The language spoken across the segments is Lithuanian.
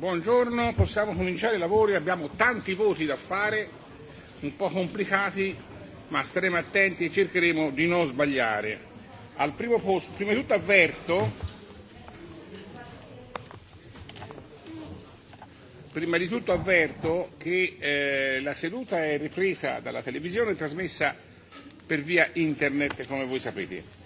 Buongiorno, possiamo cominciare i lavori, abbiamo tanti voti da fare, un po' complicati, ma staremo attenti e cercheremo di non sbagliare. Al primo posto, prima di tutto avverto, prima di tutto avverto che eh, la seduta è ripresa dalla televisione e trasmessa per via internet, come voi sapete.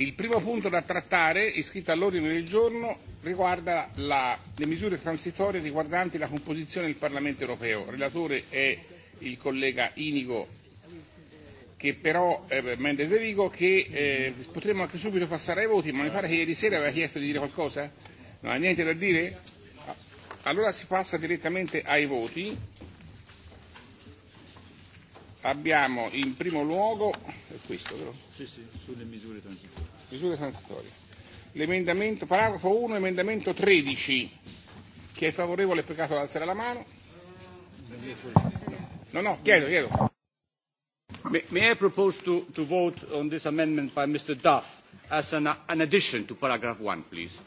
Il primo punto da trattare, iscritto all'ordine del giorno, riguarda la, le misure transitorie riguardanti la composizione del Parlamento europeo. Relatore è il collega Inigo che però eh, Mendes De Vigo che eh, potremmo anche subito passare ai voti, ma mi pare che ieri sera aveva chiesto di dire qualcosa. Non ha niente da dire? Ah, allora si passa direttamente ai voti. Abbiamo in primo luogo questo però? Sì, sì, sulle misure transitorie. Misure transitorie. L'emendamento, paragrafo 1, emendamento 13. Chi è favorevole è e pregato ad alzare la mano. No, no, chiedo, chiedo. May, may I propose to, to vote on this amendment by Mr. Duff as an, an addition to paragraph 1, please?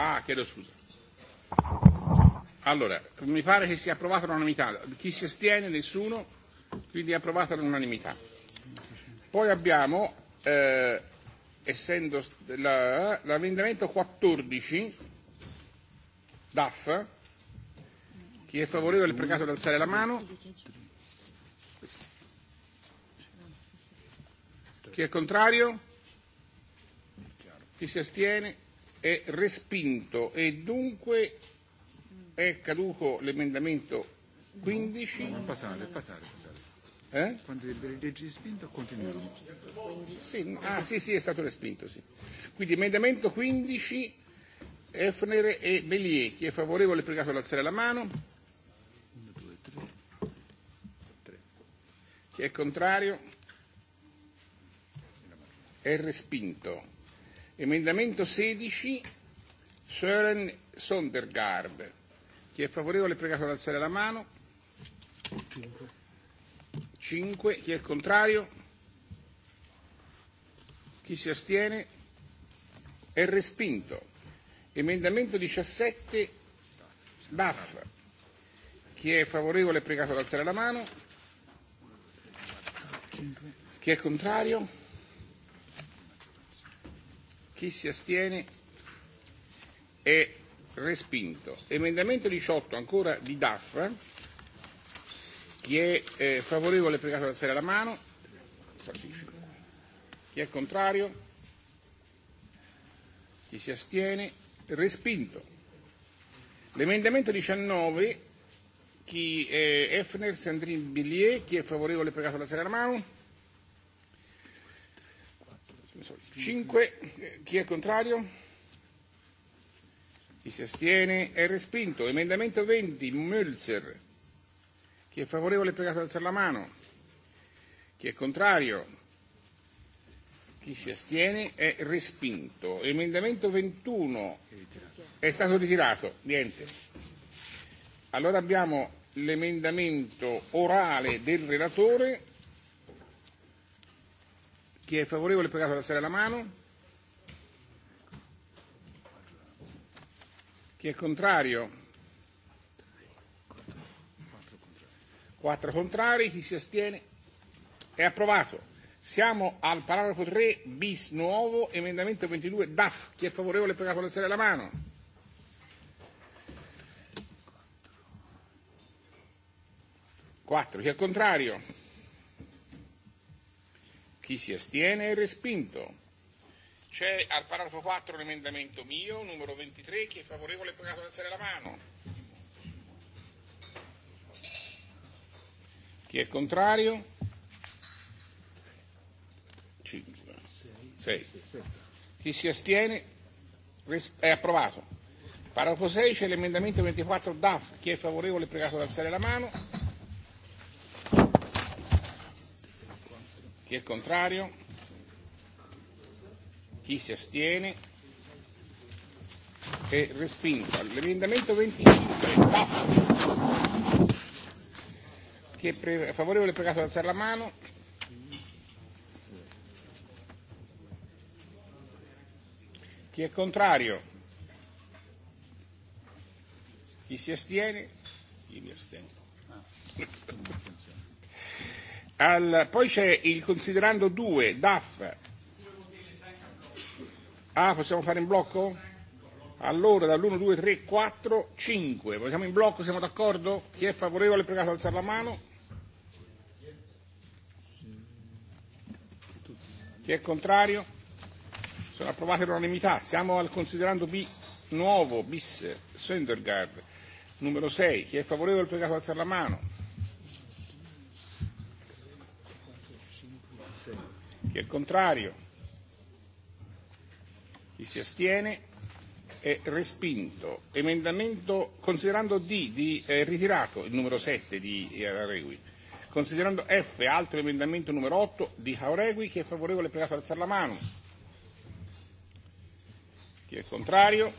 Ah, chiedo scusa. Allora, mi pare che sia approvata all'unanimità. Chi si astiene? Nessuno. Quindi è approvata all'unanimità. Poi abbiamo, eh, essendo la, l'emendamento 14, DAF, chi è favorevole è pregato ad alzare la mano. Chi è contrario? Chi si astiene? è respinto e dunque è caduco l'emendamento 15. No, passare, passare, passare. Eh? Quando il respinto continuiamo. Sì, ah sì sì è stato respinto sì. Quindi emendamento 15 Efner e Bellier. Chi è favorevole è pregato ad alzare la mano. 1, 2, 3. 3. Chi è contrario? È respinto. Emendamento 16, Søren Sondergaard. Chi è favorevole è pregato ad alzare la mano. 5. 5. Chi è contrario? Chi si astiene? È respinto. Emendamento 17, Baff. Chi è favorevole è pregato ad alzare la mano. Chi è contrario? Chi si astiene è respinto. Emendamento 18 ancora di DAF. Chi è eh, favorevole è pregato ad alzare la mano. Chi è contrario? Chi si astiene? Respinto. L'emendamento 19, chi è Efner, Sandrine Billier, chi è favorevole è pregato ad alzare la mano. 5. Chi è contrario? Chi si astiene? È respinto. Emendamento 20. Mölzer. Chi è favorevole è pregato ad alzare la mano. Chi è contrario? Chi si astiene è respinto. Emendamento 21 è stato ritirato. Niente. Allora abbiamo l'emendamento orale del relatore Chi è favorevole è pregato ad alzare la mano. Chi è contrario? 4 contrari, chi si astiene è approvato. Siamo al paragrafo 3 bis nuovo, emendamento 22 DAF. Chi è favorevole per alzare la mano? Quattro. Chi è contrario? Chi si astiene è respinto. C'è al paragrafo 4 l'emendamento mio, numero 23, chi è favorevole è pregato ad alzare la mano. Chi è contrario? 5. 6. Chi si astiene è approvato. Paragrafo 6 c'è l'emendamento 24 DAF, chi è favorevole è pregato ad alzare la mano. Chi è contrario? Chi si astiene? È respinto. L'emendamento 25. Tappo. Chi è pre- favorevole è pregato ad alzare la mano. Chi è contrario? Chi si astiene? Io ah, mi astengo. Ah. Al, poi c'è il considerando 2, DAF. Ah, possiamo fare in blocco? Allora, dall'1, 2, 3, 4, 5. Vogliamo in blocco, siamo d'accordo? Chi è favorevole è pregato ad alzare la mano. Chi è contrario? Sono approvate all'unanimità. Siamo al considerando B nuovo, bis, Söndergaard, numero 6. Chi è favorevole è pregato ad alzare la mano. Chi è contrario? Chi si astiene? È respinto. Emendamento considerando D di eh, ritirato il numero 7 di eh, Aregui. Considerando F altro emendamento numero 8 di Jauregui, chi è favorevole è pregato ad alzare la mano. Chi è contrario?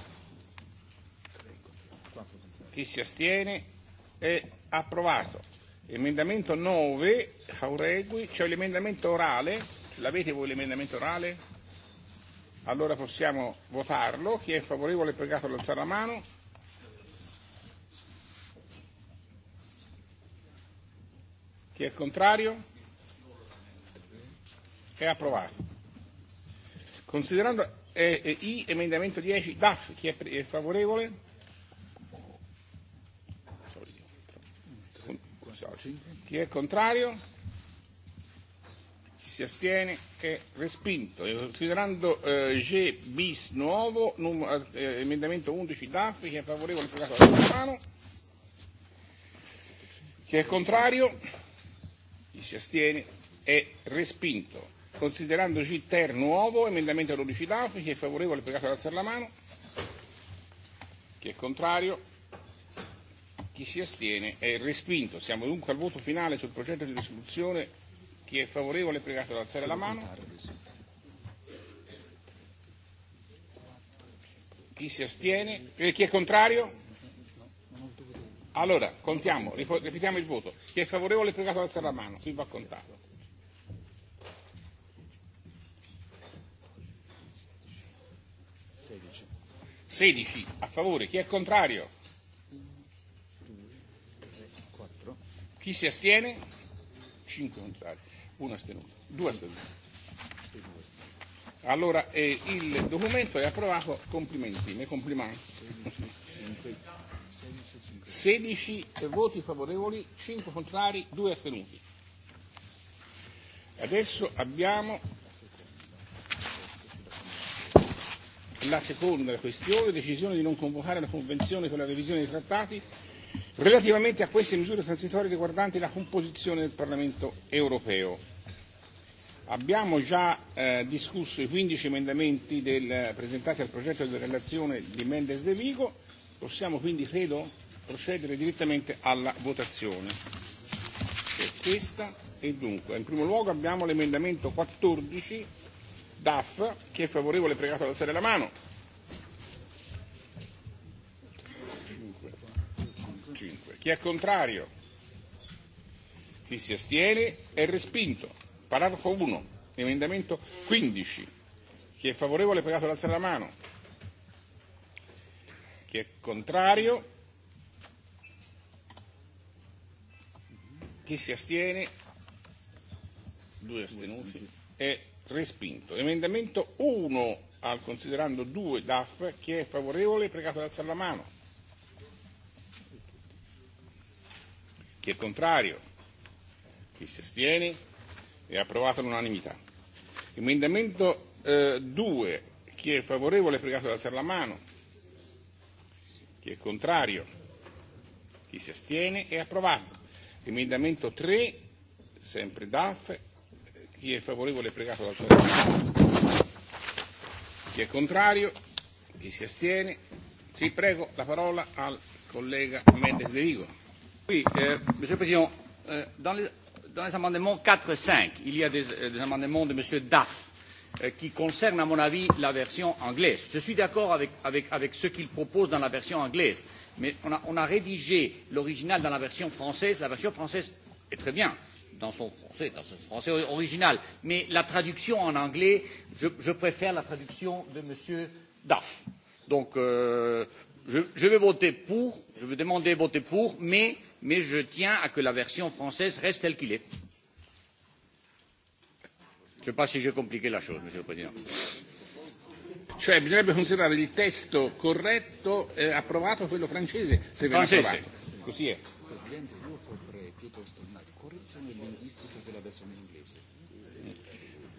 Chi si astiene? È approvato. Emendamento 9, Jauregui, c'è cioè l'emendamento orale L'avete voi l'emendamento orale? Allora possiamo votarlo. Chi è favorevole è e pregato ad alzare la mano. Chi è contrario? È approvato. Considerando eh, eh, I emendamento 10 DAF, chi è, è favorevole? Chi è contrario? chi si astiene è respinto. E considerando eh, G bis nuovo, num, eh, emendamento 11 DAF, chi è favorevole pregato la sua mano, chi è contrario, chi si astiene è respinto. Considerando G ter nuovo, emendamento 12 DAF, chi è favorevole pregato ad alzare la mano, chi è contrario, chi si astiene è respinto. Siamo dunque al voto finale sul progetto di risoluzione Chi è favorevole è pregato ad alzare la mano. Chi si astiene? Eh, chi è contrario? Allora, contiamo, ripetiamo il voto. Chi è favorevole è pregato ad alzare la mano, qui va contato. Sedici a favore, chi è contrario? Chi si astiene? 5 contrari. Una astenuta. Due astenute. Allora eh, il documento è approvato, complimenti, ne complimenti. 16 voti favorevoli, 5 contrari, 2 astenuti. Adesso abbiamo la seconda questione, decisione di non convocare la Convenzione per la revisione dei trattati relativamente a queste misure transitorie riguardanti la composizione del Parlamento europeo. Abbiamo già eh, discusso i 15 emendamenti del, presentati al progetto di relazione di Mendes De Vigo, possiamo quindi, credo, procedere direttamente alla votazione. E questa e dunque, in primo luogo abbiamo l'emendamento 14 DAF, chi è favorevole è e pregato ad alzare la mano. Chi è contrario? Chi si astiene è respinto. Paragrafo 1. Emendamento 15. Chi è favorevole è pregato ad alzare la mano. Chi è contrario? Chi si astiene? Due astenuti. È respinto. Emendamento 1 al considerando 2 DAF. Chi è favorevole è pregato ad alzare la mano. Chi è contrario? Chi si astiene? È approvato all'unanimità. Emendamento eh, 2. Chi è favorevole è pregato ad alzare la mano. Chi è contrario? Chi si astiene? È approvato. Emendamento 3, sempre DAF. Chi è favorevole è pregato ad alzare la mano. Chi è contrario? Chi si astiene? Sì, prego la parola al collega Mendes de Vigo. Oui, euh, Monsieur le Président, euh, dans, les, dans les amendements 4 et 5, il y a des, euh, des amendements de Monsieur Daff euh, qui concernent, à mon avis, la version anglaise. Je suis d'accord avec, avec, avec ce qu'il propose dans la version anglaise, mais on a, on a rédigé l'original dans la version française. La version française est très bien dans son français, dans son français original, mais la traduction en anglais, je, je préfère la traduction de Monsieur Daff. Donc, euh, je, je vais voter pour je vous demande de voter pour mais, mais je tiens à ce que la version française reste telle qu'elle est. je ne sais pas si j'ai compliqué la chose monsieur le président. Cioè bisognerebbe considerare il testo corretto eh, approvato quello francese se viene francese. approvato. Così è. Presidente, io proporrei piuttosto una correzione linguistica della versione inglese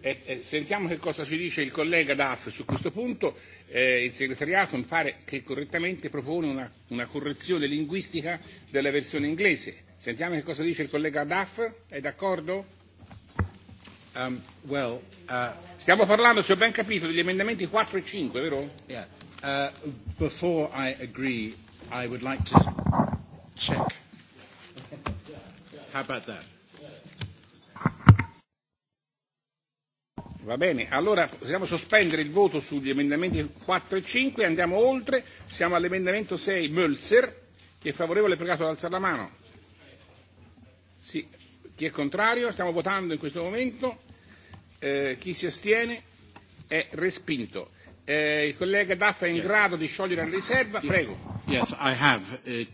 Eh, eh, sentiamo che cosa ci dice il collega Daff su questo punto. Eh, il segretariato mi pare che correttamente propone una, una correzione linguistica della versione inglese. Sentiamo che cosa dice il collega Daff. È d'accordo? Um, well, uh, Stiamo parlando, se ho ben capito, degli emendamenti 4 e 5, vero? Yeah. Uh, before I agree, I would like to check. How about that? Va bene, allora possiamo sospendere il voto sugli emendamenti 4 e 5 e andiamo oltre. Siamo all'emendamento 6 Mölzer. Chi è favorevole è pregato ad alzare la mano. Sì. Chi è contrario? Stiamo votando in questo momento. Eh, chi si astiene è respinto. Eh, il collega Duff è in yes. grado di sciogliere la riserva. Prego. Yes, I have uh,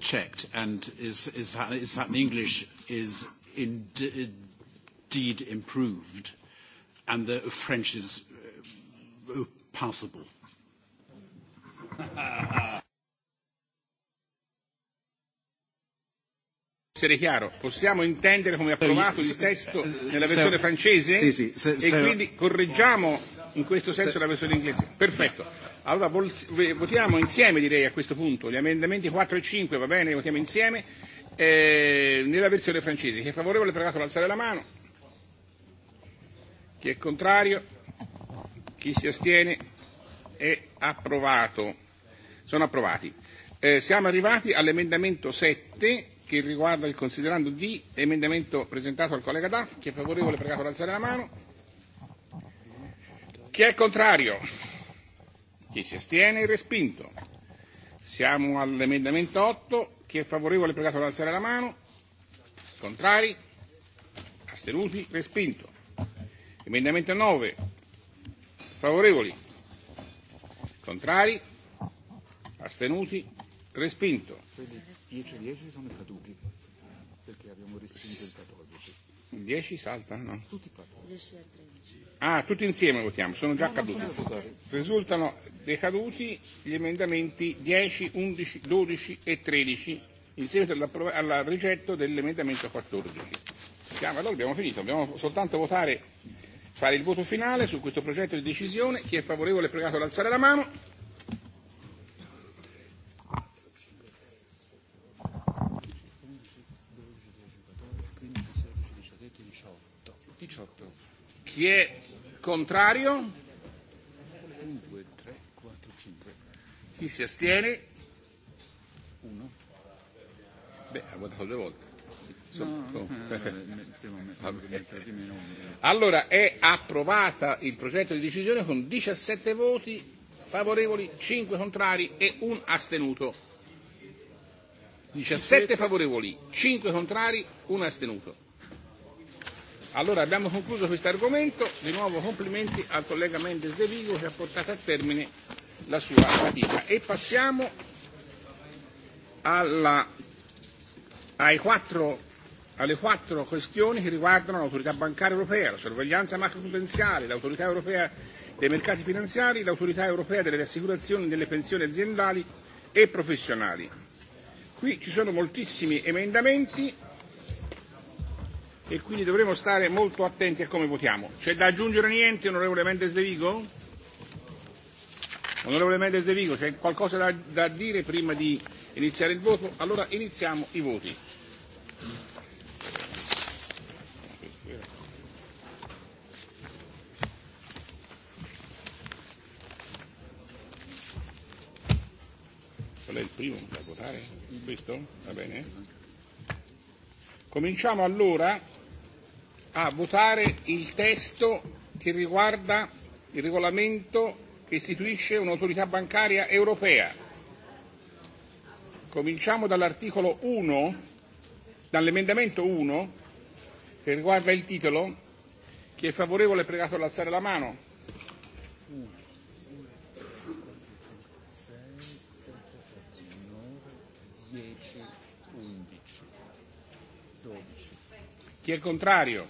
checked and is, is, is that English is indeed improved and the French is uh, uh, passable. essere chiaro, possiamo intendere come approvato il testo nella versione francese sì, sì, se, e se, e quindi correggiamo in questo senso se, la versione inglese. Perfetto. Allora votiamo insieme direi a questo punto gli emendamenti 4 e 5, va bene, votiamo insieme eh, nella versione francese. Chi è favorevole è pregato ad alzare la mano. Chi è contrario? Chi si astiene? È approvato. Sono approvati. Eh, siamo arrivati all'emendamento 7 che riguarda il considerando D, emendamento presentato al collega Daff. Chi è favorevole pregato ad alzare la mano. Chi è contrario? Chi si astiene? Respinto. Siamo all'emendamento 8. Chi è favorevole pregato ad alzare la mano. Contrari? Astenuti? Respinto. Emendamento 9. Favorevoli? Contrari? Astenuti? Respinto. 10 e 10 sono caduti perché abbiamo respinto il 14. 10 salta? No. Tutti 14. E ah, tutti insieme votiamo, sono già no, caduti. Sono Risultano decaduti gli emendamenti 10, 11, 12 e 13 in seguito al rigetto dell'emendamento 14. Siamo, allora abbiamo finito, dobbiamo soltanto votare fare il voto finale su questo progetto di decisione. Chi è favorevole è pregato ad alzare la mano. Chi è contrario? Chi si astiene? Uno. Beh, ha votato due volte. Insomma, mm. no, mm. eh, allora è approvata il progetto di decisione con 17 voti favorevoli, 5 contrari e un astenuto. 17 favorevoli, 5 contrari, 1 astenuto. Allora abbiamo concluso questo argomento, di nuovo complimenti al collega Mendes De Vigo che ha portato a termine la sua fatica. E passiamo alla, ai quattro alle quattro questioni che riguardano l'autorità bancaria europea, la sorveglianza macroprudenziale, l'autorità europea dei mercati finanziari, l'autorità europea delle assicurazioni e delle pensioni aziendali e professionali. Qui ci sono moltissimi emendamenti e quindi dovremo stare molto attenti a come votiamo. C'è da aggiungere niente, onorevole Mendes de Vigo? Onorevole Mendes de Vigo, c'è qualcosa da, da dire prima di iniziare il voto? Allora iniziamo i voti. Qual è il primo da votare? Questo? Va bene? Cominciamo allora a votare il testo che riguarda il regolamento che istituisce un'autorità bancaria europea. Cominciamo dall'articolo 1, dall'emendamento 1, che riguarda il titolo. Chi è favorevole è pregato ad alzare la mano. Chi è contrario?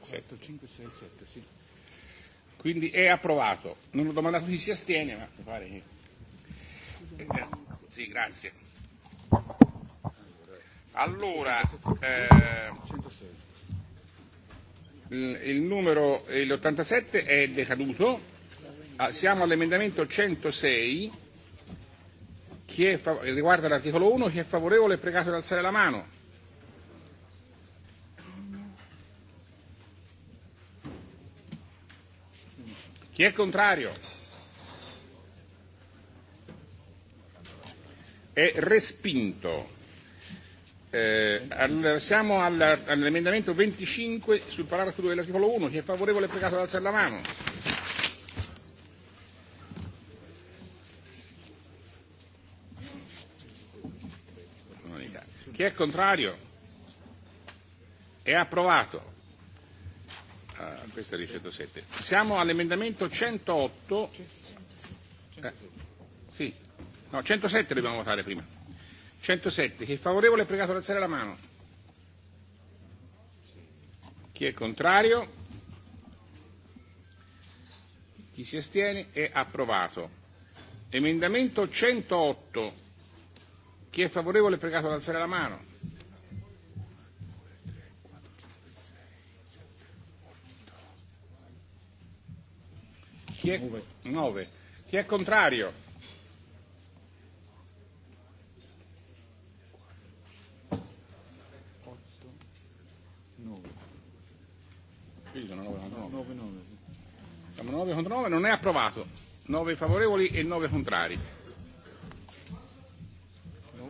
Sette. 5, 6, 7, sì. Quindi è approvato. Non ho domandato chi si astiene, ma mi pare che... Eh, sì, grazie. Allora, eh, il numero l'ottantasette è decaduto. Ah, siamo all'emendamento 106 Chi è fav- riguarda l'articolo 1, chi è favorevole è pregato di alzare la mano. Chi è contrario? È respinto. Eh, al, siamo all, all'emendamento 25 sul paragrafo 2 dell'articolo 1. Chi è favorevole è pregato ad alzare la mano. Chi è contrario? È approvato. Ah, questo era il 107. Siamo all'emendamento 108. Eh, sì. No, 107 dobbiamo votare prima. 107. Chi è favorevole è pregato ad alzare la mano. Chi è contrario? Chi si astiene è approvato. Emendamento 108. Chi è favorevole è pregato ad alzare la mano. Chi è, 9. Chi è contrario? Sono 9 contro 9. Siamo 9 contro 9, non è approvato. 9 favorevoli e 9 contrari.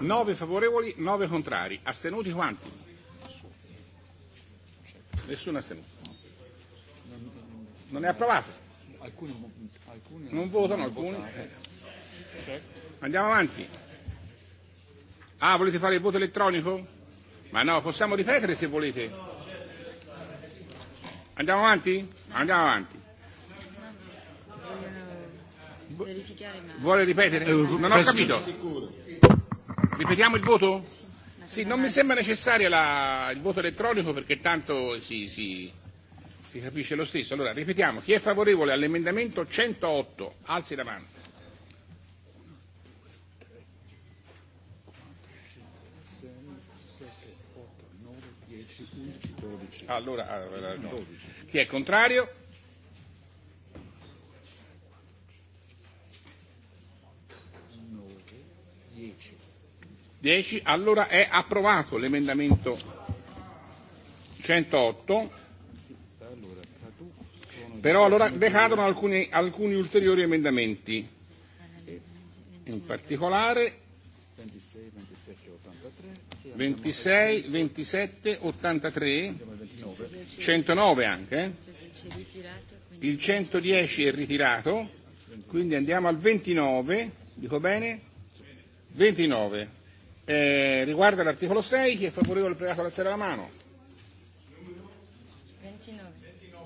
9 favorevoli, 9 contrari. Astenuti quanti? Nessuno astenuto. Non è approvato? Alcuni, alcuni non votano, alcuni. Eh. Andiamo avanti. Ah, volete fare il voto elettronico? Ma no, possiamo ripetere se volete. Andiamo avanti? Andiamo avanti. Vuole ripetere? Eh, non ho capito. Ripetiamo il voto? Sì, non mi sembra necessario la, il voto elettronico perché tanto si, si, si capisce lo stesso. Allora, ripetiamo, chi è favorevole all'emendamento 108? Alzi la mano. Allora, allora no. chi è contrario? No, 10. 10. Allora è approvato l'emendamento 108. Però allora decadono alcuni, alcuni ulteriori emendamenti. In particolare 26, 27, 83, 109 anche. Il 110 è ritirato, quindi andiamo al 29, dico bene? 29. Eh, riguarda l'articolo 6, chi è favorevole prego ad alzare la mano. 29.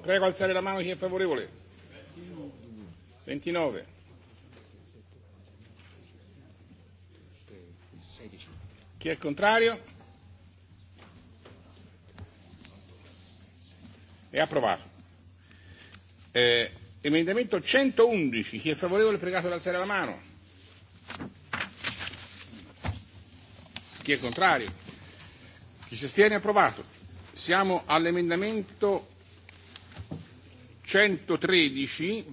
Prego alzare la mano chi è favorevole. 29. 16. Chi è contrario? È approvato. Eh, emendamento 111, chi è favorevole pregato ad alzare la mano. Chi è contrario? Chi si astiene? Approvato. Siamo all'emendamento 113.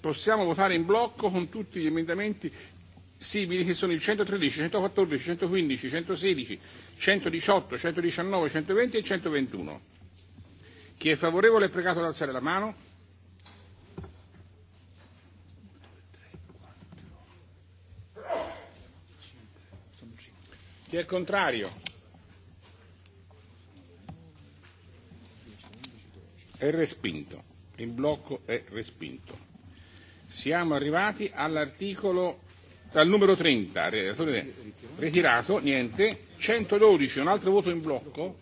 Possiamo votare in blocco con tutti gli emendamenti simili che sono il 113, 114, 115, 116, 118, 119, 120 e 121. Chi è favorevole è pregato ad alzare la mano. Chi è contrario? È respinto. Il blocco è respinto. Siamo arrivati all'articolo al numero 30, retirato, niente, 112, un altro voto in blocco,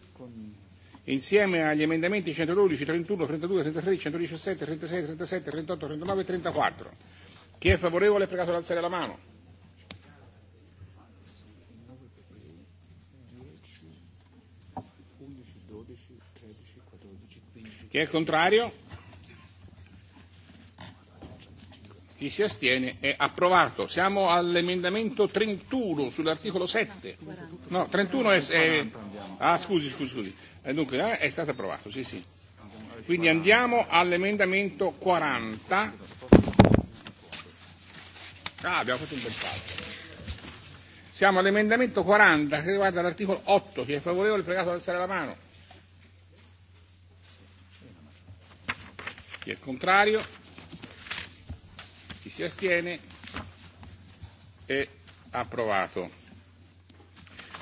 insieme agli emendamenti 112, 31, 32, 33, 117, 36, 37, 38, 39 e 34. Chi è favorevole è pregato ad alzare la mano. Chi è contrario? Chi si astiene è approvato. Siamo all'emendamento 31 sull'articolo 7. No, 31 è... è ah, scusi, scusi, scusi. Eh, dunque, eh, è stato approvato, sì, sì. Quindi andiamo all'emendamento 40. Ah, abbiamo fatto un bel salto. Siamo all'emendamento 40 che riguarda l'articolo 8. Chi è favorevole è pregato ad alzare la mano. Chi è contrario? Chi si astiene? È approvato.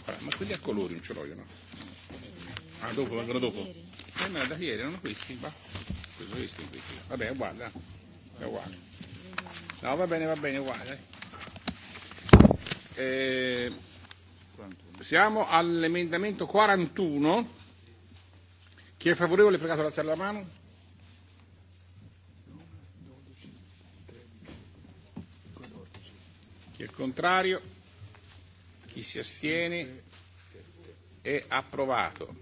Allora, ma quelli a colori non ce l'ho io, no? Ah, dopo, vengono dopo. Eh, no, da ieri erano questi, va. Questo, questi, questi. Vabbè, è uguale, eh. è uguale. No, va bene, va bene, è uguale. Eh, siamo all'emendamento 41. Chi è favorevole, pregato ad alzare la mano? Chi è contrario? Chi si astiene? È approvato.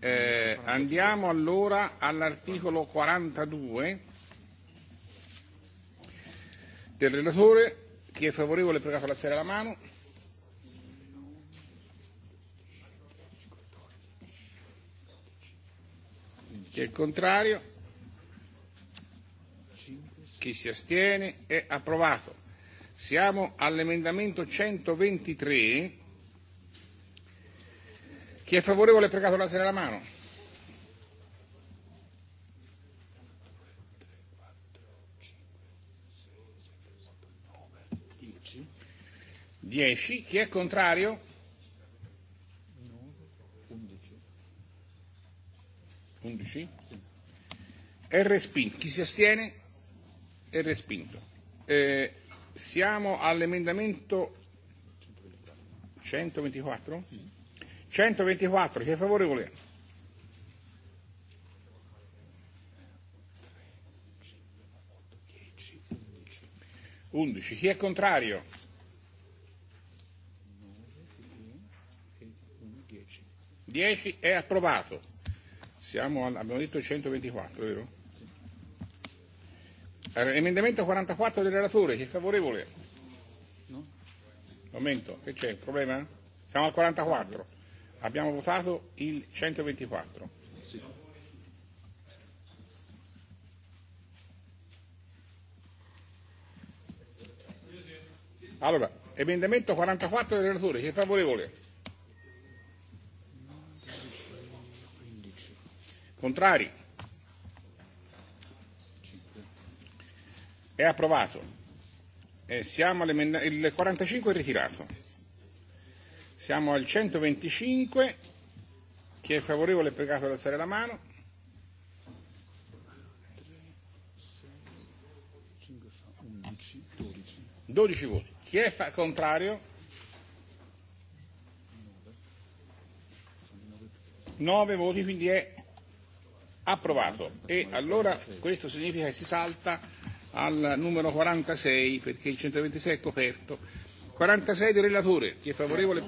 Eh, andiamo allora all'articolo 42 del relatore. Chi è favorevole prega per alzare la mano. Chi è contrario? Chi si astiene? È approvato. Siamo all'emendamento 123. Chi è favorevole è pregato alzare la mano. Dieci. Chi è contrario? Undici. È respinto. Chi si astiene? È respinto. Eh, Siamo all'emendamento 124? 124, chi è favorevole? Undici. Chi è contrario? Dieci è approvato. Siamo al, abbiamo detto 124, vero? Emendamento 44 del relatore, chi è favorevole? No? Momento, che c'è? Problema? Siamo al 44. Abbiamo votato il 124. Sì. Allora, emendamento 44 del relatore, chi è favorevole? Contrari? È approvato. E siamo all'emendamento... Il 45 è ritirato. Siamo al 125. Chi è favorevole è pregato ad alzare la mano. Dodici voti. Chi è fa- contrario? 9 voti, quindi è approvato. E allora questo significa che si salta al numero 46 perché il 126 è coperto. 46 del relatore, chi è favorevole?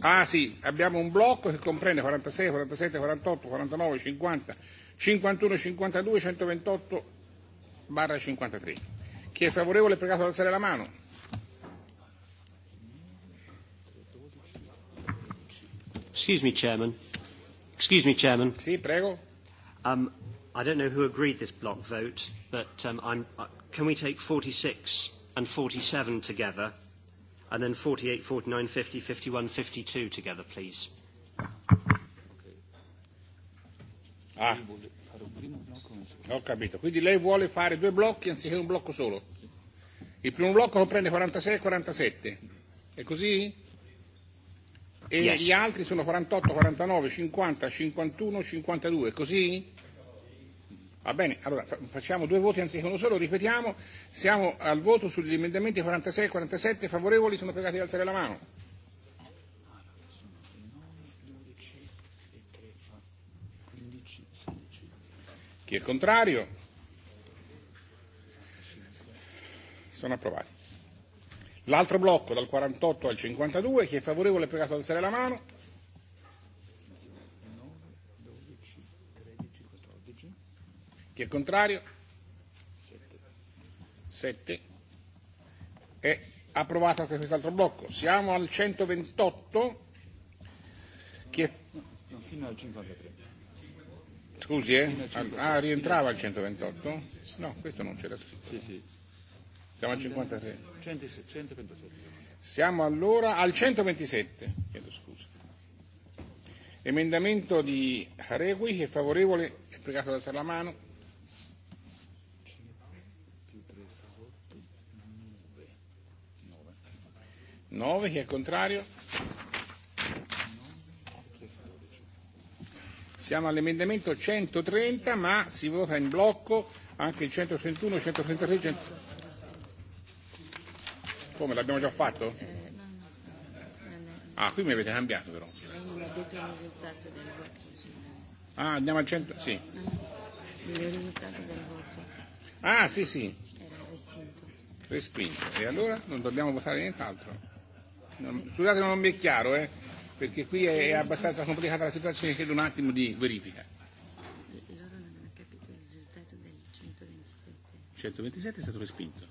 Ah sì, abbiamo un blocco che comprende 46, 47, 48, 49, 50, 51, 52, 128 barra 53. Chi è favorevole è pregato ad alzare la mano. Excuse me, Chairman. Excuse me, Chairman. Sì, prego. Um, I don't know who agreed this block vote, but um, I'm, uh, can we take 46 and 47 together, and then 48, 49, 50, 51, 52 together, please? Ah. Ho capito, quindi lei vuole fare due blocchi anziché un blocco solo. Il primo blocco comprende 46 e 47, è così? E yes. gli altri sono 48, 49, 50, 51, 52, è così? Va bene, allora facciamo due voti anziché uno solo, ripetiamo, siamo al voto sugli emendamenti 46 e 47, favorevoli sono pregati di alzare la mano. Chi è contrario? Sono approvati. L'altro blocco dal 48 al 52, chi è favorevole è pregato ad alzare la mano. Chi è contrario? 7. È approvato anche quest'altro blocco. Siamo al 128. Chi è... Fino al 53. Scusi, eh? Ah, rientrava al 128? No, questo non c'era scritto. Sì, sì. Siamo al 53. 127. E Siamo allora al 127, chiedo scusa. Emendamento di Haregui è favorevole, è pregato da Salamano. 9, chi è contrario? Siamo all'emendamento 130, ma si vota in blocco anche il 131, 136, 100... Come, l'abbiamo già fatto? Eh, ah, qui mi avete cambiato però. Ah, andiamo al 100, sì. Ah, il risultato del voto. Ah, sì, sì. Era respinto. Respinto. E allora non dobbiamo votare nient'altro. Ehm, Scusate, non mi è chiaro, eh, perché qui è abbastanza complicata la situazione, chiedo un attimo di verifica. Loro non hanno capito il risultato del 127. 127 è stato respinto.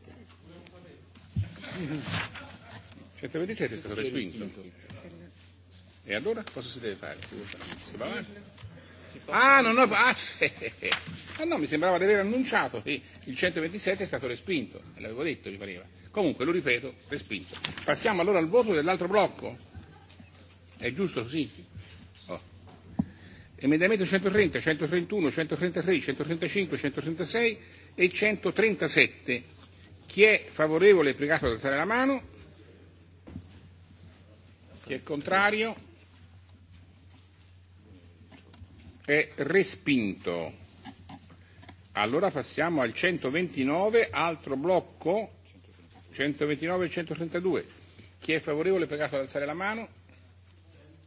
127 è stato respinto. E allora cosa si deve fare? Si, fare? si va avanti? Ah, non ho, ah, sì. ah no, mi sembrava di aver annunciato che il 127 è stato respinto, l'avevo detto, mi pareva. Comunque, lo ripeto, respinto. Passiamo allora al voto dell'altro blocco. È giusto così? Oh. Emendamento 130, 131, 133, 135, 136 e 137. Chi è favorevole è e pregato ad alzare la mano. Chi è contrario è respinto. Allora passiamo al 129, altro blocco 129 e 132. Chi è favorevole è pregato ad alzare la mano.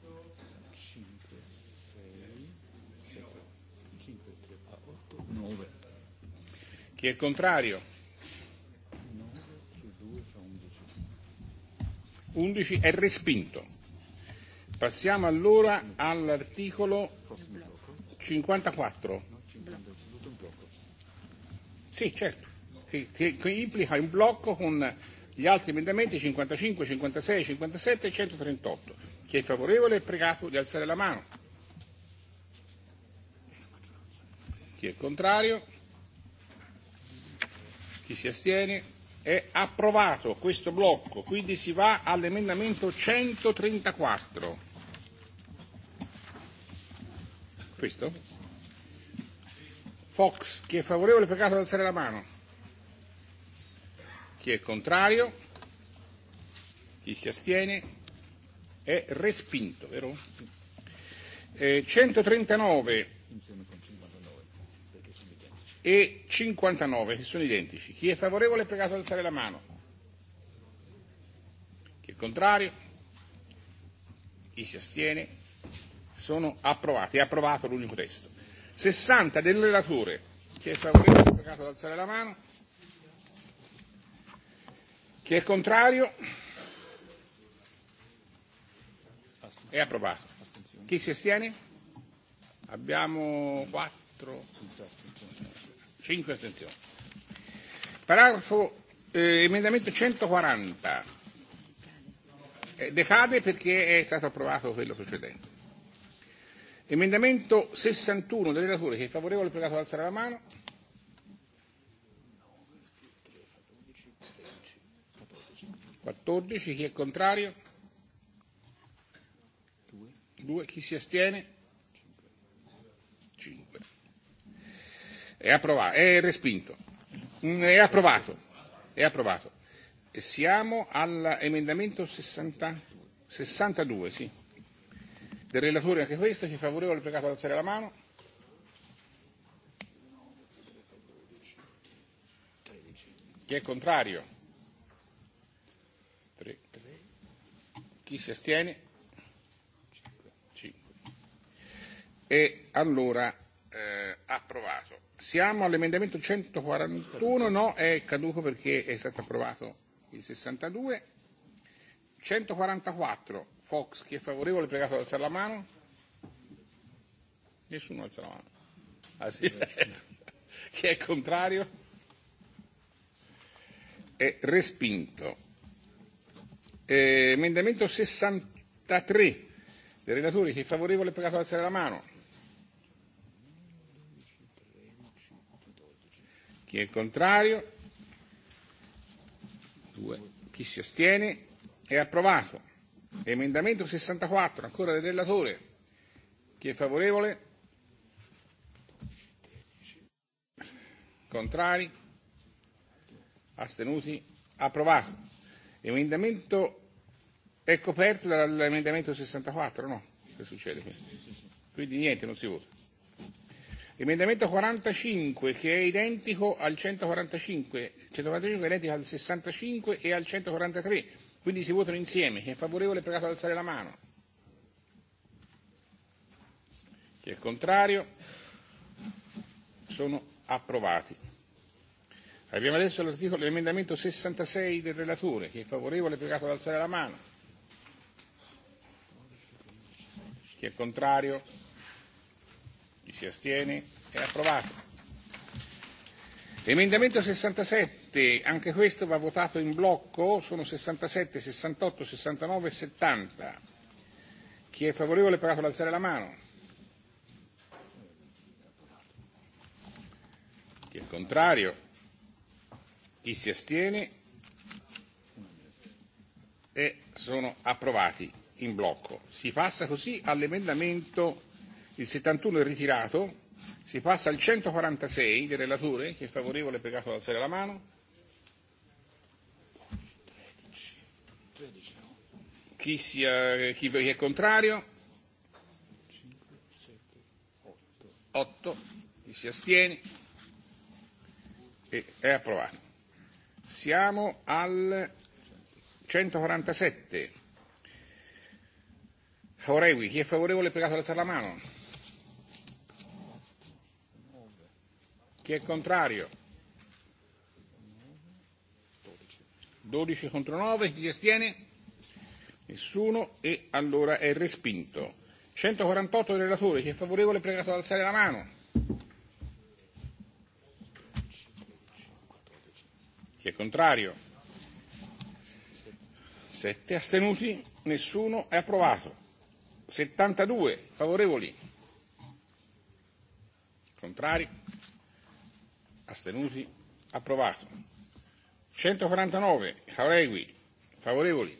105, 6, 7, 5, 3, 8, 9. Chi è contrario? 9 più 2 fa 11. 11 è respinto. Passiamo allora all'articolo 54. Sì, certo che, che, che implica un blocco con gli altri emendamenti 55, 56, 57 e 138. Chi è favorevole è pregato di alzare la mano. Chi è contrario? Chi si astiene? È approvato questo blocco, quindi si va all'emendamento 134. Questo? Fox, chi è favorevole è pregato di alzare la mano. Chi è contrario? Chi si astiene? È respinto, vero? Eh, 139 e 59 che sono identici. Chi è favorevole è pregato ad alzare la mano. Chi è contrario? Chi si astiene? Sono approvati. È approvato l'unico testo. 60 del relatore. Chi è favorevole è pregato ad alzare la mano. Chi è contrario? È approvato. Chi si astiene? Abbiamo 4, 5 astensioni. Paragrafo eh, emendamento 140. Eh, decade perché è stato approvato quello precedente. Emendamento 61 del relatore che è favorevole pregato ad alzare la mano. 14. Chi è contrario? 2. Chi si astiene? 5. È approvato. È respinto. Mm, è approvato. È approvato. E siamo all'emendamento 60, 62, sì. Del relatore anche questo, chi è favorevole pregato ad alzare la mano. Chi è contrario? Chi si astiene? 5. E allora eh, approvato. Siamo all'emendamento 141, no, è caduco perché è stato approvato il 62. 144, Fox, chi è favorevole, pregato ad alzare la mano. Nessuno alza la mano. Ah sì? chi è contrario? È respinto. Eh, emendamento 63 dei relatori. Chi è favorevole è pregato ad alzare la mano. Chi è contrario? Due. Chi si astiene? È approvato. Emendamento 64, ancora del relatore. Chi è favorevole? Contrari? Astenuti? Approvato. L'emendamento è coperto dall'emendamento 64, no? Che succede qui? Quindi niente, non si vota. Emendamento 45 che è identico al 145, 145 è identico al 65 e al 143, quindi si votano insieme. Chi è favorevole è pregato ad alzare la mano. Chi è contrario? Sono approvati. Abbiamo adesso l'emendamento 66 del relatore. Chi è favorevole è pregato ad alzare la mano. Chi è contrario? Chi si astiene? È approvato. Emendamento 67, anche questo va votato in blocco, sono 67, 68, 69 e 70. Chi è favorevole è pregato ad alzare la mano. Chi è contrario? Chi si astiene? E sono approvati in blocco. Si passa così all'emendamento, il 71 è ritirato, si passa al 146 del relatore, chi è favorevole è pregato ad alzare la mano. Chi, sia, chi è contrario? 8. Chi si astiene? E, è approvato. Siamo al 147. Favorevi, chi è favorevole è pregato ad alzare la mano. Chi è contrario? 12 contro 9, chi si astiene? Nessuno e allora è respinto. 148 del relatore, chi è favorevole è pregato ad alzare la mano. Chi è contrario? Sette astenuti, nessuno è approvato. 72 favorevoli. Contrari? Astenuti? Approvato. 149 Cauregui, favorevoli.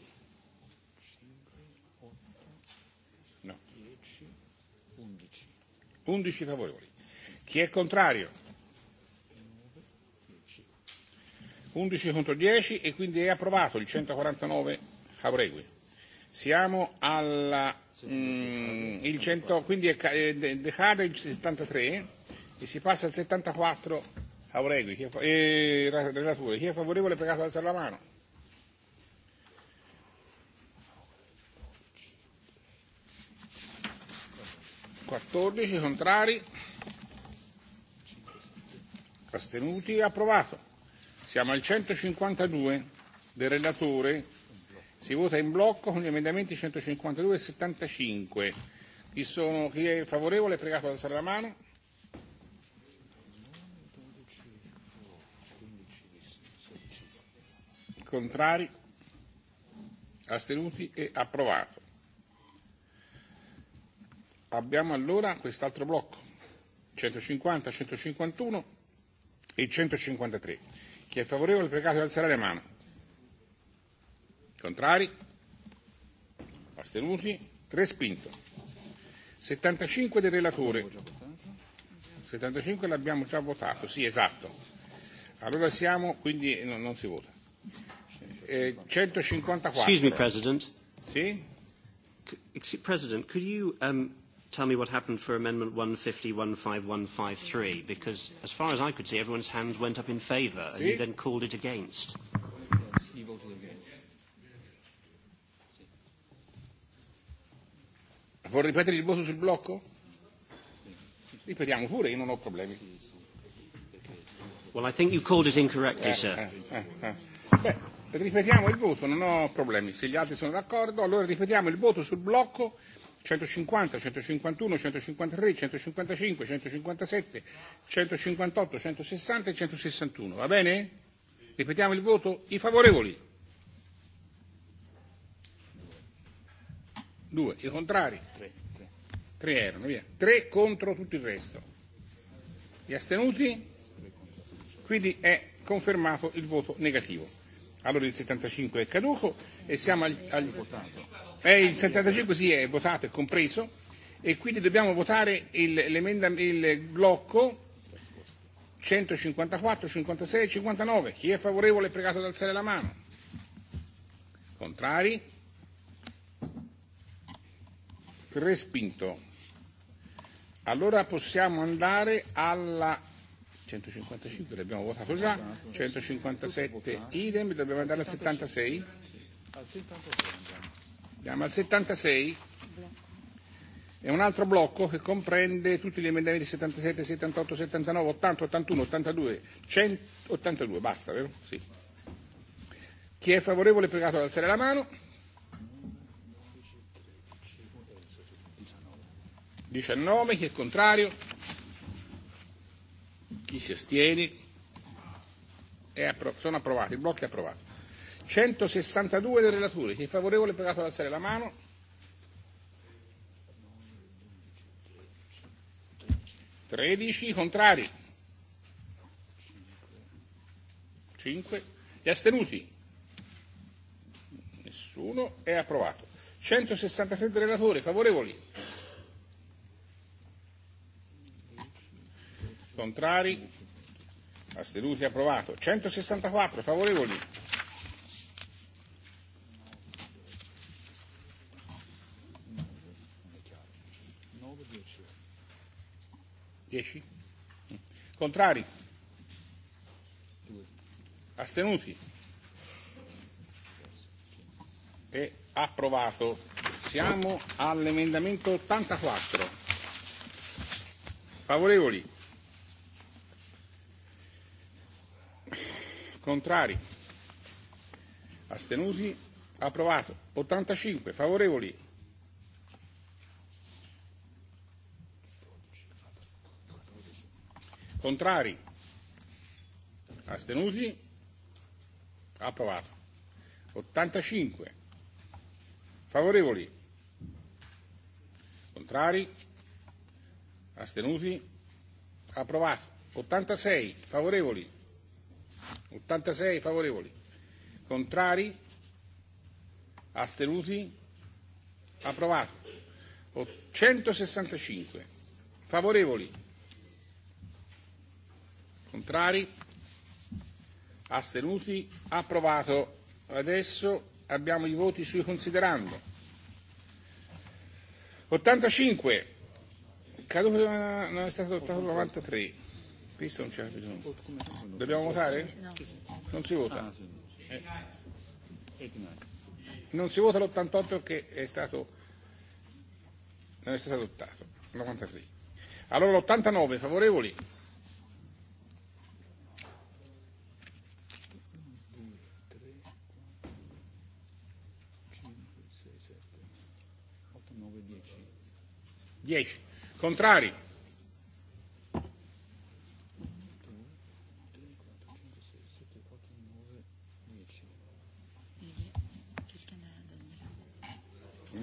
No. 11 favorevoli. Chi è contrario? 11 contro 10 e quindi è approvato il 149 Cavregui. Siamo alla... Mm, il 100, quindi è, eh, decade il 73 e si passa al 74 Cavregui. Chi è, eh, relatore, chi è favorevole è pregato ad alzare la mano. Quattordici contrari, astenuti, approvato. Siamo al 152 del relatore, si vota in blocco con gli emendamenti 152 e 75. Chi, sono, chi è favorevole è pregato ad alzare la mano. Contrari? Astenuti? È e approvato. Abbiamo allora quest'altro blocco, 150, 151 e 153 Chi è favorevole al precato di alzare la mano? Contrari? Astenuti? Respinto. 75 del relatore. 75 l'abbiamo già votato, sì esatto. Allora siamo, quindi no, non si vota. Eh, 154. Excuse me, President. Sì? President, could you um, tell me what happened for Amendment 150, 15153, because as far as I could see, everyone's hand went up in favour, and you then called it against. Vuoi ripetere il voto sul blocco? Ripetiamo pure, io non ho problemi. Well, I think you called it incorrectly, eh, sir. Eh, eh, eh. Beh, ripetiamo il voto, non ho problemi. Se gli altri sono d'accordo, allora ripetiamo il voto sul blocco 150, 151, 153, 155, 157, 158, 160 e 161. Va bene? Ripetiamo il voto? I favorevoli. Due. I contrari? Tre. Tre erano, via. Tre contro tutto il resto. Gli astenuti? Quindi è confermato il voto negativo. Allora il 75 è caduco e siamo al, al votato. Eh, il 75 sì è votato, è compreso e quindi dobbiamo votare il, il blocco 154, 56 e 59. Chi è favorevole è pregato ad alzare la mano. Contrari? Respinto. Allora possiamo andare alla 155 l'abbiamo votato già, 157 idem, dobbiamo andare al 76? Al 76 andiamo. al 76. È un altro blocco che comprende tutti gli emendamenti 77, 78, 79, 80, 81, 82, 182, basta, vero? Sì. Chi è favorevole è pregato ad alzare la mano. 19, chi è contrario? Chi si astiene? È appro- sono approvati. Il blocco è approvato. 162 del relatore. Chi è favorevole è pregato ad alzare la mano. Tredici contrari. Cinque. Gli astenuti? Nessuno. È approvato. 163 del relatore. Favorevoli? Contrari? Astenuti? Approvato. 164 favorevoli? Dieci? Contrari? Astenuti? È approvato. Siamo all'emendamento 84. Favorevoli? Contrari? Astenuti? Approvato. 85 favorevoli? Contrari? Astenuti? Approvato. 85 favorevoli? Contrari? Astenuti? Approvato. 86 favorevoli? 86 favorevoli, contrari, astenuti, approvato. 165 favorevoli, contrari, astenuti, approvato. Adesso abbiamo i voti sui considerando. 85, caduto eh, non è stato adottato 93. Questo non c'è bisogno. Dobbiamo votare? Non si vota. Ah, eh. Non si vota l'88 che è stato, non è stato adottato. 93. Allora l'89, favorevoli? Dieci. Contrari?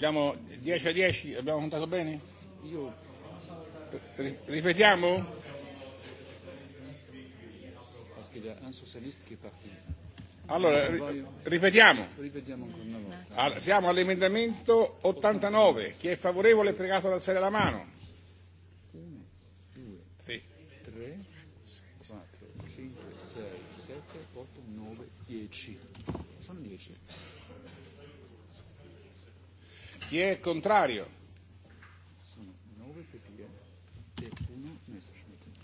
Abbiamo 10 a 10, abbiamo contato bene? Io. R- ripetiamo? Allora, ri- ripetiamo. Allora, siamo all'emendamento 89. Chi è favorevole è pregato ad alzare la mano. 1, 2, 3, 4, 5, 6, 7, 8, 9, 10. Sono 10. Chi è contrario?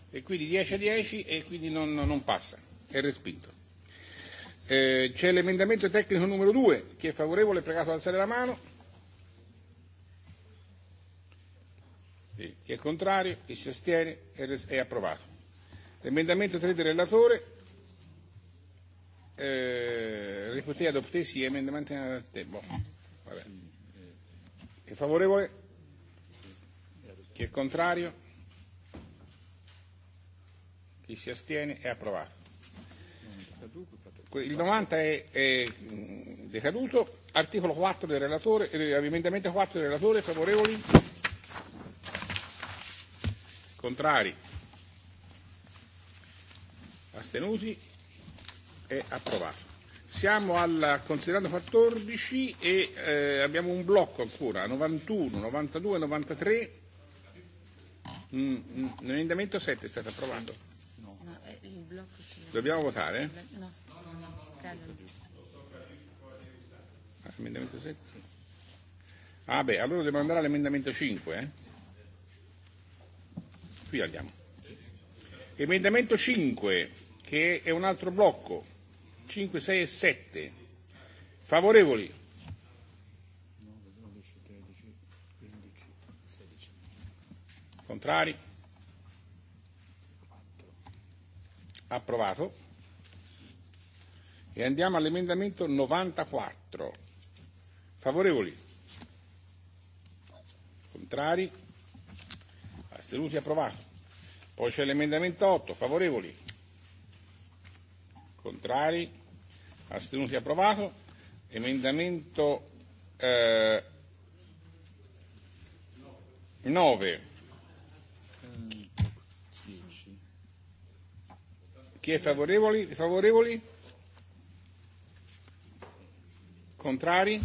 E quindi 10 a 10 e quindi non, non passa, è respinto. Eh, c'è l'emendamento tecnico numero 2, chi è favorevole è pregato ad alzare la mano. Sì. Chi è contrario, chi si astiene è, res- è approvato. L'emendamento 3 del relatore, eh, ripeté adopté, sì, emendamento... Bon, vabbè. Chi è favorevole? Chi è contrario? Chi si astiene? È approvato. Il 90 è, è mm, decaduto. Articolo 4 del relatore, eh, emendamento 4 del relatore, favorevoli? Contrari? Astenuti? È approvato. Siamo al considerando 14 e eh, abbiamo un blocco ancora, 91, 92, 93. Mm, mm, l'emendamento 7 è stato approvato. No. No, eh, il blocco Dobbiamo votare? No. Ah, emendamento 7. Ah beh, allora dobbiamo andare all'emendamento 5. Eh? Qui andiamo. Emendamento 5, che è un altro blocco. 5, 6 e 7. Favorevoli? Contrari? Approvato. E andiamo all'emendamento 94. Favorevoli? Contrari? Astenuti? Approvato. Poi c'è l'emendamento 8. Favorevoli? Contrari? Astenuti? Approvato. Emendamento eh, 9. Chi è favorevoli? favorevoli? Contrari?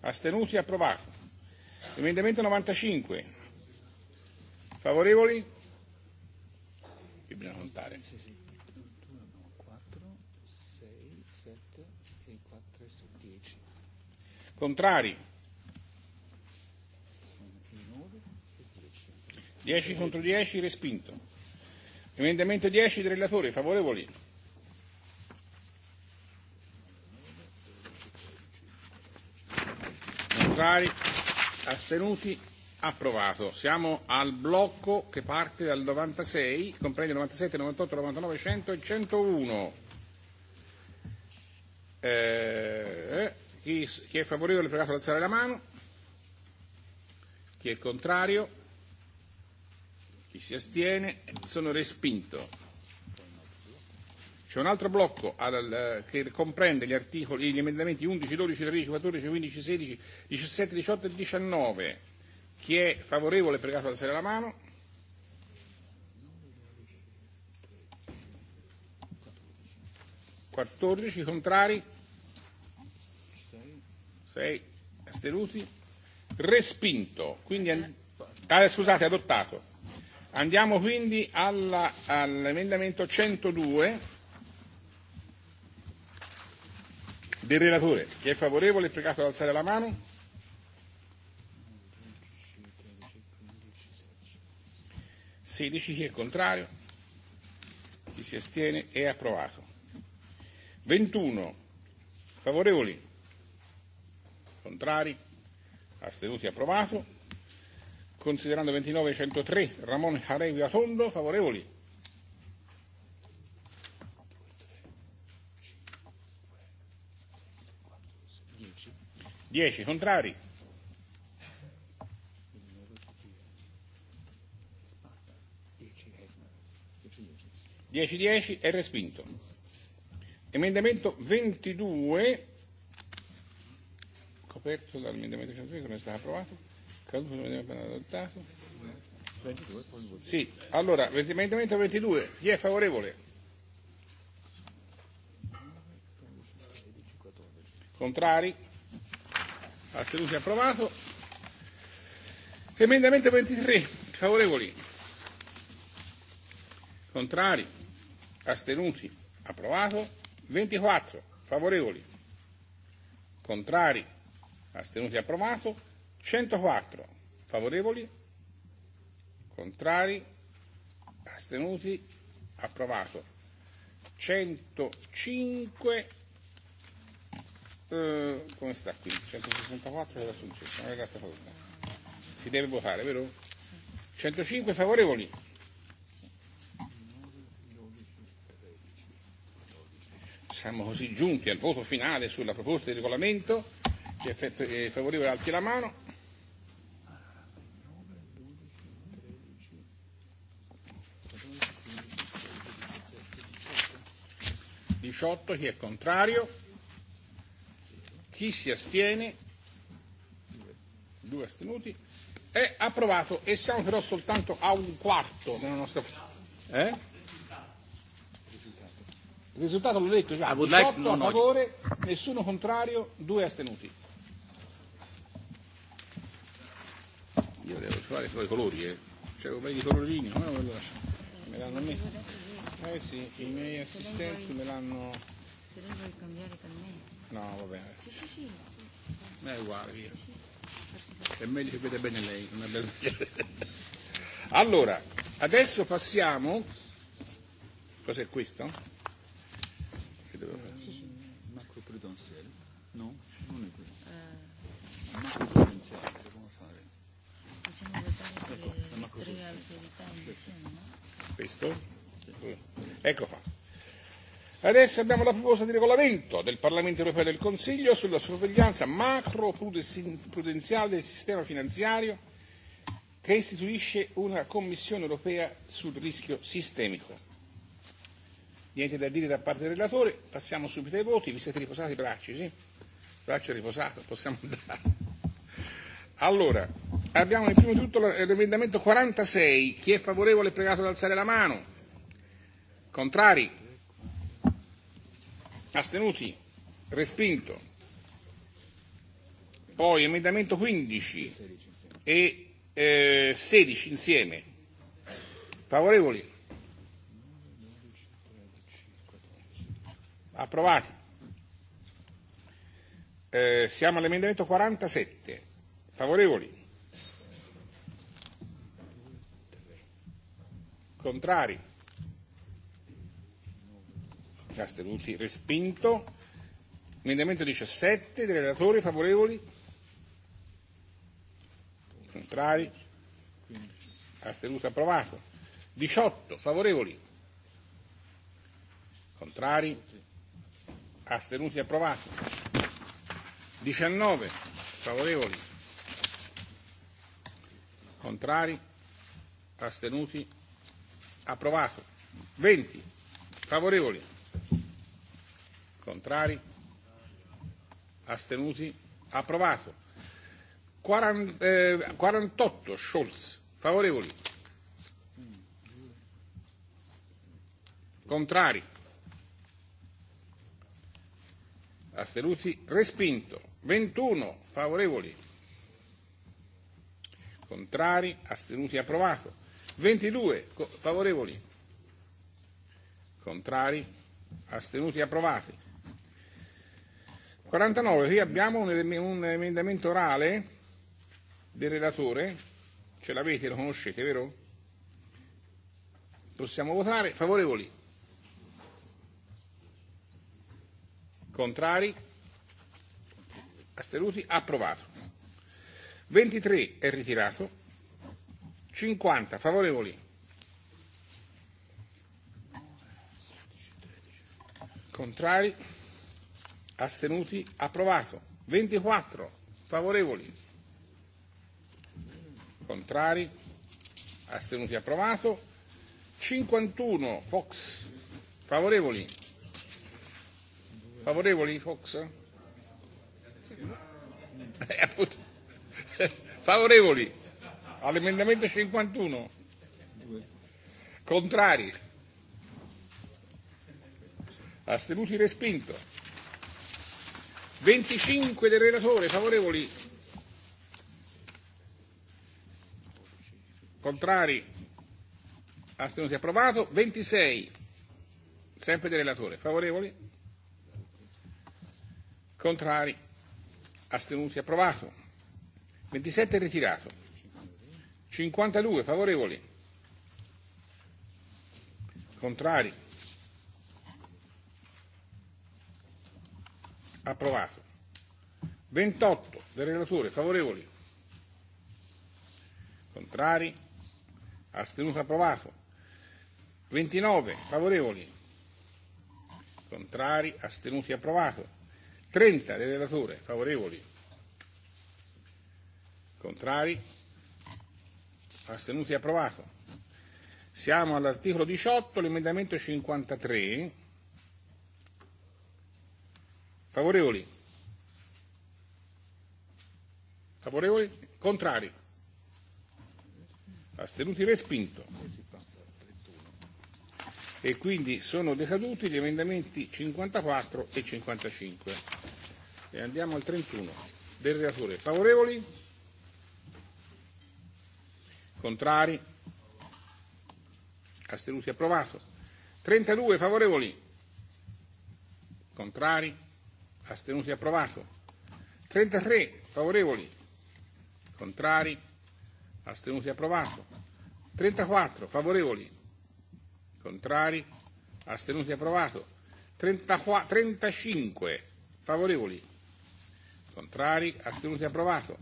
Astenuti? Approvato. Emendamento 95. Favorevoli? Che bisogna contare. Contrari? 10 contro 10, respinto. Emendamento 10 del relatore, favorevoli? Contrari? Astenuti? Approvato. Siamo al blocco che parte dal 96, comprende 97, 98, 99, 100 e 101. Eh, eh. Chi, chi è favorevole prega per alzare la mano. Chi è contrario? Chi si astiene? Sono respinto. C'è un altro blocco al, che comprende gli, articoli, gli emendamenti 11, 12, 13, 14, 15, 16, 17, 18 e 19. Chi è favorevole prega per alzare la mano. Quattordici contrari? 6 astenuti, respinto, quindi ah, scusate, adottato. Andiamo quindi alla, all'emendamento 102 del relatore. Chi è favorevole è e pregato ad alzare la mano. Sedici chi è contrario, chi si astiene è approvato. 21 favorevoli, Contrari? Astenuti? Approvato. Considerando 29 103, e Ramon Jarevi Atondo, favorevoli? Dieci. Contrari? Dieci, dieci è respinto. Emendamento 22 aperto dall'emendamento 120, non è stato approvato. Caduto l'emendamento appena adottato. 22, poi sì, allora, emendamento 22, chi è favorevole? Contrari? Astenuti e approvato. Emendamento 23, favorevoli? Contrari? Astenuti? Approvato. 24, favorevoli? Contrari? astenuti approvato, 104 favorevoli, contrari, astenuti approvato, 105 eh, come sta qui? 164 era successo, non era stato si deve votare, vero? 105 favorevoli. Siamo così giunti al voto finale sulla proposta di regolamento Chi è eh, favorevole alzi la mano. Diciotto, chi è contrario? Chi si astiene? Due astenuti. È approvato e siamo però soltanto a un quarto della nostra. Eh? Il risultato l'ho detto già, 18 like, no, a favore, no. nessuno contrario, due astenuti. io devo fare solo i colori, eh. Cioè, come i colorini, come non me lo lasciano? Me l'hanno messo. Eh sì, sì i miei assistenti vuoi, me l'hanno... Se lei vuole cambiare per me. No, va bene. Sì, sì, sì. Ma è uguale, via. Sì, sì. È meglio che vede bene lei, non è bello Allora, adesso passiamo... Cos'è questo? Che devo fare? Macro prudenziale. No, non è questo. Uh, insieme votare ecco, le tre autorità insieme, no? Questo? Ecco qua. Adesso abbiamo la proposta di regolamento del Parlamento europeo e del Consiglio sulla sorveglianza macroprudenziale del sistema finanziario che istituisce una Commissione europea sul rischio sistemico. Niente da dire da parte del relatore, passiamo subito ai voti, vi siete riposati i bracci, sì? Braccio riposato, possiamo andare. Allora, abbiamo in primo tutto l'emendamento 46. Chi è favorevole è pregato ad alzare la mano. Contrari? Astenuti? Respinto. Poi emendamento 15 e eh, 16 insieme. Favorevoli? Approvati. Eh, siamo all'emendamento 47. Favorevoli? Contrari? Astenuti? Respinto. Emendamento 17 dei relatori favorevoli? Contrari? Astenuto approvato. 18 favorevoli? Contrari? Astenuti approvato. 19 favorevoli? Contrari? Astenuti? Approvato. 20. Favorevoli? Contrari? Astenuti? Approvato. 40, eh, 48. Scholz. Favorevoli? Contrari? Astenuti? Respinto. 21. Favorevoli? contrari, astenuti, approvato. 22 favorevoli, contrari, astenuti, approvati. 49, qui abbiamo un, un emendamento orale del relatore, ce l'avete, lo conoscete, vero? Possiamo votare, favorevoli, contrari, astenuti, approvato. 23 è ritirato, 50 favorevoli, contrari, astenuti, approvato, 24 favorevoli, contrari, astenuti, approvato, 51 Fox favorevoli, favorevoli Fox? Eh, appunto. Favorevoli all'emendamento 51? Contrari? Astenuti respinto. 25 del relatore, favorevoli? Contrari? Astenuti approvato. 26, sempre del relatore, favorevoli? Contrari? Astenuti approvato. 27 ritirato. 52 favorevoli. Contrari. Approvato. 28 del relatore favorevoli. Contrari. Astenuto approvato. 29 favorevoli. Contrari. Astenuti approvato. 30 del relatore favorevoli Contrari? Astenuti? Approvato. Siamo all'articolo 18, l'emendamento 53. Favorevoli? Favorevoli? Contrari? Astenuti? Respinto. E quindi sono decaduti gli emendamenti 54 e 55. E andiamo al 31 del relatore. Favorevoli? Contrari? Astenuti? Approvato. 32 favorevoli? Contrari? Astenuti? Approvato. 33 favorevoli? Contrari? Astenuti? Approvato. 34 favorevoli? Contrari? Astenuti? Approvato. 34, 35 favorevoli? Contrari? Astenuti? Approvato.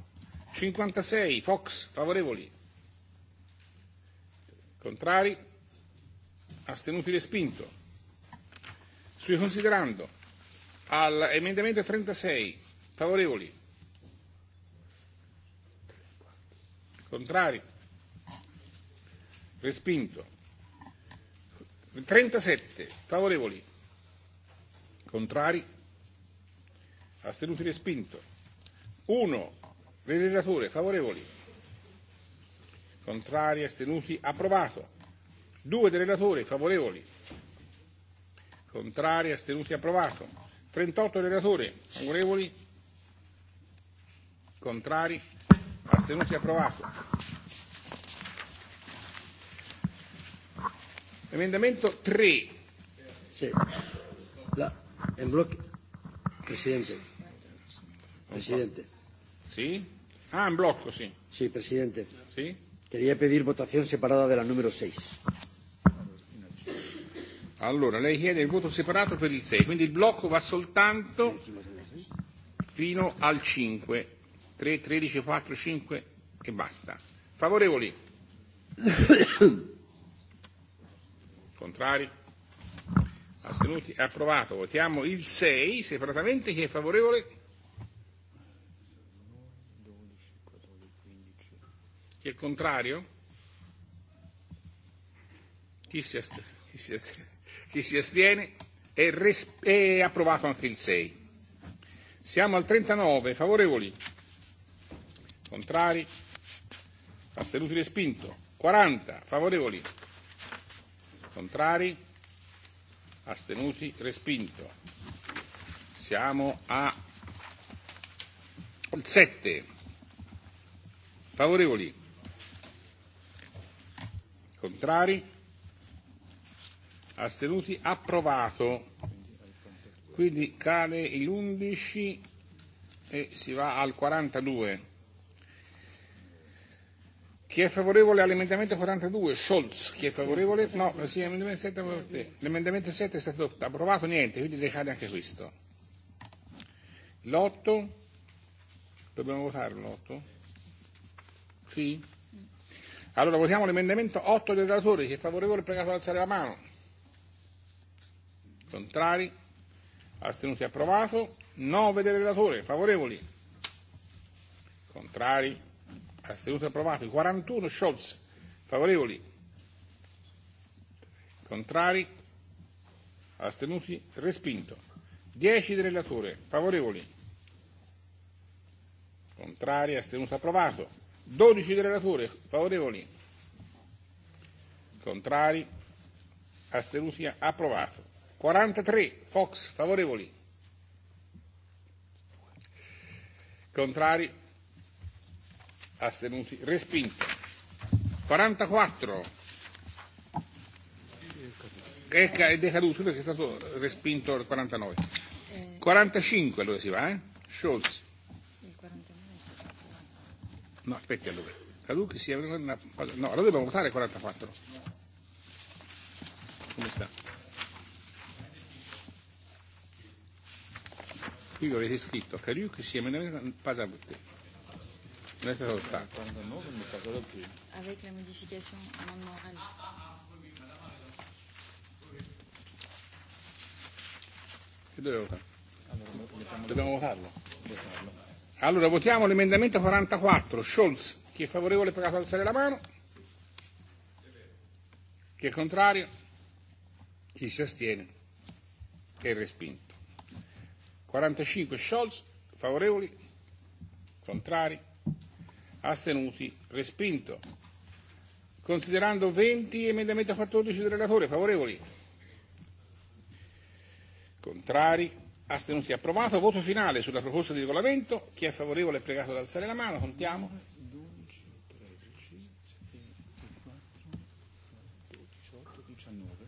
56 Fox favorevoli? Contrari? Astenuti respinto. Sui considerando all'emendamento 36, favorevoli? Contrari? Respinto. 37, favorevoli? Contrari? Astenuti respinto. 1, del relatore, favorevoli? Contrari, astenuti, approvato. 2 del relatore, favorevoli. Contrari, astenuti, approvato. 38 del relatore, favorevoli. Contrari, astenuti, approvato. Emendamento 3. Sì. La, en bloque. Presidente. Presidente. Sì? Ah, in blocco, sì. Sì, Presidente. Sì? Quería pedir votación separada de la número 6. Allora, lei chiede il voto separato per il 6, quindi il blocco va soltanto fino al 5, 3, 13, 4, 5 e basta. Favorevoli? Contrari? Astenuti? Approvato. Votiamo il 6 separatamente. Chi è favorevole? Chi è contrario? Chi si, ast- chi si, ast- chi si astiene? È, res- è approvato anche il 6. Siamo al 39, favorevoli, contrari, astenuti respinto. 40, favorevoli, contrari, astenuti respinto. Siamo a 7, favorevoli, Contrari? Astenuti? Approvato. Quindi cade l'11 e si va al 42. Chi è favorevole all'emendamento 42? Scholz. Chi è favorevole? No, sì, l'emendamento 7, l'emendamento 7 è stato approvato, niente, quindi decade anche questo. L'8? Dobbiamo votare l'8? Sì? Allora votiamo l'emendamento 8 del relatore. Chi è favorevole è pregato ad alzare la mano. Contrari? Astenuti approvato. 9 del relatore. Favorevoli? Contrari? Astenuti approvato. 41 Scholz. Favorevoli? Contrari? Astenuti? Respinto. 10 del relatore. Favorevoli? Contrari? Astenuti approvato. 12 del relatore, favorevoli, contrari, astenuti, approvato. 43, Fox, favorevoli, contrari, astenuti, respinto. 44, è decaduto perché è stato respinto il 49. 45 eh. allora si va, eh? Scholz No, aspetti allora. Caduc, sì, una cosa... No, allora dobbiamo votare 44. Come sta? Qui lo avete scritto, Caduc, sì, emendamento Pasabutte. Non è stato votato. Avec la modification amendement orale. Che doveva votare? Dobbiamo votarlo. votarlo. Allora votiamo l'emendamento 44, Scholz. Chi è favorevole è pregato ad alzare la mano. Chi è contrario? Chi si astiene? È respinto. 45 Scholz, favorevoli, contrari, astenuti, respinto. Considerando 20 emendamento 14 del relatore, favorevoli, contrari, astenuti approvato. Voto finale sulla proposta di regolamento. Chi è favorevole è pregato ad alzare la mano. Contiamo. 12, 13, 24, 18, 19.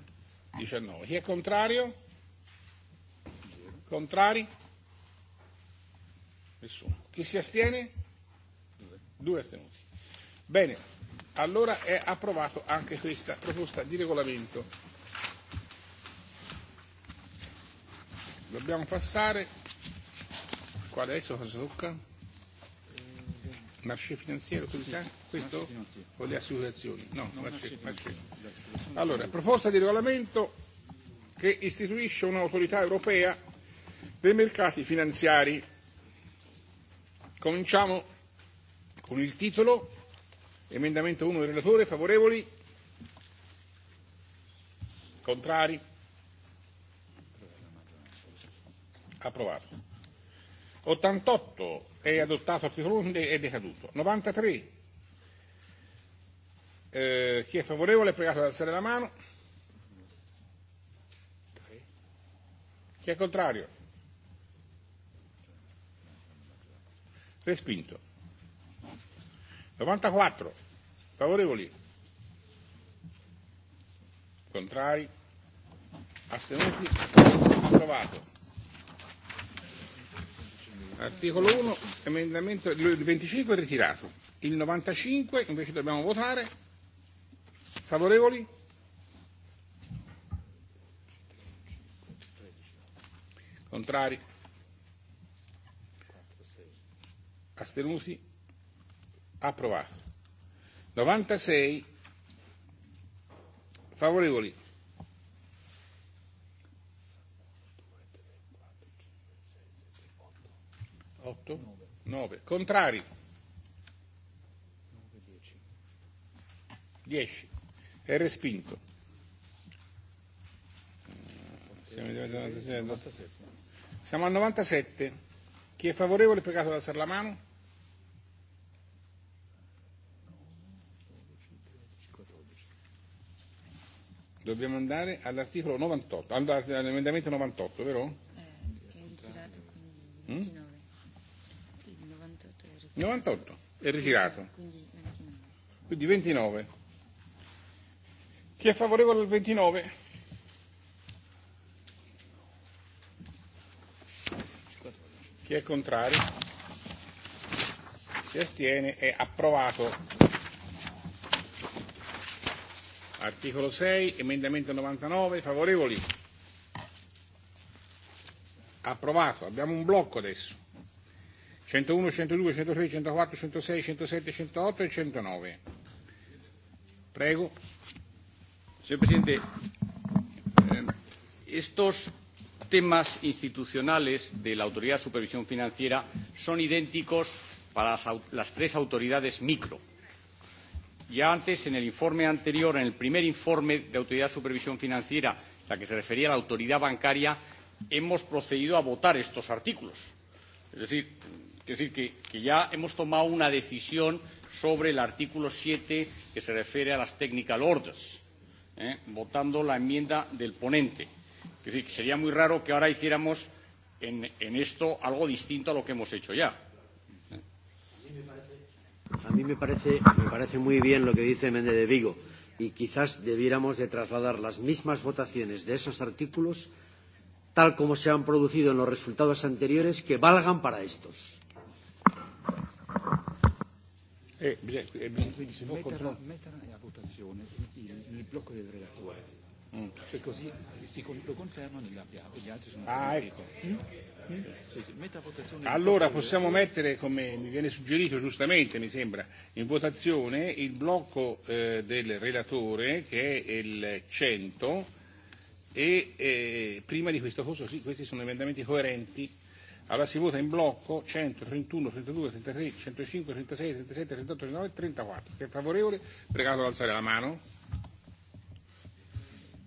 19. Chi è contrario? Contrari? Nessuno. Chi si astiene? Due. Due astenuti. Bene, allora è approvato anche questa proposta di regolamento. Dobbiamo passare qua adesso cosa tocca? Marché finanziario, autorità? Ah, questo? O le assicurazioni? No, marché, marché. Allora, proposta di regolamento che istituisce un'autorità europea dei mercati finanziari. Cominciamo con il titolo, emendamento 1 del relatore, favorevoli? Contrari? approvato. 88 è adottato articolo 11 è decaduto. 93 eh, chi è favorevole è pregato ad alzare la mano. Chi è contrario? Respinto. 94. Favorevoli? Contrari? Astenuti? Approvato. Articolo 1, emendamento il 25 è ritirato. Il 95 invece dobbiamo votare. Favorevoli? Contrari? Astenuti? Approvato. 96 favorevoli 8, 9. Contrari? 10. È respinto. Eh, siamo, 97. Siamo al 97. Chi è favorevole è pregato ad alzare la mano. Dobbiamo andare all'articolo 98, all'emendamento 98, vero? Eh, che è ritirato, quindi mm? 98 è ritirato. Quindi 29. Chi è favorevole al 29? Chi è contrario? Si astiene? È approvato. Articolo 6, emendamento 99, favorevoli? Approvato. Abbiamo un blocco adesso. 101, 102, 103, 104, 106, 107, 108 e 109. Prego. Señor presidente, eh, estos temas institucionales de la Autoridad de Supervisión Financiera son idénticos para las, las tres autoridades micro. Ya antes, en el informe anterior, en el primer informe de Autoridad de Supervisión Financiera, la que se refería a la autoridad bancaria, hemos procedido a votar estos artículos. Es decir, Es decir, que, que ya hemos tomado una decisión sobre el artículo 7 que se refiere a las technical orders, ¿eh? votando la enmienda del ponente. Es decir, que sería muy raro que ahora hiciéramos en, en esto algo distinto a lo que hemos hecho ya. ¿eh? A mí me parece, me parece muy bien lo que dice Méndez de Vigo y quizás debiéramos de trasladar las mismas votaciones de esos artículos tal como se han producido en los resultados anteriores que valgan para estos Eh, bisogna, eh, bisogna, quindi si può metterla, metterla a votazione il, il blocco del relatore mm. e così si, lo conferma nell'ampliato gli altri sono ah, ecco. mm? Mm? Sì, sì, metta a votazione allora possiamo mettere come mi viene suggerito giustamente mi sembra in votazione il blocco eh, del relatore che è il 100 e eh, prima di questo corso sì, questi sono emendamenti coerenti Allora si vota in blocco 100, 31, 32, 33, 105, 36, 37, 38, 39 e 34. Chi è favorevole? Pregato ad alzare la mano.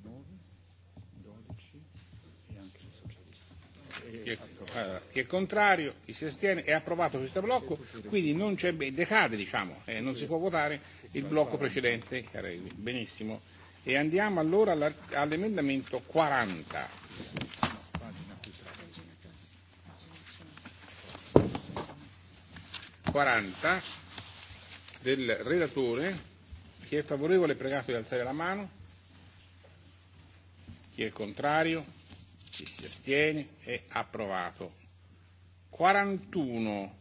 9, 12 e anche il socialista. Chi è, allora, chi è contrario? Chi si astiene? È approvato questo blocco, quindi non c'è, decade diciamo, eh, non si può votare il blocco precedente. Benissimo. E andiamo allora all'emendamento 40. 40 del relatore. Chi è favorevole è pregato di alzare la mano. Chi è contrario? Chi si astiene? È approvato. 41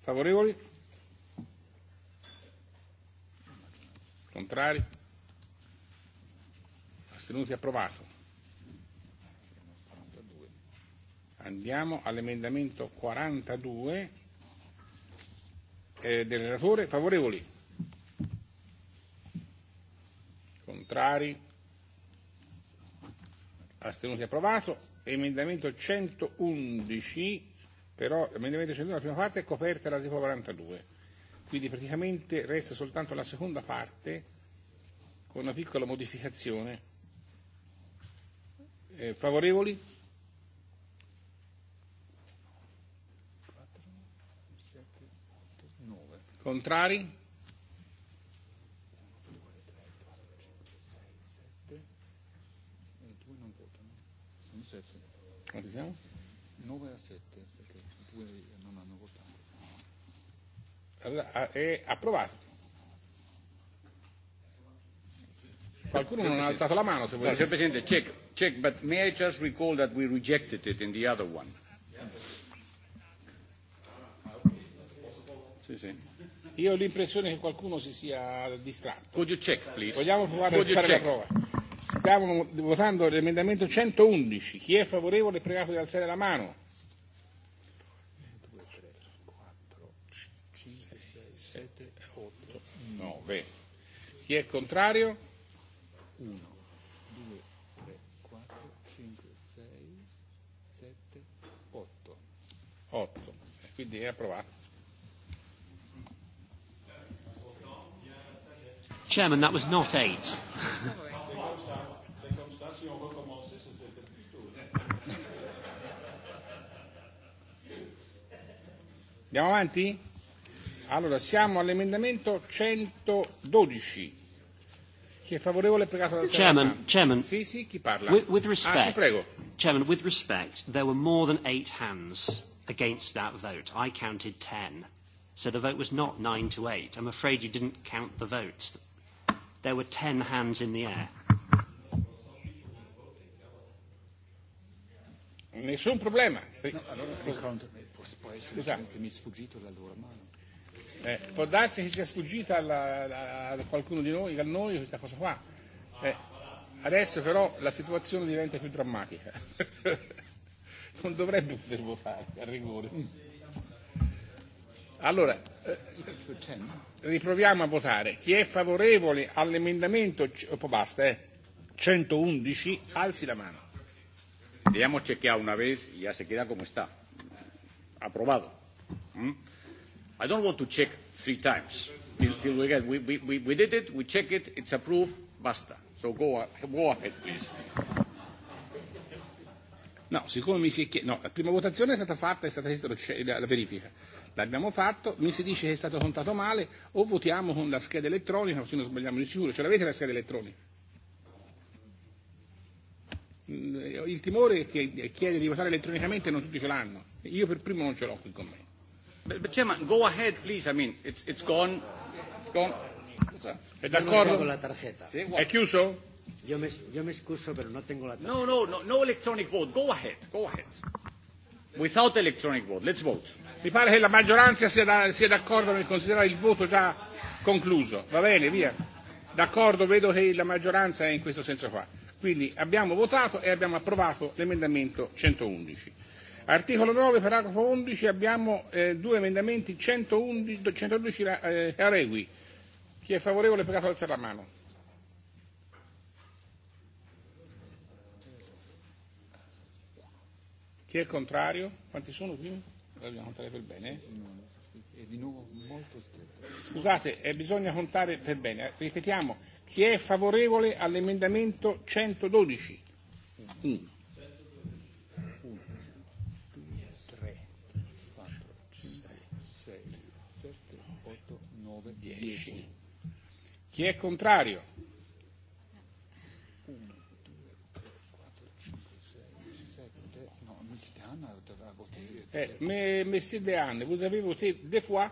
favorevoli? Contrari? Astenuti? Approvato. Andiamo all'emendamento 42 eh, del relatore. Favorevoli? Contrari? Astenuti approvato. Emendamento 111, però l'emendamento 111 la prima parte è coperta dall'articolo 42, quindi praticamente resta soltanto la seconda parte con una piccola modificazione. Eh, favorevoli? Contrari? Eh, Quanti siamo? 9 a 7 perché due non hanno votato. Allora, ah, è approvato. Qualcuno non ha alzato la mano se vuole. No, Presidente, check, check, but may I just recall that we rejected it in the other one? Yeah. Sì, sì. Io ho l'impressione che qualcuno si sia distratto. Could you check, please? Vogliamo provare Could a fare check? la prova. Stiamo votando l'emendamento 111. Chi è favorevole è pregato di alzare la mano. 2, 3, 4, 5, 6, 7, 8, 9. Chi è contrario? 1, 2, 3, 4, 5, 6, 7, 8. 8. Quindi è approvato. Chairman, that was not eight. Andiamo avanti? Allora, siamo all'emendamento 112. Chi è favorevole è pregato da Chairman, Chairman. Sì, sì, chi parla? With, with respect. Ah, sì, prego. Chairman, with respect, there were more than eight hands against that vote. I counted ten. So the vote was not nine to eight. I'm afraid you didn't count the votes. There were 10 hands in the air. Nessun problema. No, allora eh, può essere che mi è sfuggito la loro mano. Eh, può darsi che sia sfuggita alla, a qualcuno di noi, a noi questa cosa qua. Eh, adesso però la situazione diventa più drammatica. non dovrebbe poter votare a rigore. Mm. Allora, eh, riproviamo a votare. Chi è favorevole all'emendamento oh, basta, eh, 111 alzi la mano. Digamos chequeado una vez y ya se queda como está. Aprobado. ¿Mm? I don't want to check three times till, till we get. We, we, we did it, we check it, it's approved, basta. So go, go ahead, please. No, siccome mi si è chiesto, no, la prima votazione è stata fatta, è stata chiesta la verifica l'abbiamo fatto, mi si dice che è stato contato male, o votiamo con la scheda elettronica, così non sbagliamo di sicuro. Ce l'avete la scheda elettronica? Mm, il timore è che chiede di votare elettronicamente e non tutti ce l'hanno. Io per primo non ce l'ho qui con me. But, but Chairman, go ahead, please. I mean, it's, it's gone. It's gone. È d'accordo? Con la tarjeta. È chiuso? Yo me, yo me excuso, pero no tengo la tarjeta. No, no, no, no electronic vote. Go ahead, go ahead. Without electronic vote, let's vote. Mi pare che la maggioranza sia, da, sia d'accordo nel considerare il voto già concluso. Va bene, via. D'accordo, vedo che la maggioranza è in questo senso qua. Quindi abbiamo votato e abbiamo approvato l'emendamento 111. Articolo 9, paragrafo 11, abbiamo eh, due emendamenti 111, 112 eh, Aregui. Chi è favorevole è pregato ad alzare la mano. Chi è contrario? Quanti sono? Prima? Dobbiamo contare per bene? Eh? No, è di nuovo molto stretto. Scusate, eh, bisogna contare per bene. Ripetiamo, chi è favorevole all'emendamento 112? 1. 1, 2, 3, 4, 5, 6, 7, 8, 9, 10. Chi è contrario? Eh, mais, Monsieur Dehaene, vous avez voté deux fois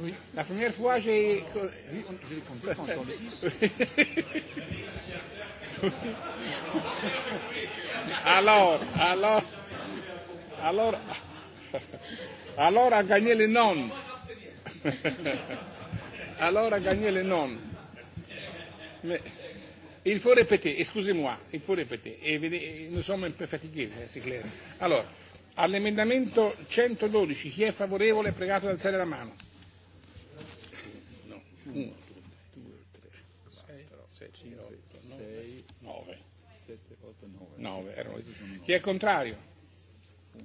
Oui. La première fois, j'ai. Oui, on, je l'ai compté quand on le dit. alors, alors, alors, alors a gagné le non. alors a gagné le non. Mais il faut répéter, excusez-moi, il faut répéter. Et, nous sommes un peu fatigués, c'est clair. Alors. All'emendamento 112, chi è favorevole è pregato ad alzare la mano. No, 1, 2, 3, 4, 6, 8, 9, 9. 7, 8, 9. 9 erano. Chi è contrario? 1, 2, 3,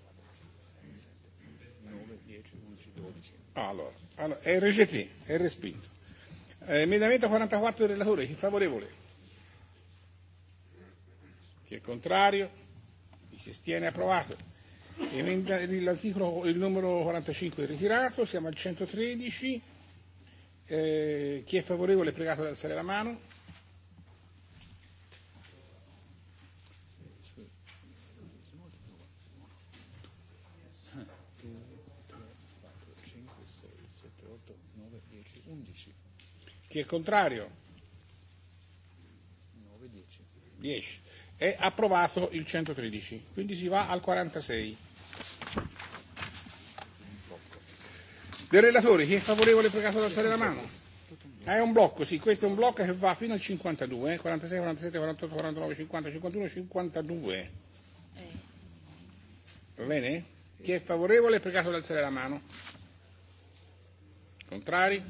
4, 6, 7, 9, 10, 11, 12. Allora, allora è RGT, è respinto. Eh, emendamento 44 del relatore, chi è favorevole? Chi è contrario? Chi si astiene? Approvato. L'articolo, il numero 45 è ritirato, siamo al 113. Eh, chi è favorevole è pregato ad alzare la mano. Chi è contrario? 9, 10. 10. È approvato il 113, quindi si va al 46. Del relatore, chi è favorevole è pregato ad alzare la mano. È un blocco, sì, questo è un blocco che va fino al 52, eh? 46, 47, 48, 49, 50, 51, 52. Va bene? Chi è favorevole è pregato ad alzare la mano. Contrari?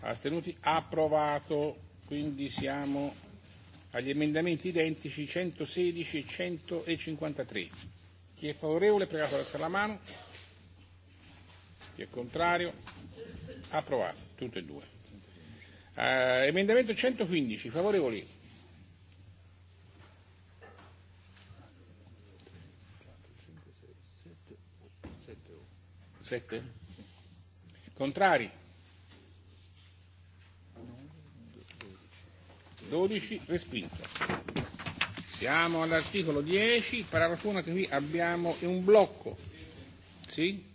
Astenuti? Approvato. Quindi siamo agli emendamenti identici 116 e 153. Chi è favorevole, pregato ad alzare la mano. Chi è contrario? Approvato, tutte e due. Eh, emendamento 115, favorevoli? Sette? Contrari? 12 respinto. Siamo all'articolo 10, paragrafo 1, che qui abbiamo un blocco. Sì?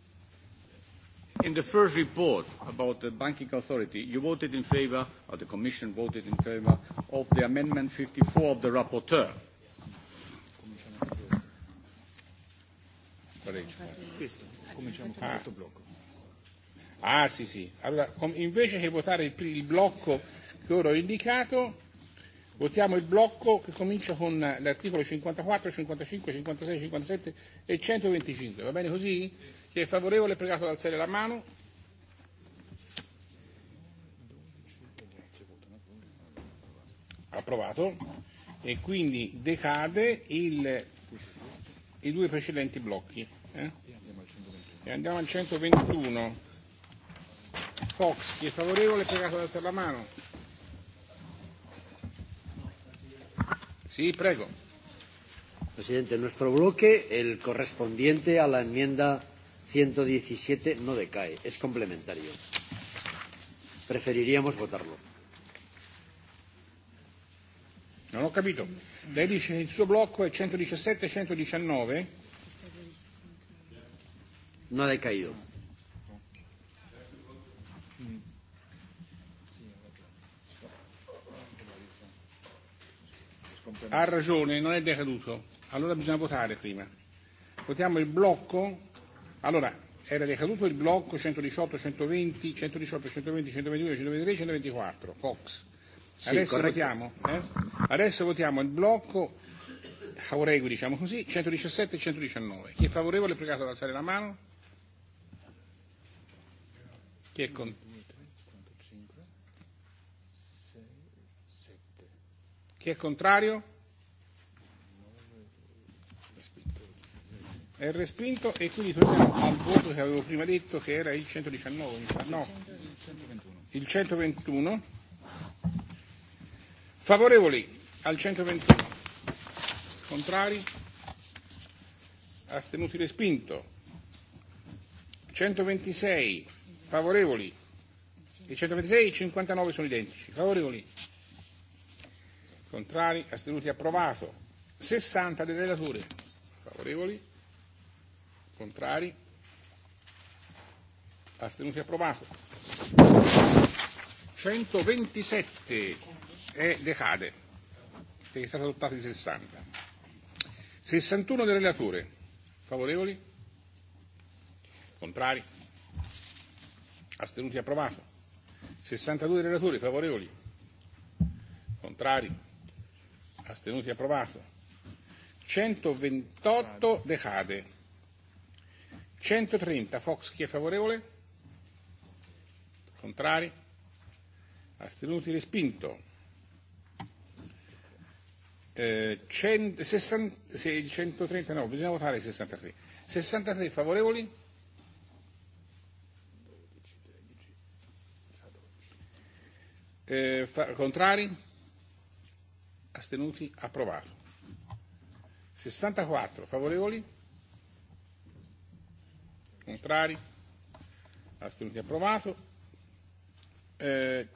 In the first report about the banking authority, you voted in favor, or the Commission voted in favor, of the amendment 54 of the rapporteur. Questo, cominciamo con questo blocco. Ah sì sì, allora com- invece che votare il, il blocco che ora ho indicato, Votiamo il blocco che comincia con eh, l'articolo 54, 55, 56, 57 e 125. Va bene così? Chi è favorevole è pregato ad alzare la mano. Approvato. E quindi decade il, i due precedenti blocchi. Eh? E andiamo al 121. Fox, chi è favorevole è pregato ad alzare la mano. Sí, prego. Presidente, nuestro bloque, el correspondiente a la enmienda 117, no decae, es complementario. Preferiríamos votarlo. Non ho capito. Lei dice il suo blocco è 117 e 119? No ha decaído. Ha ragione, non è decaduto. Allora bisogna votare prima. Votiamo il blocco. Allora, era decaduto il blocco 118, 120, 118, 120, 122, 123, 124. Fox. Sì, Adesso corretto. votiamo. Eh? Adesso votiamo il blocco Auregui, diciamo così, 117 e 119. Chi è favorevole è pregato ad alzare la mano. Chi è contento? Chi è contrario? È respinto e quindi torniamo al voto che avevo prima detto che era il 119, mi fa. No, il 121. Favorevoli al 121. Contrari? Astenuti respinto. 126 favorevoli. Il 126 e il 59 sono identici. Favorevoli? Contrari? Astenuti? Approvato. 60 del relatore. Favorevoli? Contrari? Astenuti? Approvato. 127 è decade, perché è stata adottata di 60. 61 del relatore. Favorevoli? Contrari? Astenuti? Approvato. 62 dei relatori favorevoli? Contrari? astenuti approvato, 128 decade, 130 Fox chi è favorevole, contrari, astenuti respinto, eh, 100, 60, se il 130 no, bisogna votare il 63, 63 favorevoli, eh, fa, contrari, astenuti, approvato. 64 favorevoli, contrari, astenuti, approvato. Eh,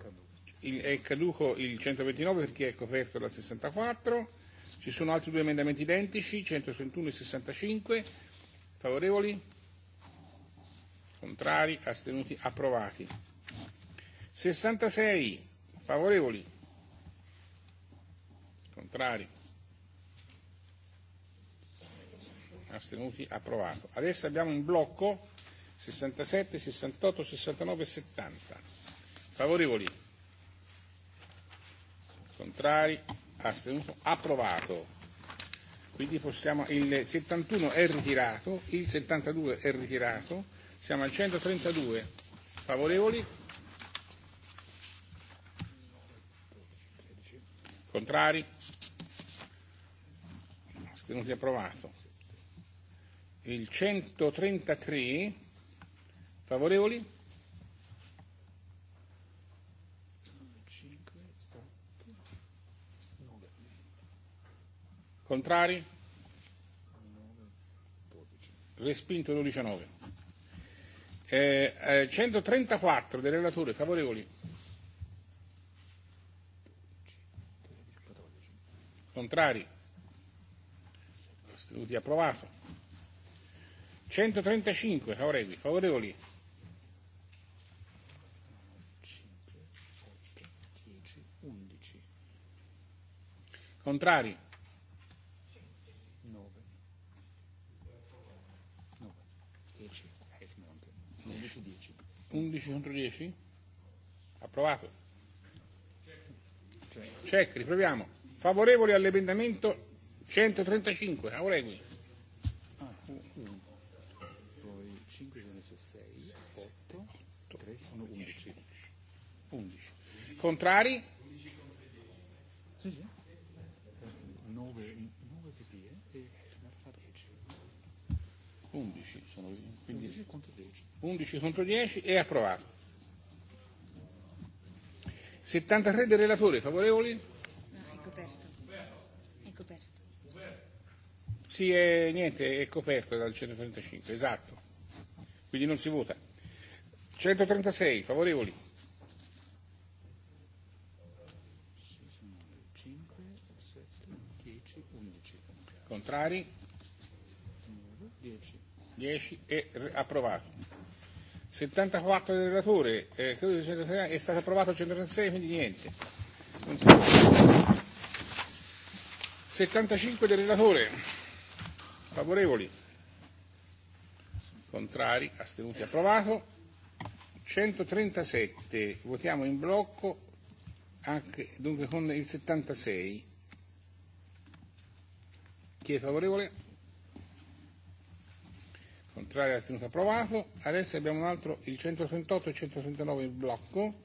il, è caduco il 129 perché è coperto dal 64. Ci sono altri due emendamenti identici, 131 e 65. Favorevoli? Contrari? Astenuti? Approvati. 66. Favorevoli? Contrari? Astenuti? Approvato. Adesso abbiamo in blocco 67, 68, 69 e 70. Favorevoli? Contrari? Astenuto? Approvato. Quindi possiamo, il 71 è ritirato, il 72 è ritirato, siamo al 132. Favorevoli? Contrari? Astenuti approvato. Il 133 favorevoli? 5, 8, 9. Contrari? Respinto 12 a 9. Eh, eh, 134 dei relatori favorevoli? Contrari? Astenuti? Approvato. 135, Caureghi. Favorevoli? Contrari? 9. 9. 10. 11, 10. 11 contro 10? Approvato. Check, riproviamo. Favorevoli all'emendamento 135, Auregui. Ah, 1, poi 5 sono 6, 8, 3 sono 11. 11. Contrari? 9, 9 PPE e 11 sono 11 contro 10. 11 contro 10 è approvato. 73 dei relatori favorevoli? Sì, è, niente, è coperto dal 135, esatto. Quindi non si vota. 136, favorevoli. Contrari? 10 e approvato. 74 del relatore, eh, credo che 136, è stato approvato il 136, quindi niente. Non si 75 del relatore. Favorevoli? Contrari? Astenuti? Approvato. 137. Votiamo in blocco anche, dunque con il 76. Chi è favorevole? Contrario, astenuto, approvato. Adesso abbiamo un altro, il 138 e il 139 in blocco.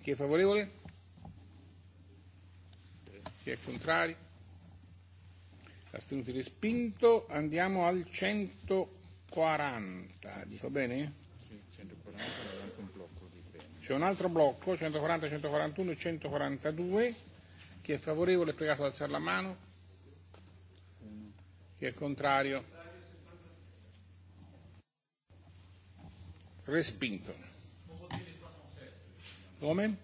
Chi è favorevole? Chi è contrario? astenuti respinto. Andiamo al 140, dico bene? Sì, 140 davanti un blocco di bene. C'è un altro blocco, 140, 141 e 142. Chi è favorevole è pregato ad alzare la mano. Chi è contrario? Respinto. Come?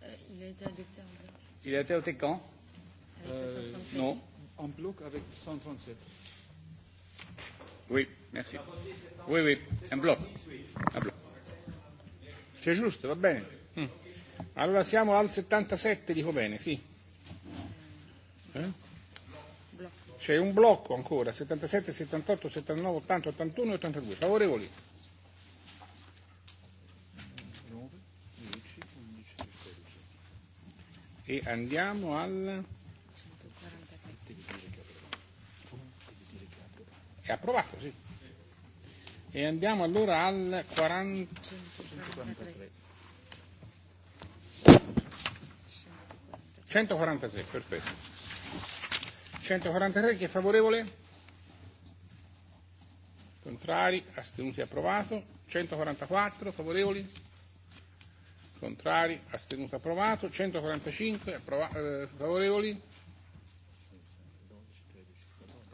Eh, il a été adopté quand Il a été adopté quand euh, Non en bloc avec 137. Oui, merci. Oui, oui, en bloc. En bloc. C'è giusto, va bene. Mm. Allora siamo al 77, dico bene, sì. Eh? C'è un blocco ancora, 77, 78, 79, 80, 81 e 82. Favorevoli? 9, 10, 11 e 16. E andiamo al... È approvato, sì. E andiamo allora al 40... 143. 143, perfetto. 143 chi è favorevole? Contrari, astenuti, approvato. 144 favorevoli? Contrari, astenuto, approvato. 145 approva- eh, favorevoli?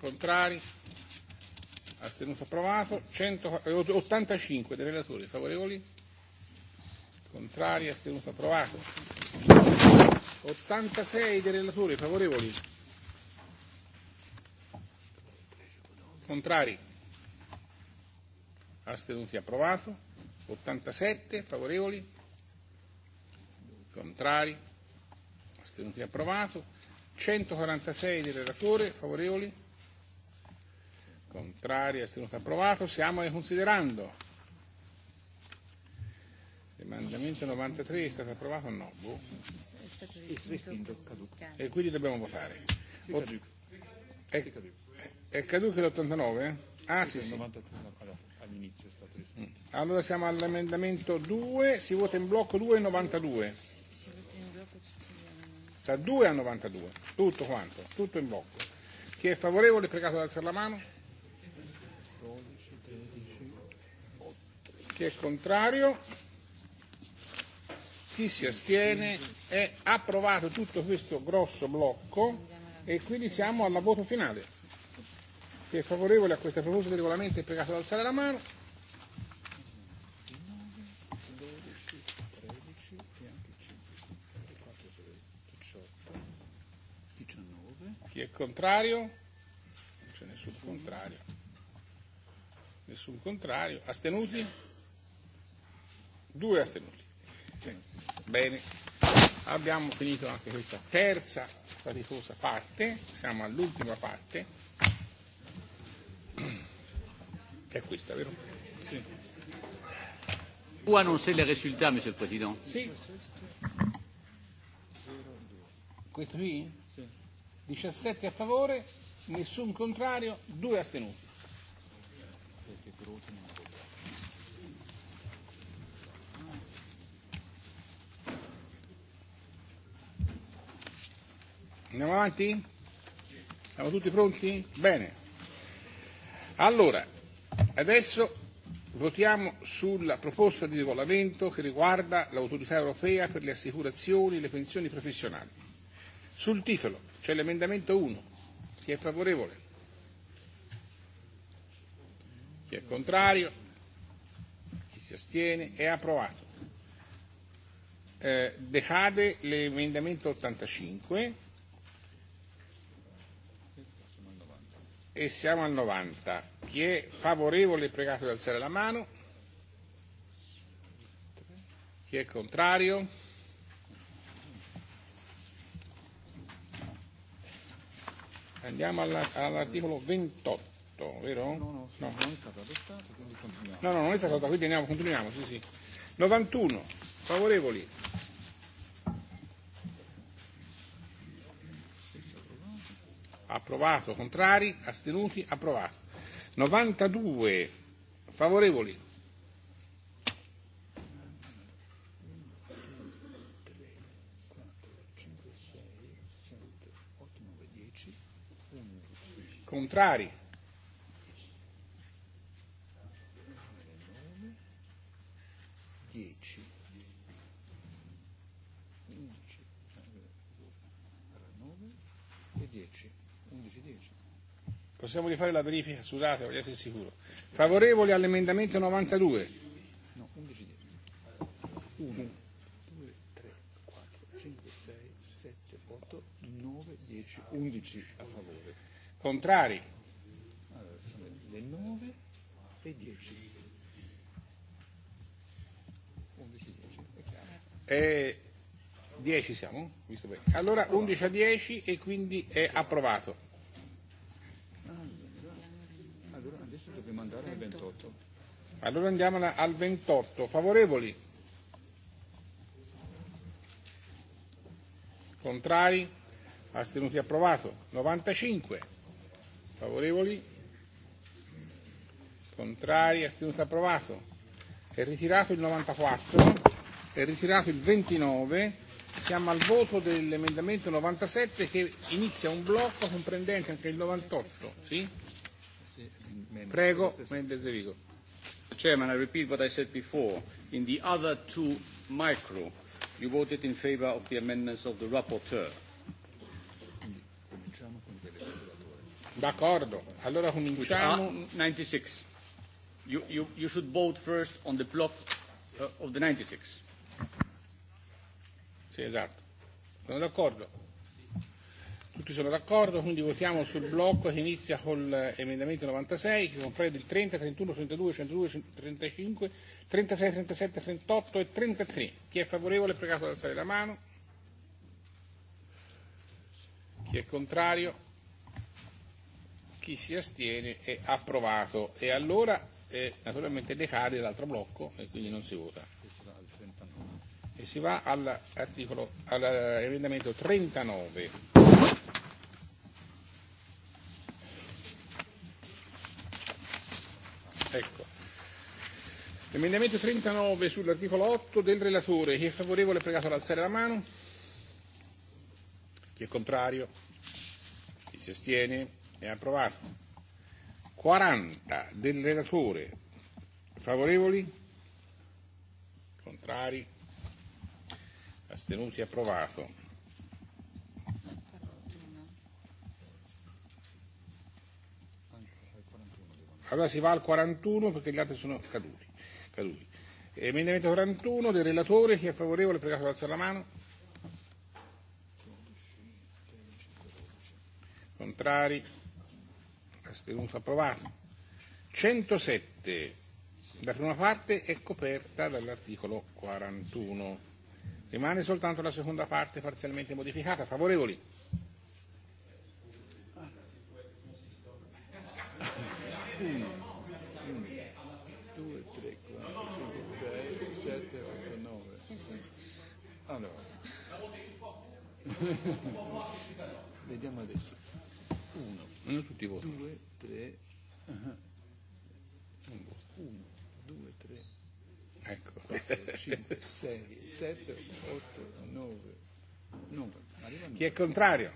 Contrari, astenuto approvato, 185 eh, dei relatori favorevoli, contrari, astenuto approvato, 86 dei relatori favorevoli, contrari, astenuti approvato, 87 favorevoli, contrari, astenuti approvato, 146 del relatore favorevoli, Contrari, astenuto approvato. Siamo ai considerando. L'emendamento 93 è stato approvato o no? Boh. Eh, e quindi dobbiamo votare. O- eh, eh, è, è caduto l'89? Ah sì, sì. All'inizio è stato respinto. Mm. Allora siamo all'emendamento 2, si vota in blocco 2 e 92. Da 2 a 92, tutto quanto, tutto in blocco. Chi è favorevole è pregato ad alzare la mano? Chi è contrario? Chi si astiene? È approvato tutto questo grosso blocco e quindi siamo alla voto finale. Chi è favorevole a questa proposta di regolamento è pregato ad alzare la mano. Chi è contrario? Non c'è nessun contrario. Nessun contrario. Astenuti? due astenuti. Bene. Bene, abbiamo finito anche questa terza faticosa parte, siamo all'ultima parte, è questa, vero? Sì. Può annunciare i risultati, Monsieur le Président? Sì. Questo qui? Sì. 17 a favore, nessun contrario, 2 astenuti. Andiamo avanti? Siamo tutti pronti? Bene. Allora, adesso votiamo sulla proposta di regolamento che riguarda l'autorità europea per le assicurazioni e le pensioni professionali. Sul titolo c'è cioè l'emendamento 1. Chi è favorevole? Chi è contrario? Chi si astiene? È approvato. Eh, decade l'emendamento 85 e siamo al 90. Chi è favorevole è pregato di alzare la mano. Chi è contrario? Andiamo alla, all'articolo 28, vero? No, no, sì, no. non è stato adottato, quindi continuiamo. No, no, non è stato adottato, quindi andiamo, continuiamo, sì, sì. 91, favorevoli, approvato, contrari, astenuti, approvato. 92 favorevoli, contrari, Possiamo rifare la verifica? Scusate, voglio essere sicuro. Favorevoli all'emendamento 92? No, 11. 1, 2, 3, 4, 5, 6, 7, 8, 9, 10, 11 a favore. Contrari? Allora, sono le 9 e 10. 11, 10, è chiaro. E 10 siamo? Visto bene. Allora 11 a 10 e quindi è approvato. Adesso dobbiamo andare al 28. Allora andiamo al 28. Favorevoli? Contrari? Astenuti approvato. 95. Favorevoli? Contrari? Astenuti approvato. È ritirato il 94. È ritirato il 29. Siamo al voto dell'emendamento 97 che inizia un blocco comprendente anche il 98. Sì? Mendes. Prego, Mendes de Vigo. Chairman, I repeat what I said before. In the other two micro, you voted in favor of the amendments of the rapporteur. D'accordo. Allora cominciamo. 96. You, you, you should vote first on the block uh, of the 96. Sì, esatto. Sono d'accordo. Tutti sono d'accordo, quindi votiamo sul blocco che inizia con l'emendamento eh, 96, che comprende il 30, 31, 32, 102, 35, 36, 37, 38 e 33. Chi è favorevole è pregato ad alzare la mano. Chi è contrario? Chi si astiene è approvato. E allora eh, naturalmente decade l'altro blocco e quindi non si vota. E si va all'articolo, all'emendamento 39 L'emendamento 39 sull'articolo 8 del relatore. Chi è favorevole è pregato ad alzare la mano. Chi è contrario? Chi si astiene? È approvato. 40 del relatore. Favorevoli? Contrari? Astenuti? Approvato. Allora si va al 41 perché gli altri sono caduti caduti. Emendamento 41 del relatore, chi è favorevole, pregato ad alzare la mano. Contrari, astenuto, approvato. 107, la prima parte è coperta dall'articolo 41. Rimane soltanto la seconda parte parzialmente modificata. Favorevoli? Uno. Mm. Vediamo adesso. Uno. Non tutti votano. Due, tre. Uh-huh. Uno, due, tre. Ecco. 4, 5, 6, 7, 8, 9. 9. Arriva 9. Chi è contrario?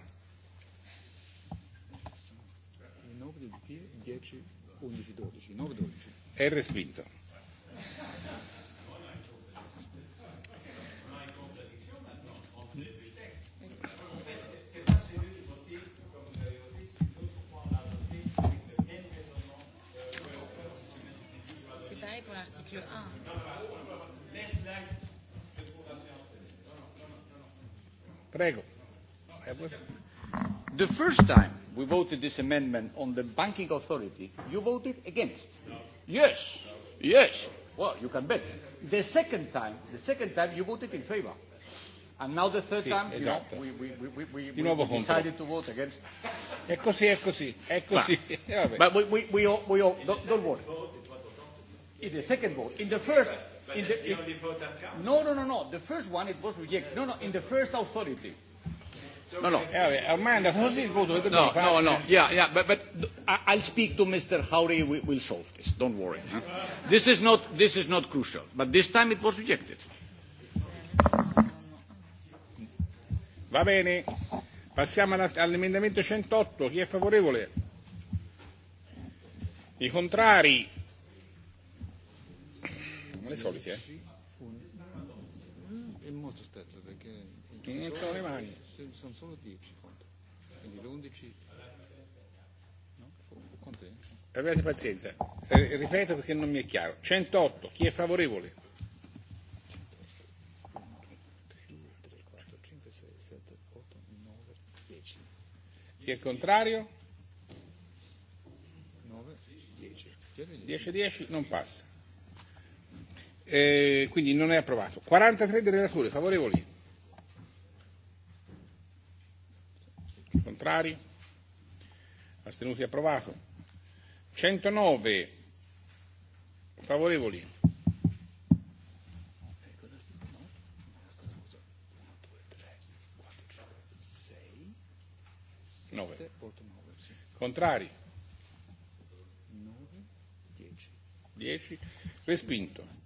9 del P, 10, 11, 12. 9, 12. È respinto. Dieu. Ah. Prego. The first time we voted this amendment on the banking authority, you voted against. No. Yes. No. Yes. Well, you can bet. The second time, the second time you voted in favor. And now the third sì, time, esatto. you know, we, we, we, we, Di nuovo we contro. decided to vote against. È così, è così, è così. Ma, ma we, we, we, all, we all, don't, don't worry in the second vote. In the first. But in that's the, the only vote that counts. No, no, no, no. The first one it was rejected. No, no. In the first authority. No, no. Eh, ormai è andato così il voto. No, no, no. Yeah, yeah. But, but I'll speak to Mr. Howry. We, we'll solve this. Don't worry. Huh? This is not. This is not crucial. But this time it was rejected. Va bene. Passiamo all'emendamento 108. Chi è favorevole? I contrari? ¿eh? Mm, eh, le solite, eh? Un, un, è molto stretto perché... Non entrano le mani. Sono solo 10, conto. Quindi l'11... No? Conto è? Abbiate pazienza. Eh, ripeto perché non mi è chiaro. 108, chi è favorevole? 2, 3, 4, 5, 6, 7, 8, 9, 10. Chi è contrario? 9, 10. 10-10 non passa eh, quindi non è approvato. 43 del relatore, favorevoli? Contrari? Astenuti approvato. 109 favorevoli. Nove. Contrari? 10. Respinto.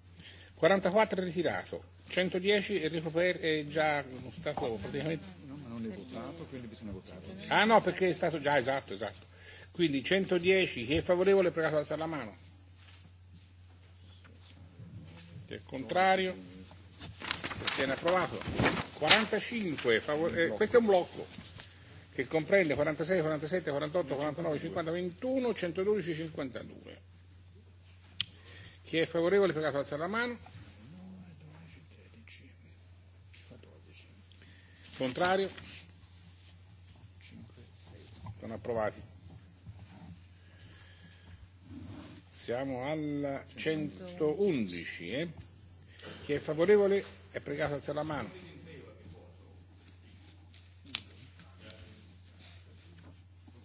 44 ritirato, 110 è, ricoper- è già stato praticamente... No, ma non è votato, quindi bisogna votare. Ah no, perché è stato già, esatto, esatto. Quindi 110, chi è favorevole è pregato ad alzare la mano. Chi è contrario? Si viene approvato. 45, favore- eh, questo è un blocco che comprende 46, 47, 48, 49, 50, 21, 112, 52. Chi è favorevole è pregato ad alzare la mano. Contrario? Sono approvati. Siamo alla 111. Eh? Chi è favorevole è pregato a alzare la mano.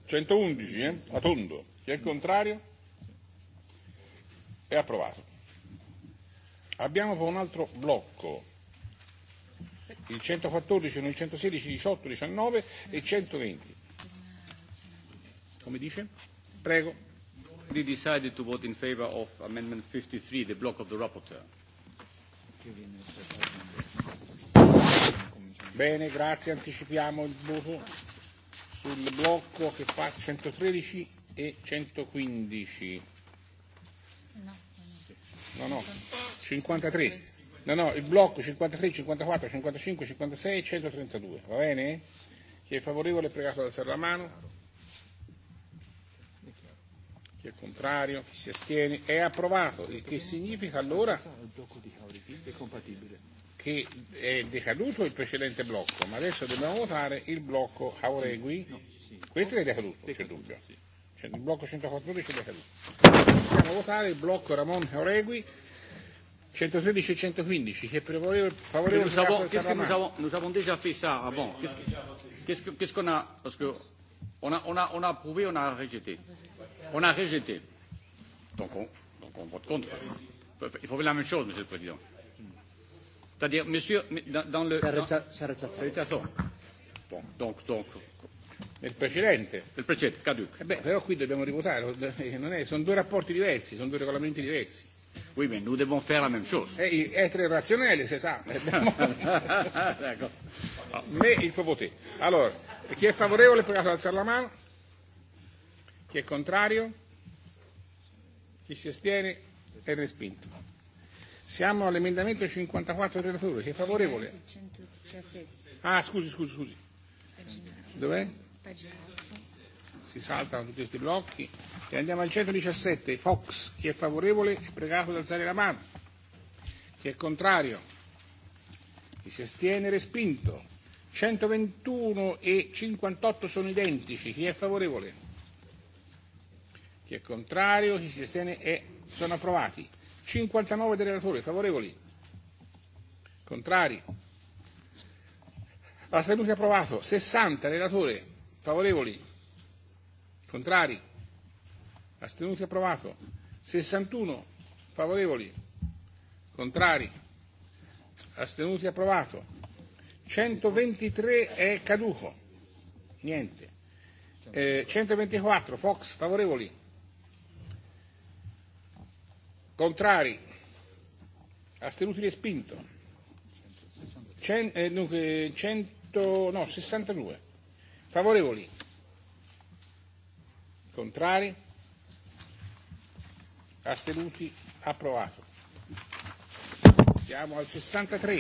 Centoundici, eh? A tondo. Chi è contrario? È approvato. Abbiamo poi un altro blocco il 114, 116, 18, 19 e 120. Come dice? Prego. We decided to vote in favor of Amendment 53, the block of the rapporteur. Bene, grazie, anticipiamo il voto sul blocco che fa 113 e 115. No, no. 53. No, no, il blocco 53, 54, 55, 56 e 132, va bene? Chi è favorevole è pregato ad alzare la mano. Chi è contrario, chi si astiene, è approvato, il che significa allora che è decaduto il precedente blocco, ma adesso dobbiamo votare il blocco Auregui. Questo è decaduto, c'è dubbio. Cioè, il blocco 114 è decaduto. Possiamo votare il blocco Ramon Auregui 113 et 115, qui est favorable. Mais nous savons, qu'est-ce que nous avons, nous avons déjà fait ça avant. Oui, qu'est-ce, qu'on qu qu a Parce que on a, on a, on a approuvé, on a rejeté. On a rejeté. Donc on, donc on vote contre. Il faut faire la même chose, Monsieur le Président. C'est-à-dire, Monsieur, dans, dans le. Sarezzato. Bon, donc, donc. Nel precedente. Nel precedente, caduc. Eh beh, però qui dobbiamo rivotare. Eh, non è, sono due rapporti diversi, sono due regolamenti diversi. Oui, mais nous devons faire la même chose. Et être rationnel, c'est ça. D'accord. mais il faut voter. Alors, chi è favorevole può alzare la mano. Chi è contrario? Chi si astiene? È respinto. Siamo all'emendamento 54 del relatore. Chi è favorevole? Ah, scusi, scusi, scusi. Dov'è? Pagina si saltano tutti questi blocchi e andiamo al 117 Fox chi è favorevole è pregato ad alzare la mano chi è contrario chi si astiene respinto 121 e 58 sono identici chi è favorevole chi è contrario chi si astiene è, eh, sono approvati 59 del relatore favorevoli contrari astenuti approvato 60 relatore favorevoli Contrari? Astenuti approvato. 61 favorevoli. Contrari? Astenuti approvato. 123 è caduco. Niente. Eh, 124 Fox favorevoli. Contrari? Astenuti respinto. Cen, eh, dunque, 100, no, 62 favorevoli Contrari? Astenuti? Approvato. Siamo al 63.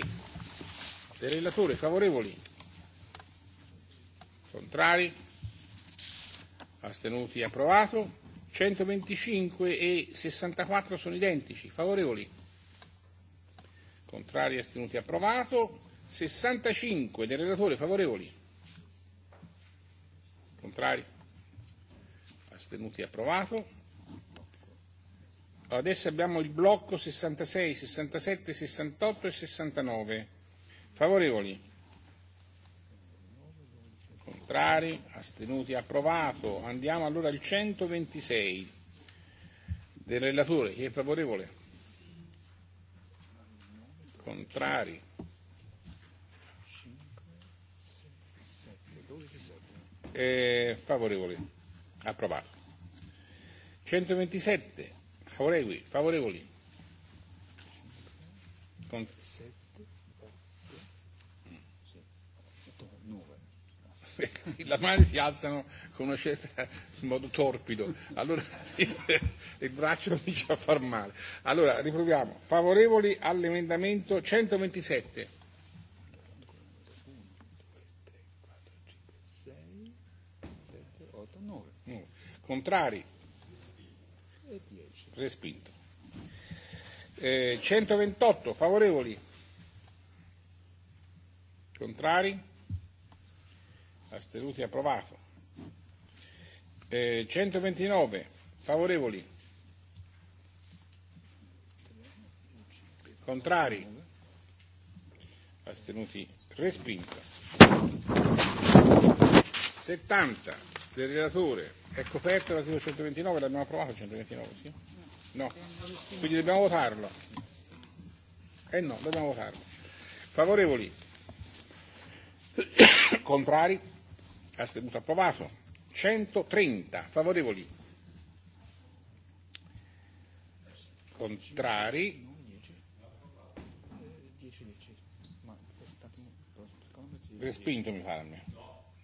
Del relatore favorevoli? Contrari? Astenuti? Approvato. 125 e 64 sono identici. Favorevoli? Contrari? Astenuti? Approvato. 65 del relatore favorevoli? Contrari? astenuti approvato. Adesso abbiamo il blocco 66, 67, 68 e 69. Favorevoli? Contrari? Astenuti? Approvato. Andiamo allora al 126 del relatore. Chi è favorevole? Contrari? Eh, favorevoli? approvato. 127 favorevoli, favorevoli. Con... 9. mani si alzano con una certa in modo torpido, allora il braccio comincia a far male. Allora riproviamo. Favorevoli all'emendamento 127. Contrari? Respinto. Eh, 128 favorevoli? Contrari? Astenuti approvato. Eh, 129 favorevoli? Contrari? Astenuti? Respinto. 70 del relatore è coperto l'articolo 129, l'abbiamo approvato il 129, sì? No. Quindi dobbiamo votarlo. Eh no, dobbiamo votarlo. Favorevoli? Contrari? Astenuto approvato. 130. Favorevoli? Contrari? Respinto mi pare.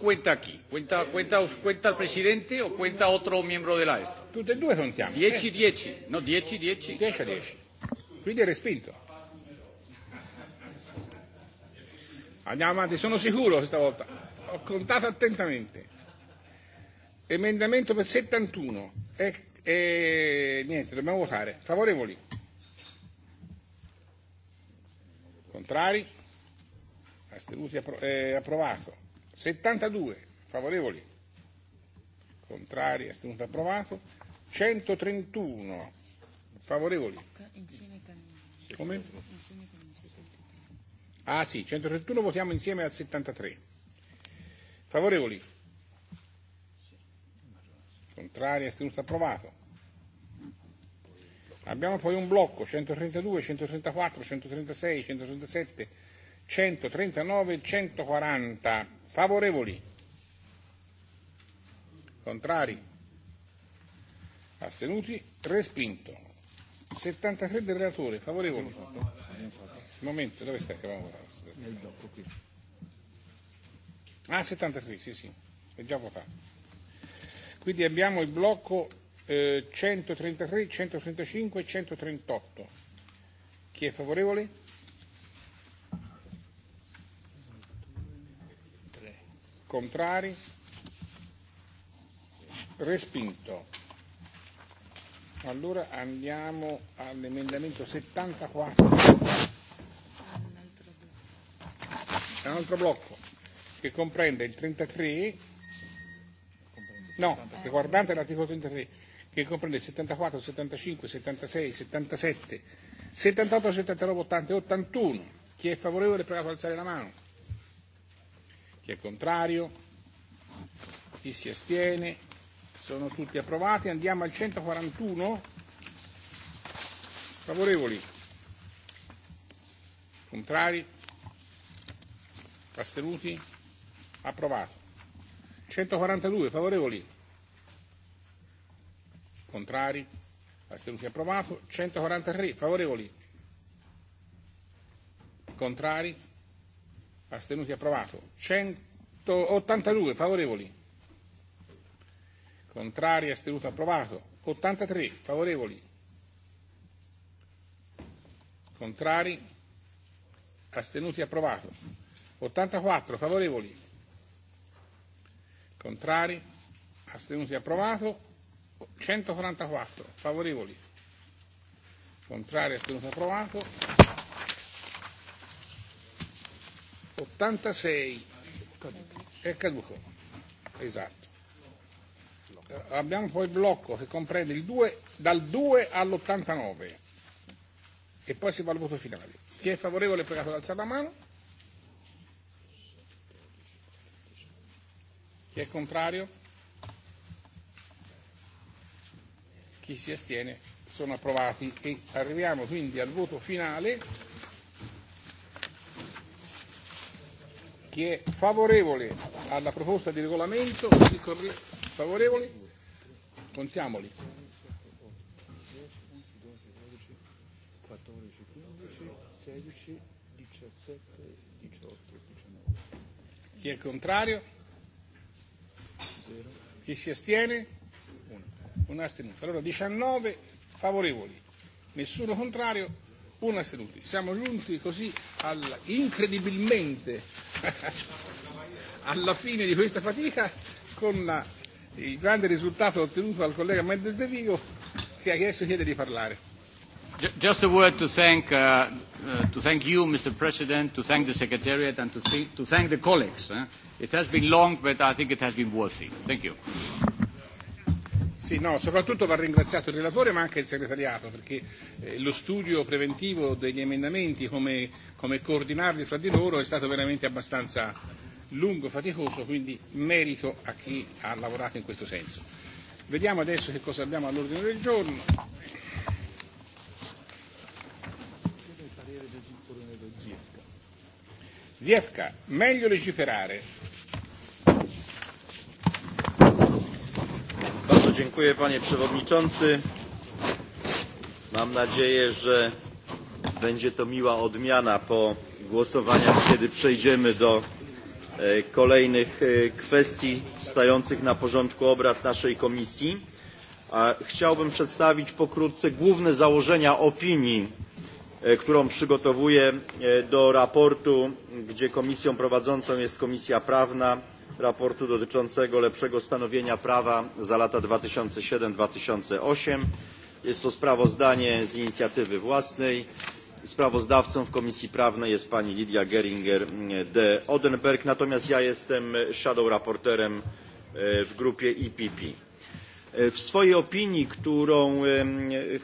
cuenta aquí? Cuenta, cuenta, cuenta il Presidente o cuenta otro membro della e eh. ESTA? Tutte e due contiamo. 10-10, no 10-10. 10-10. Quindi è respinto. Andiamo avanti, sono sicuro questa volta. Ho contato attentamente. Emendamento per 71. E, e niente, dobbiamo votare. Eh. Favorevoli? Contrari? Astenuti? Appro- eh, approvato. 72 favorevoli, contrari, astenuto approvato, 131 favorevoli. Come? Ah sì, 131 votiamo insieme al 73. Favorevoli? Contrari, astenuto approvato. Abbiamo poi un blocco 132, 134, 136, 137, 139 e 140 Favorevoli? Contrari? Astenuti? Respinto. 73 del relatore, favorevoli? Momento, dove sta che abbiamo votato? Nel dopo qui. Ah, 73, sì, sì, è già votato. Quindi abbiamo il blocco eh, 133, 135 e 138. Chi è favorevole? Contrari? Respinto. Allora andiamo all'emendamento 74. È un altro blocco che comprende il 33, no, riguardante l'articolo 33, che comprende il 74, 75, 76, 77, 78, 79, 80 e 81. Chi è favorevole prega ad alzare la mano. Chi è contrario? Chi si astiene? Sono tutti approvati. Andiamo al 141. Favorevoli? Contrari? Astenuti? Approvato. 142. Favorevoli? Contrari? Astenuti? Approvato. 143. Favorevoli? Contrari? astenuti approvato, 182 favorevoli, contrari, astenuto approvato, 83 favorevoli, contrari, astenuti approvato, 84 favorevoli, contrari, astenuti approvato, 144 favorevoli, contrari, astenuto approvato, 86 è caduco. Esatto. Eh, abbiamo poi il blocco che comprende il 2, dal 2 all'89 e poi si va al voto finale. Chi è favorevole è pregato ad alzare la mano. Chi è contrario? Chi si astiene? Sono approvati e arriviamo quindi al voto finale Chi è favorevole alla proposta di regolamento? Favorevoli? Contiamoli. 14, 15, 16, 17, 18, 19. Chi è contrario? Zero. Chi si astiene? Uno. Un astenuto. Allora 19 favorevoli, nessuno contrario, una seduta. Siamo giunti così al, incredibilmente alla fine di questa fatica con la, il grande risultato ottenuto dal collega Mendes De Vigo che adesso chiede di parlare. Just a word to thank, uh, uh, to thank you, Mr. President, to thank the Secretariat and to, th to thank the colleagues. Eh? It has been long, but I think it has been worthy. Thank you. Sì, no, soprattutto va ringraziato il relatore ma anche il segretariato perché eh, lo studio preventivo degli emendamenti, come, come coordinarli fra di loro, è stato veramente abbastanza lungo, faticoso, quindi merito a chi ha lavorato in questo senso. Vediamo adesso che cosa abbiamo all'ordine del giorno. Ziefka, meglio legiferare, Dziękuję panie przewodniczący. Mam nadzieję, że będzie to miła odmiana po głosowaniach, kiedy przejdziemy do e, kolejnych e, kwestii stojących na porządku obrad naszej komisji. Chciałbym przedstawić pokrótce główne założenia opinii, e, którą przygotowuję do raportu, gdzie komisją prowadzącą jest Komisja Prawna raportu dotyczącego lepszego stanowienia prawa za lata 2007-2008. Jest to sprawozdanie z inicjatywy własnej. Sprawozdawcą w Komisji Prawnej jest pani Lidia Geringer mm, de Odenberg, natomiast ja jestem shadow raporterem e, w grupie EPP. E, w swojej opinii, którą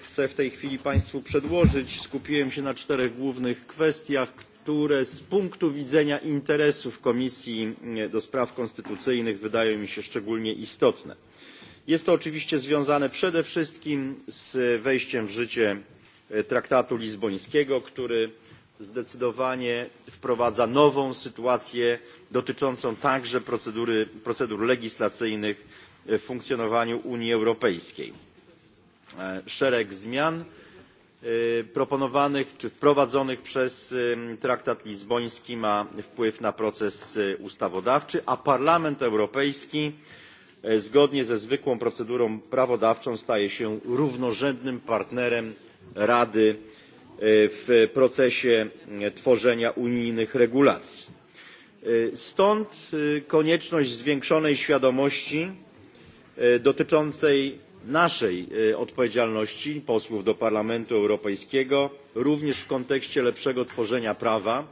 chcę w tej chwili Państwu przedłożyć, skupiłem się na czterech głównych kwestiach, które z punktu widzenia interesów komisji mm, do spraw konstytucyjnych wydają mi się szczególnie istotne. jest to oczywiście związane przede wszystkim z wejściem w życie e, traktatu lizbońskiego który zdecydowanie wprowadza nową sytuację dotyczącą także procedury, procedur legislacyjnych e, w funkcjonowaniu unii europejskiej. E, szereg zmian E, proponowanych czy wprowadzonych przez e, traktat lizboński ma wpływ na proces e, ustawodawczy a parlament europejski zgodnie ze zwykłą procedurą prawodawczą staje się równorzędnym partnerem rady w procesie tworzenia unijnych regulacji. stąd konieczność zwiększonej świadomości dotyczącej naszej e, odpowiedzialności posłów do parlamentu europejskiego również w kontekście lepszego tworzenia prawa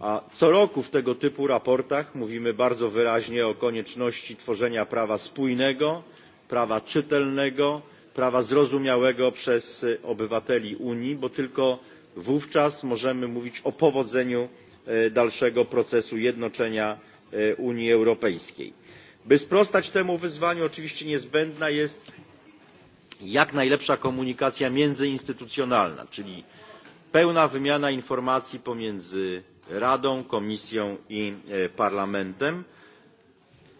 a co roku w tego typu raportach mówimy bardzo wyraźnie o konieczności tworzenia prawa spójnego prawa czytelnego prawa zrozumiałego przez e, obywateli unii bo tylko wówczas możemy mówić o powodzeniu e, dalszego procesu jednoczenia unii europejskiej. by sprostać temu wyzwaniu oczywiście niezbędna jest jak najlepsza komunikacja międzyinstytucjonalna czyli pełna wymiana informacji pomiędzy radą komisją i e, parlamentem.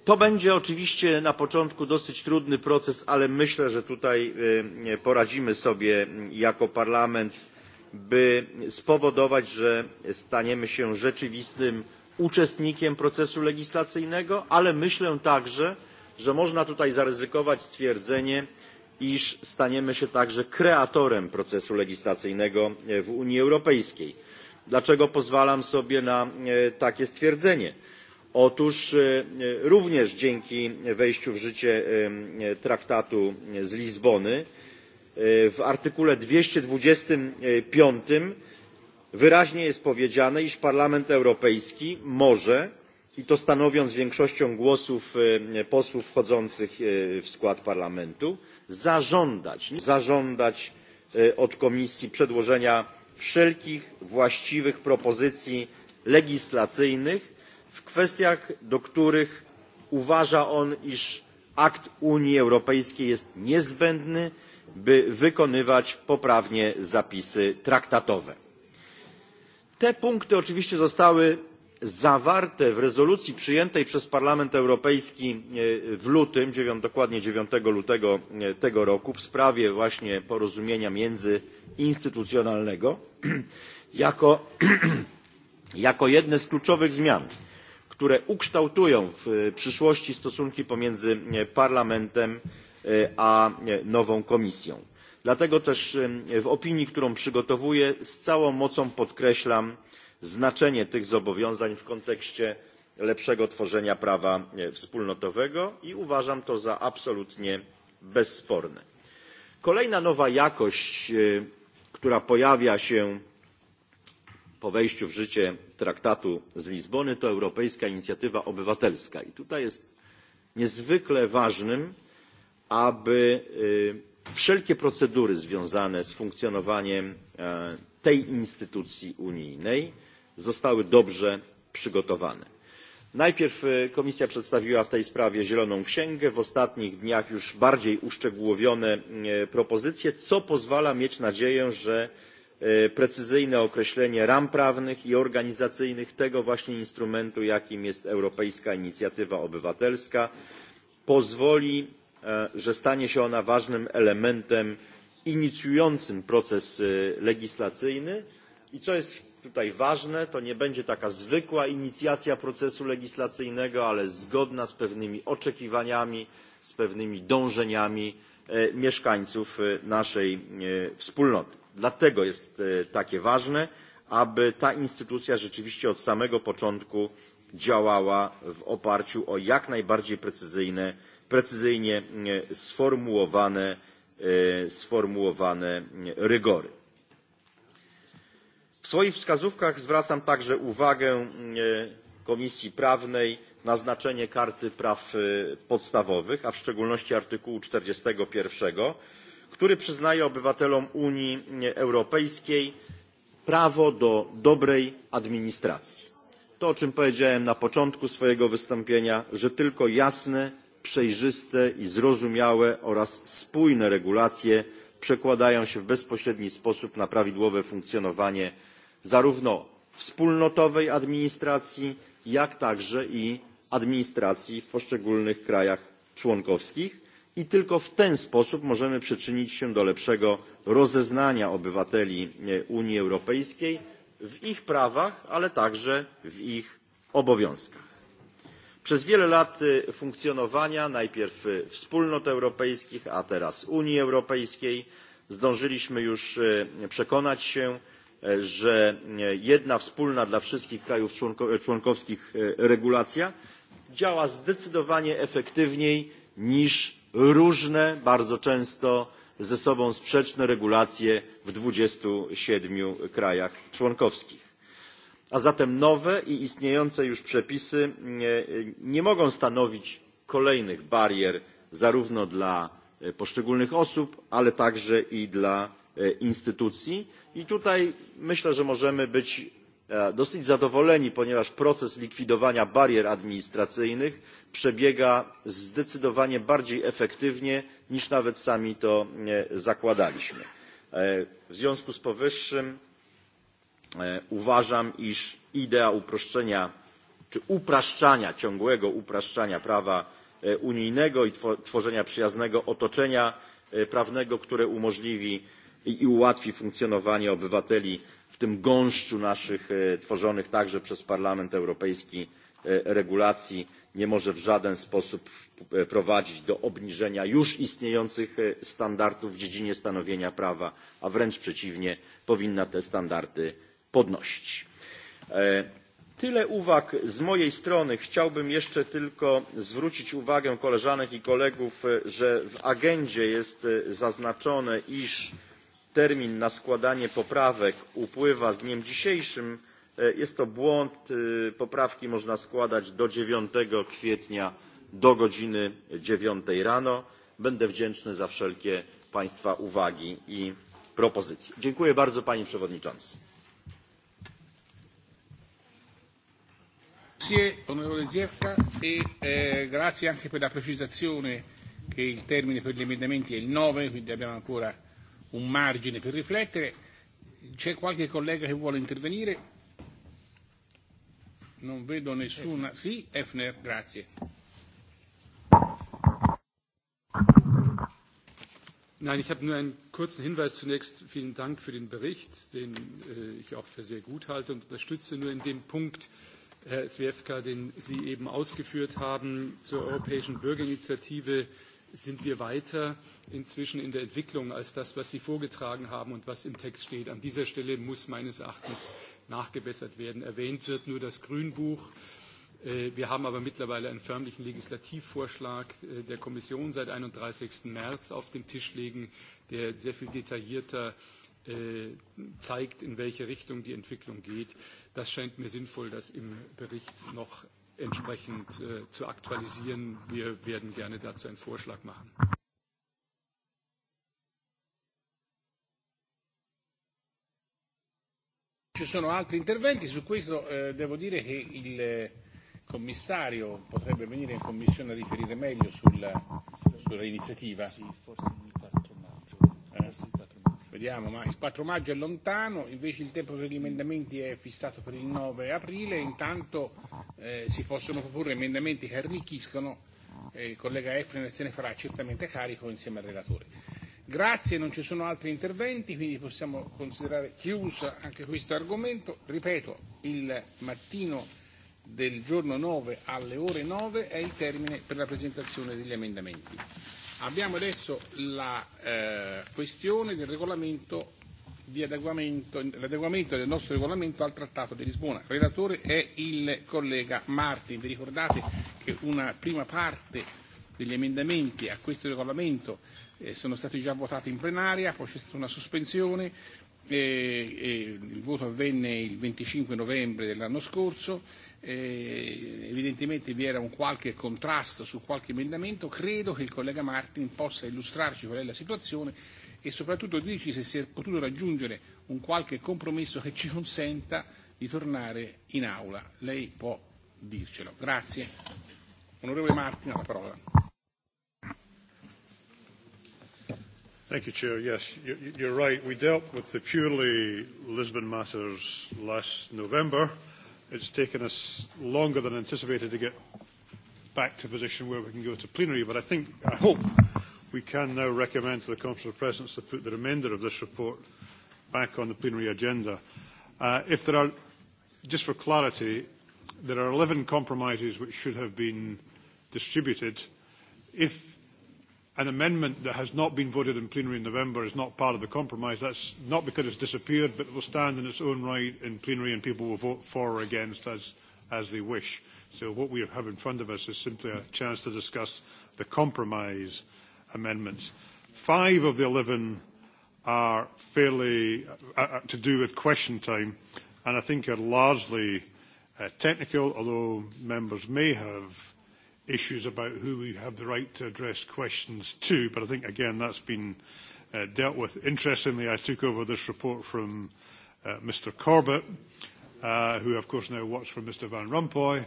to będzie oczywiście na początku dosyć trudny proces ale myślę że tutaj e, poradzimy sobie jako parlament by spowodować że staniemy się rzeczywistym uczestnikiem procesu legislacyjnego ale myślę także że można tutaj zaryzykować stwierdzenie iż staniemy się także kreatorem procesu legislacyjnego e, w unii europejskiej. dlaczego pozwalam sobie na e, takie stwierdzenie? otóż e, również dzięki wejściu w życie traktatu z lizbony w artykule dwieście dwadzieścia pięć wyraźnie jest powiedziane iż parlament europejski może i to stanowiąc większością głosów posłów wchodzących w skład parlamentu zażądać, zażądać e, od Komisji przedłożenia wszelkich właściwych propozycji legislacyjnych w kwestiach, do których uważa on, iż akt Unii Europejskiej jest niezbędny, by wykonywać poprawnie zapisy traktatowe. Te punkty oczywiście zostały zawarte w rezolucji przyjętej przez parlament europejski e, w lutym dokładnie dziewięć lutego e, tego roku w sprawie właśnie porozumienia międzyinstytucjonalnego jako, jako jedne z kluczowych zmian które ukształtują w przyszłości stosunki pomiędzy e, parlamentem a nową komisją. dlatego też w opinii którą przygotowuję z całą mocą podkreślam znaczenie tych zobowiązań w kontekście lepszego tworzenia prawa e, wspólnotowego i uważam to za absolutnie bezsporne. kolejna nowa jakość e, która pojawia się po wejściu w życie traktatu z lizbony to europejska inicjatywa obywatelska i tutaj jest niezwykle ważnym aby e, wszelkie procedury związane z funkcjonowaniem tej instytucji unijnej zostały dobrze przygotowane. najpierw e, komisja przedstawiła w tej sprawie zieloną księgę w ostatnich dniach już bardziej uszczegółowione e, propozycje co pozwala mieć nadzieję że e, precyzyjne określenie ram prawnych i organizacyjnych tego właśnie instrumentu jakim jest europejska inicjatywa obywatelska pozwoli że stanie się ona ważnym elementem inicjującym proces legislacyjny i co jest tutaj ważne to nie będzie taka zwykła inicjacja procesu legislacyjnego ale zgodna z pewnymi oczekiwaniami z pewnymi dążeniami e, mieszkańców e, naszej e, wspólnoty. dlatego jest takie ważne aby ta instytucja rzeczywiście od samego początku działała w oparciu o jak najbardziej precyzyjne, precyzyjnie sformułowane, sformułowane rygory w swoich wskazówkach zwracam także uwagę e, komisji prawnej na znaczenie karty praw e, podstawowych a w szczególności artykułu czterdzieści jeden który przyznaje obywatelom unii europejskiej prawo do dobrej administracji. to o czym powiedziałem na początku swojego wystąpienia że tylko jasne przejrzyste i zrozumiałe oraz spójne regulacje przekładają się w bezpośredni sposób na prawidłowe funkcjonowanie zarówno wspólnotowej administracji jak także i administracji w poszczególnych krajach członkowskich i tylko w ten sposób możemy przyczynić się do lepszego rozeznania obywateli e, unii europejskiej w ich prawach ale także w ich obowiązkach. przez wiele lat e, funkcjonowania najpierw e, wspólnot europejskich a teraz unii europejskiej zdążyliśmy już przekonać się E, że jedna wspólna dla wszystkich krajów e, członkowskich e, regulacja działa zdecydowanie efektywniej niż różne bardzo często ze sobą sprzeczne regulacje w dwadzieścia siedem krajach członkowskich a zatem nowe i istniejące już przepisy nie mogą stanowić kolejnych barier zarówno dla poszczególnych osób ale także i dla E, instytucji i tutaj myślę że możemy być e, dosyć zadowoleni ponieważ proces likwidowania barier administracyjnych przebiega zdecydowanie bardziej efektywnie niż nawet sami to e, zakładaliśmy. w związku z powyższym uważam iż idea uproszczenia czy upraszczania ciągłego upraszczania prawa unijnego i tworzenia przyjaznego otoczenia prawnego które umożliwi i, i ułatwi funkcjonowanie obywateli w tym gąszczu naszych e, tworzonych także przez Parlament Europejski e, regulacji nie może w żaden sposób e, prowadzić do obniżenia już istniejących standardów w dziedzinie stanowienia prawa, a wręcz przeciwnie, powinna te standardy podnosić. Tyle uwag z mojej strony. Chciałbym jeszcze tylko zwrócić uwagę koleżanek i kolegów, że w agendzie jest zaznaczone, iż termin na składanie poprawek upływa z dniem dzisiejszym. E, jest to błąd. E, poprawki można składać do 9 kwietnia do godziny 9 rano. Będę wdzięczny za wszelkie Państwa uwagi i propozycje. Dziękuję bardzo Panie Przewodniczący. Grazie onorevole Zierka e eh, grazie anche per la precisazione che il termine per gli emendamenti è il 9, quindi abbiamo ancora un margine per riflettere. C'è qualche collega che vuole intervenire? Non vedo nessuna. Sì, Efner, grazie. Nein, ich habe nur einen kurzen Hinweis zunächst. Vielen Dank für den Bericht, den äh, ich auch für sehr gut halte und unterstütze nur in dem Punkt, Herr Zwiefka, den Sie eben ausgeführt haben zur Europäischen Bürgerinitiative. Äh, sind wir weiter inzwischen in der Entwicklung als das, was Sie vorgetragen haben und was im Text steht. An dieser Stelle muss meines Erachtens nachgebessert werden. Erwähnt wird nur das Grünbuch. Äh, wir haben aber mittlerweile einen förmlichen Legislativvorschlag äh, der Kommission seit 31. März auf dem Tisch liegen, der sehr viel detaillierter äh, zeigt, in welche Richtung die Entwicklung geht. Das scheint mir sinnvoll, das im Bericht noch entsprechend äh, zu aktualisieren. Wir werden gerne dazu einen Vorschlag machen. Ci sono altri interventi, su questo eh, devo dire che il eh, commissario potrebbe venire in commissione a riferire meglio sulla, sull'iniziativa. Sì, forse il 4 maggio. Eh? Forse il 4 Vediamo, ma il 4 maggio è lontano, invece il tempo per gli emendamenti è fissato per il 9 aprile, intanto eh, si possono proporre emendamenti che arricchiscono, eh, il collega Efren se ne farà certamente carico insieme al relatore. Grazie, non ci sono altri interventi, quindi possiamo considerare chiusa anche questo argomento. Ripeto, il mattino del giorno 9 alle ore 9 è il termine per la presentazione degli emendamenti. Abbiamo adesso la eh, questione del regolamento di adeguamento, l'adeguamento del nostro regolamento al Trattato di Lisbona. Il relatore è il collega Martin. Vi ricordate che una prima parte degli emendamenti a questo regolamento eh, sono stati già votati in plenaria, poi c'è stata una sospensione, e, e il voto avvenne il 25 novembre dell'anno scorso, eh, evidentemente vi era un qualche contrasto su qualche emendamento, credo che il collega Martin possa illustrarci qual è la situazione e soprattutto dirci se si è potuto raggiungere un qualche compromesso che ci consenta di tornare in aula. Lei può dircelo. Grazie. Onorevole Martin, la parola. Thank you, Chair. Yes, you're right. We dealt with the purely Lisbon matters last November. It's taken us longer than anticipated to get back to a position where we can go to plenary, but I think, I hope, we can now recommend to the Conference of Presidents to put the remainder of this report back on the plenary agenda. Uh, if there are, just for clarity, there are 11 compromises which should have been distributed. If an amendment that has not been voted in plenary in November is not part of the compromise. That's not because it's disappeared, but it will stand in its own right in plenary and people will vote for or against as, as they wish. So what we have in front of us is simply a chance to discuss the compromise amendments. Five of the 11 are fairly uh, uh, to do with question time and I think are largely uh, technical, although members may have issues about who we have the right to address questions to, but I think, again, that's been uh, dealt with. Interestingly, I took over this report from uh, Mr Corbett, uh, who, of course, now works for Mr Van Rompuy.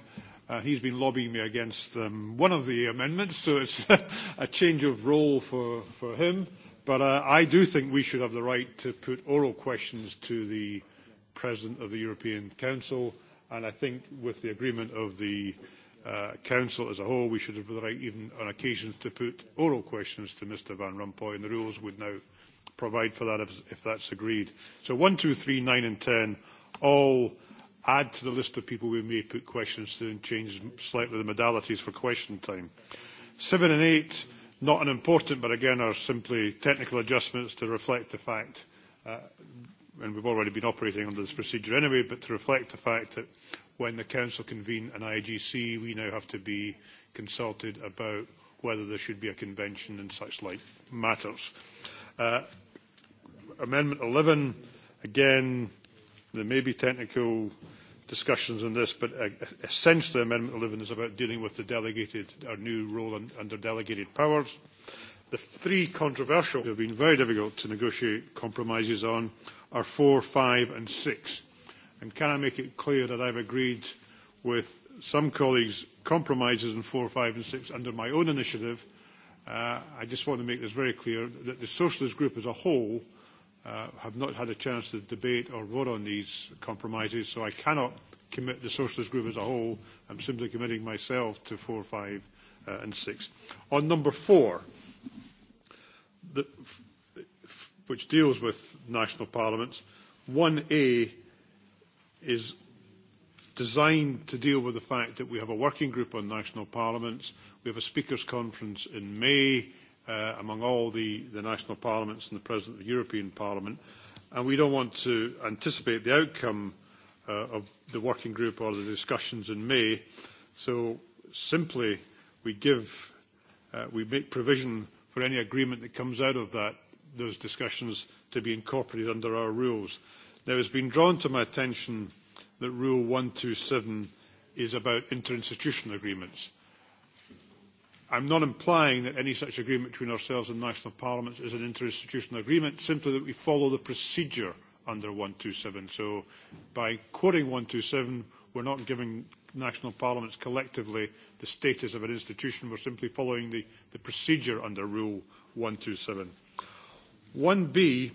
Uh, he's been lobbying me against um, one of the amendments, so it's a change of role for, for him. But uh, I do think we should have the right to put oral questions to the President of the European Council, and I think with the agreement of the uh, uh, Council as a whole, we should have the right, even on occasions, to put oral questions to Mr Van Rompuy, and the rules would now provide for that if, if that's agreed. So 1, 2, 3, 9 and 10 all add to the list of people we may put questions to and change slightly the modalities for question time. 7 and 8, not unimportant, but again are simply technical adjustments to reflect the fact, uh, and we've already been operating under this procedure anyway, but to reflect the fact that when the Council convene an IGC, we now have to be consulted about whether there should be a convention and such like matters. Uh, Amendment 11, again, there may be technical discussions on this, but uh, essentially Amendment 11 is about dealing with the delegated, our new role un, under delegated powers. The three controversial, have been very difficult to negotiate compromises on, are 4, 5 and 6 And can I make it clear that I've agreed with some colleagues compromises in 4, 5 and 6 under my own initiative. Uh, I just want to make this very clear that the Socialist Group as a whole uh, have not had a chance to debate or vote on these compromises, so I cannot commit the Socialist Group as a whole. I'm simply committing myself to 4, 5 uh, and 6. On number 4, the, which deals with national parliaments, 1A is designed to deal with the fact that we have a working group on national parliaments. We have a speakers conference in May uh, among all the, the national parliaments and the President of the European Parliament. And we don't want to anticipate the outcome uh, of the working group or the discussions in May. So simply, we give, uh, we make provision for any agreement that comes out of that, those discussions to be incorporated under our rules. Uh, Now, it's been drawn to my attention that Rule 127 is about interinstitutional agreements. I'm not implying that any such agreement between ourselves and national parliaments is an interinstitutional agreement, simply that we follow the procedure under 127. So by quoting 127, we're not giving national parliaments collectively the status of an institution. We're simply following the, the procedure under Rule 127. 1B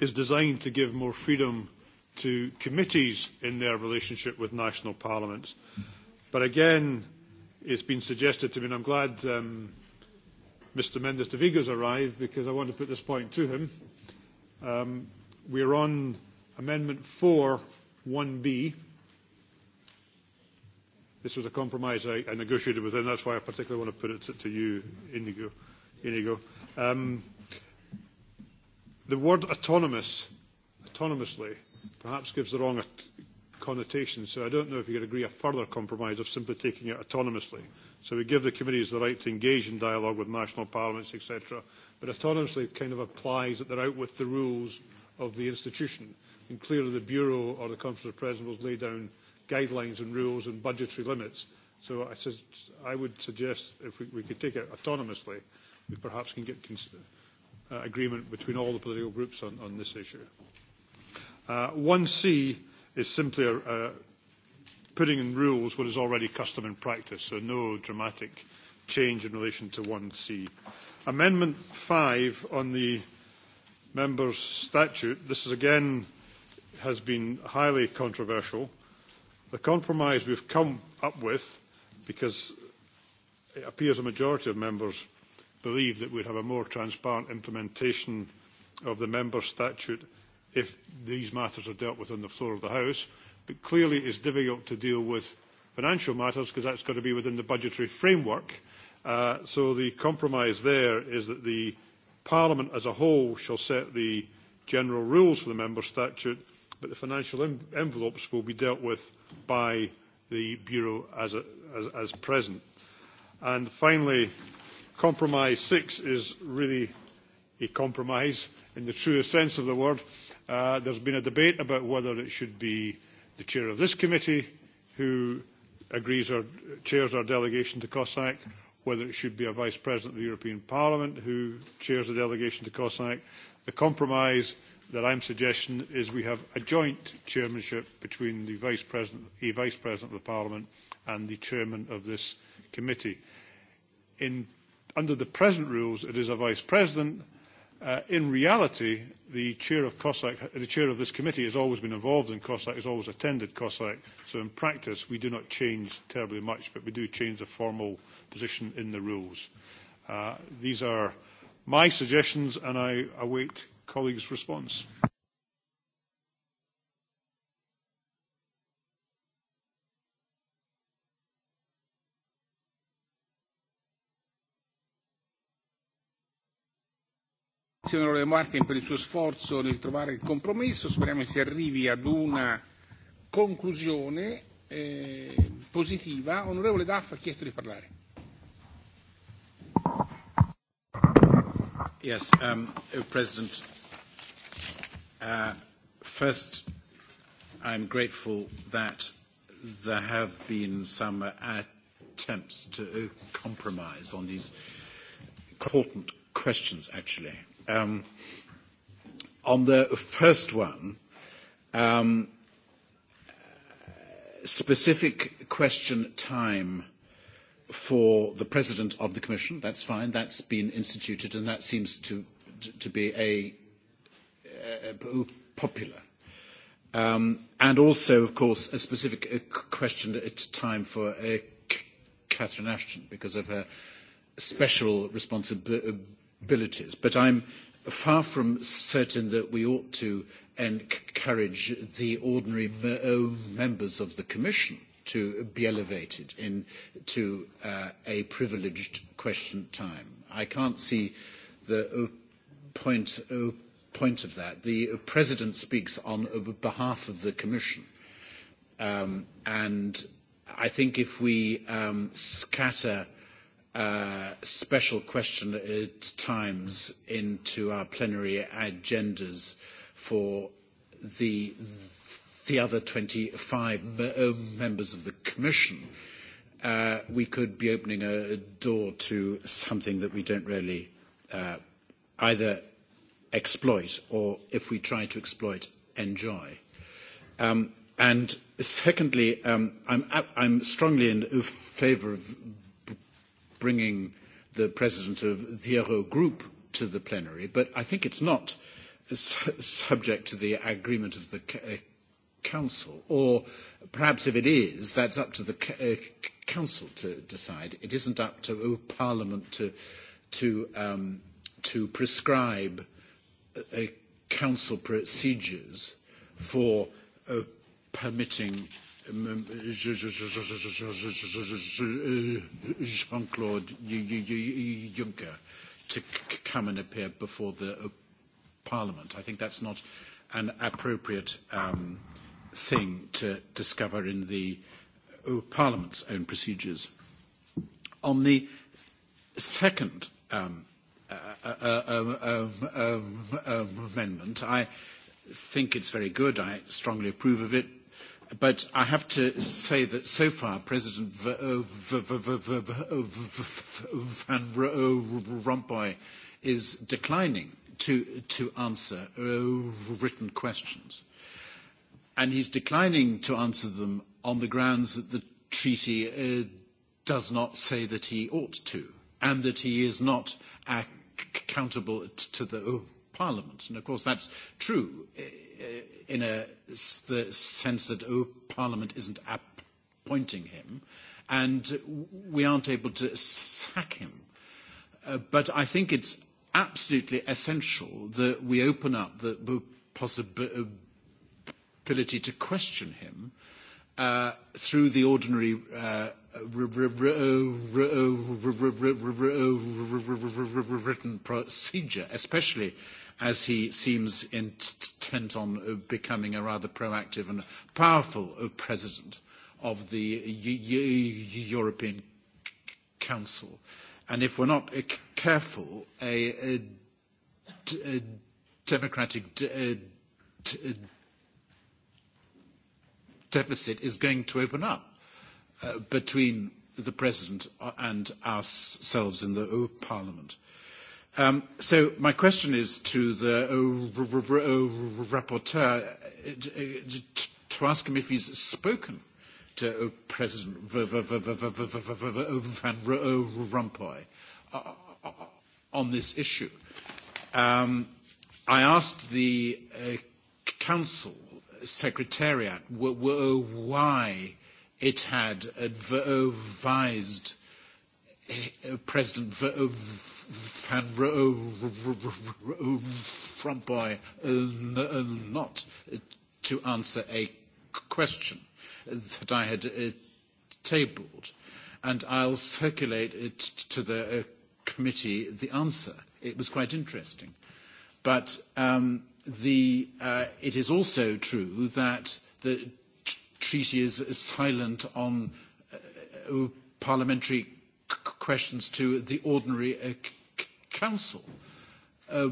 is designed to give more freedom to committees in their relationship with national parliaments. But again, it's been suggested to me, and I'm glad um, Mr Mendes de Vigo's arrived because I want to put this point to him. Um, we're on Amendment 4, 1B. This was a compromise I, I negotiated with, and that's why I particularly want to put it to, to you, Inigo. Inigo. Um, The word autonomous, autonomously, perhaps gives the wrong connotation, so I don't know if you could agree a further compromise of simply taking it autonomously. So we give the committees the right to engage in dialogue with national parliaments, etc. But autonomously kind of implies that they're out with the rules of the institution. And clearly the Bureau or the Conference of Presidents will lay down guidelines and rules and budgetary limits. So I, su- I would suggest if we, we could take it autonomously, we perhaps can get cons- uh, agreement between all the political groups on, on this issue. Uh, 1C is simply a, uh, putting in rules what is already custom and practice, so no dramatic change in relation to 1C. Amendment 5 on the member's statute, this is again has been highly controversial. The compromise we've come up with, because it appears a majority of members believe that we'd have a more transparent implementation of the member statute if these matters are dealt with on the floor of the House. But clearly it's difficult to deal with financial matters because that's got to be within the budgetary framework. Uh, so the compromise there is that the Parliament as a whole shall set the general rules for the member statute, but the financial en- envelopes will be dealt with by the Bureau as, a, as, as present. And finally, Compromise 6 is really a compromise in the truest sense of the word. Uh, there's been a debate about whether it should be the chair of this committee who agrees or chairs our delegation to COSAC, whether it should be a vice president of the European Parliament who chairs the delegation to COSAC. The compromise that I'm suggesting is we have a joint chairmanship between the vice president, a vice president of the Parliament and the chairman of this committee. In under the present rules, it is a vice president. Uh, in reality, the chair of COSAC, the chair of this committee has always been involved in COSAC, has always attended COSAC. So in practice, we do not change terribly much, but we do change the formal position in the rules. Uh, these are my suggestions, and I await colleagues' response. Uh, Grazie onorevole Martin per il suo sforzo nel trovare il compromesso, speriamo che si arrivi ad una conclusione eh, positiva. Onorevole Daff ha chiesto di parlare. Yes, um, uh, President, uh, first I'm grateful that there have been some uh, attempts to uh, compromise on these important questions actually. Um, on the first one, um, specific question time for the president of the commission. That's fine. That's been instituted, and that seems to to be a uh, popular. Um, and also, of course, a specific uh, question at time for uh, Catherine Ashton because of her special responsibility abilities. But I'm far from certain that we ought to encourage the ordinary uh, members of the Commission to be elevated into uh, a privileged question time. I can't see the uh, point, uh, point of that. The President speaks on behalf of the Commission. Um, and I think if we um, scatter uh, special question at times into our plenary agendas for the the other 25 uh, members of the commission, uh, we could be opening a door to something that we don't really uh, either exploit or, if we try to exploit, enjoy. Um, and secondly, um, I'm, I'm strongly in favour of bringing the president of the Euro Group to the plenary, but I think it's not su- subject to the agreement of the c- uh, Council. Or perhaps if it is, that's up to the c- uh, Council to decide. It isn't up to uh, Parliament to, to, um, to prescribe uh, uh, Council procedures for uh, permitting Jean-Claude Juncker to come and appear before the Parliament. I think that's not an appropriate um, thing to discover in the uh, Parliament's own procedures. On the second um, uh, uh, um, um, um, um, amendment, I think it's very good. I strongly approve of it But I have to say that so far, President Van Rompuy is declining to, to answer uh, written questions. And he's declining to answer them on the grounds that the treaty uh, does not say that he ought to, and that he is not accountable to the uh, Parliament. And of course, that's true eh, eh, in a, the sense that oh, Parliament isn't appointing him, and we aren't able to sack him. Uh, but I think it's absolutely essential that we open up the, the possibility uh, to question him uh, through the ordinary uh, written procedure, especially as he seems intent on becoming a rather proactive and powerful president of the European Council. And if we're not careful, a, a democratic a, a deficit is going to open up uh, between the President and ourselves in the uh, Parliament. Um, so my question is to the uh, rapporteur uh, to ask him if he's spoken to President Van Rompuy on this issue. Um, I asked the uh, Council Secretariat why it had advised oh, eh, President oh, Van Rompuy oh, uh, uh, not to answer a question that I had uh, tabled, and I'll circulate it to the committee the answer. It was quite interesting. But um, the, uh, it is also true that the treaty is silent on uh, uh parliamentary c- questions to the ordinary uh, c- council. Uh,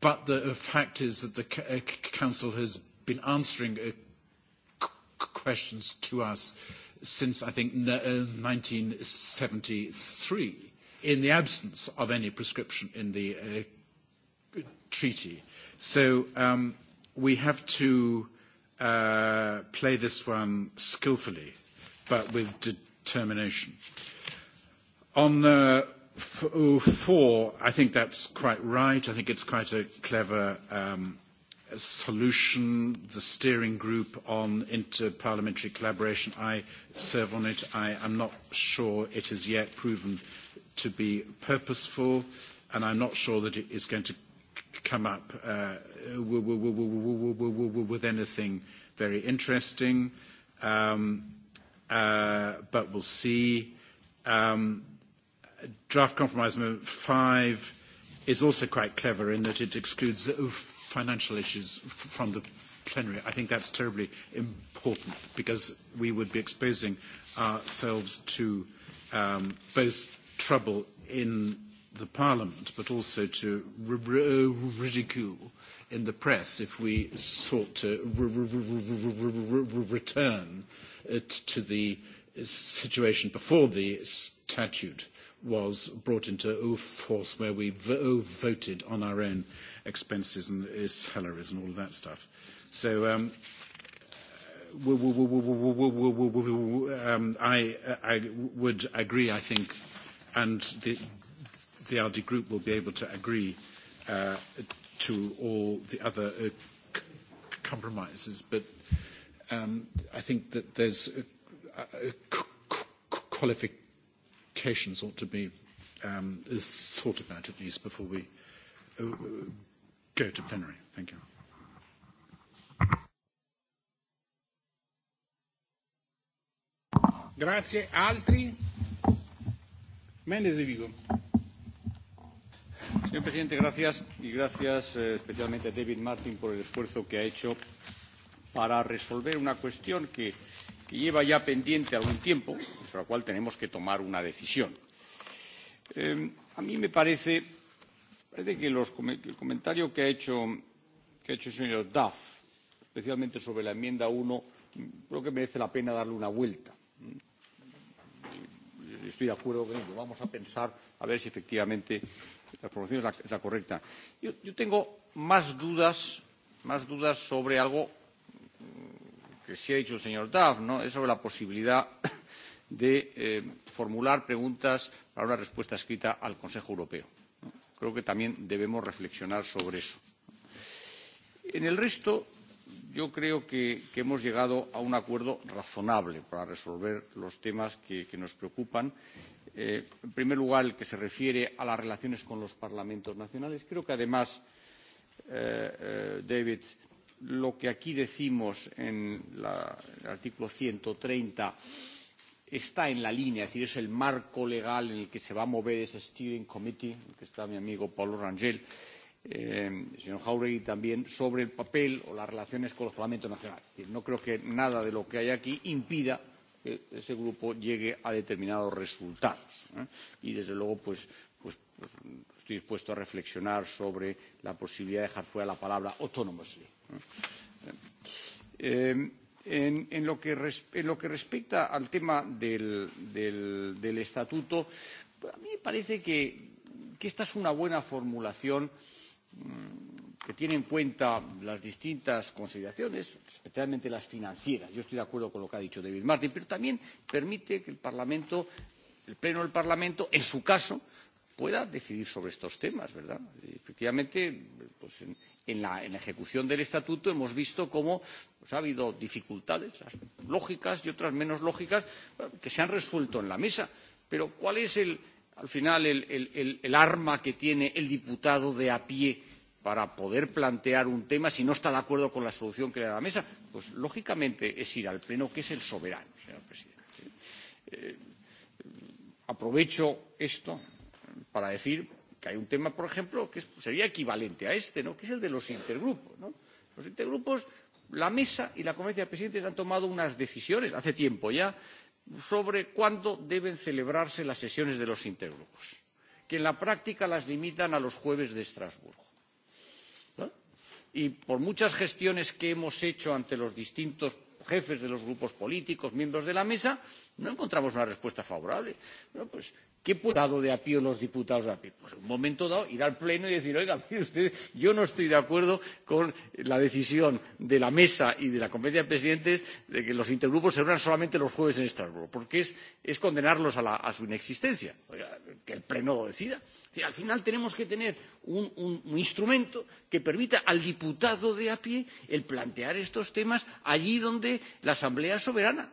but the uh, fact is that the c- uh, council has been answering uh, c- questions to us since I think n- uh, 1973 in the absence of any prescription in the uh, treaty. So um, we have to uh, uh, play this one skillfully, but with determination. On uh, f- oh, four, I think that's quite right. I think it's quite a clever um, solution. The steering group on interparliamentary collaboration, I serve on it. I am not sure it is yet proven to be purposeful, and I'm not sure that it is going to come up uh, with anything very interesting, um, uh, but we'll see. Um, draft compromise five is also quite clever in that it excludes financial issues from the plenary. I think that's terribly important because we would be exposing ourselves to um, both trouble in the Parliament, but also to r- r- ridicule in the press if we sought to r- r- r- r- r- return it to the situation before the statute was brought into force, where we v- voted on our own expenses and salaries and all of that stuff. So. Um, um, I, I would agree, I think, and the, the ALDE group will be able to agree uh, to all the other uh, c- compromises. But um, I think that there's uh, uh, qualifications ought to be um, thought about at least before we uh, go to plenary. Thank you. Grazie. Altri? Mendes de Vigo. Señor presidente, gracias. Y gracias eh, especialmente a David Martin por el esfuerzo que ha hecho para resolver una cuestión que, que lleva ya pendiente algún tiempo, sobre la cual tenemos que tomar una decisión. Eh, a mí me parece, parece que, los, que el comentario que ha hecho, que ha hecho el señor Duff, especialmente sobre la enmienda 1, creo que merece la pena darle una vuelta. Eh, estoy de acuerdo con ello. Vamos a pensar a ver si efectivamente la formación es la, es la correcta. Yo, yo tengo más dudas, más dudas sobre algo que sí ha dicho el señor Duff, ¿no? es sobre la posibilidad de eh, formular preguntas para una respuesta escrita al Consejo Europeo. ¿no? Creo que también debemos reflexionar sobre eso. En el resto, yo creo que, que hemos llegado a un acuerdo razonable para resolver los temas que, que nos preocupan. Eh, en primer lugar, el que se refiere a las relaciones con los parlamentos nacionales. Creo que además, eh, eh, David, lo que aquí decimos en la, el artículo 130 está en la línea, es decir, es el marco legal en el que se va a mover ese steering committee, en el que está mi amigo Paulo Rangel. Eh, eh, señor Jauregui, también sobre el papel o las relaciones con los parlamentos nacionales. Es decir, no creo que nada de lo que hay aquí impida que ese grupo llegue a determinados resultados. ¿eh? Y, desde luego, pues, pues, pues estoy dispuesto a reflexionar sobre la posibilidad de dejar fuera la palabra autonomously. ¿eh? Eh, en, en, lo que res, en lo que respecta al tema del, del, del estatuto, a mí me parece que, que esta es una buena formulación eh, Mm, que tiene en cuenta las distintas consideraciones, especialmente las financieras. Yo estoy de acuerdo con lo que ha dicho David Martin, pero también permite que el Parlamento, el Pleno del Parlamento, en su caso, pueda decidir sobre estos temas, ¿verdad? Efectivamente, pues en, en, la, en la ejecución del estatuto hemos visto cómo pues, ha habido dificultades, las lógicas y otras menos lógicas, que se han resuelto en la mesa. Pero ¿cuál es el, al final el, el, el, el arma que tiene el diputado de a pie para poder plantear un tema si no está de acuerdo con la solución que le da la mesa, pues lógicamente es ir al Pleno, que es el soberano, señor presidente. Eh, aprovecho esto para decir que hay un tema, por ejemplo, que sería equivalente a este, ¿no? que es el de los intergrupos. ¿no? Los intergrupos, la mesa y la conferencia de presidentes han tomado unas decisiones hace tiempo ya sobre cuándo deben celebrarse las sesiones de los intergrupos que en la práctica las limitan a los jueves de estrasburgo. ¿Eh? y por muchas gestiones que hemos hecho ante los distintos jefes de los grupos políticos miembros de la mesa no encontramos una respuesta favorable. bueno pues ¿Qué puede dado de a pie los diputados de a pie? Pues en un momento dado ir al Pleno y decir, oiga, mire usted, yo no estoy de acuerdo con la decisión de la mesa y de la conferencia de presidentes de que los intergrupos se reúnan solamente los jueves en Estrasburgo, porque es, es condenarlos a, la, a su inexistencia. Oiga, que el Pleno lo decida. Es decir, al final tenemos que tener un, un, un instrumento que permita al diputado de a pie el plantear estos temas allí donde la Asamblea es soberana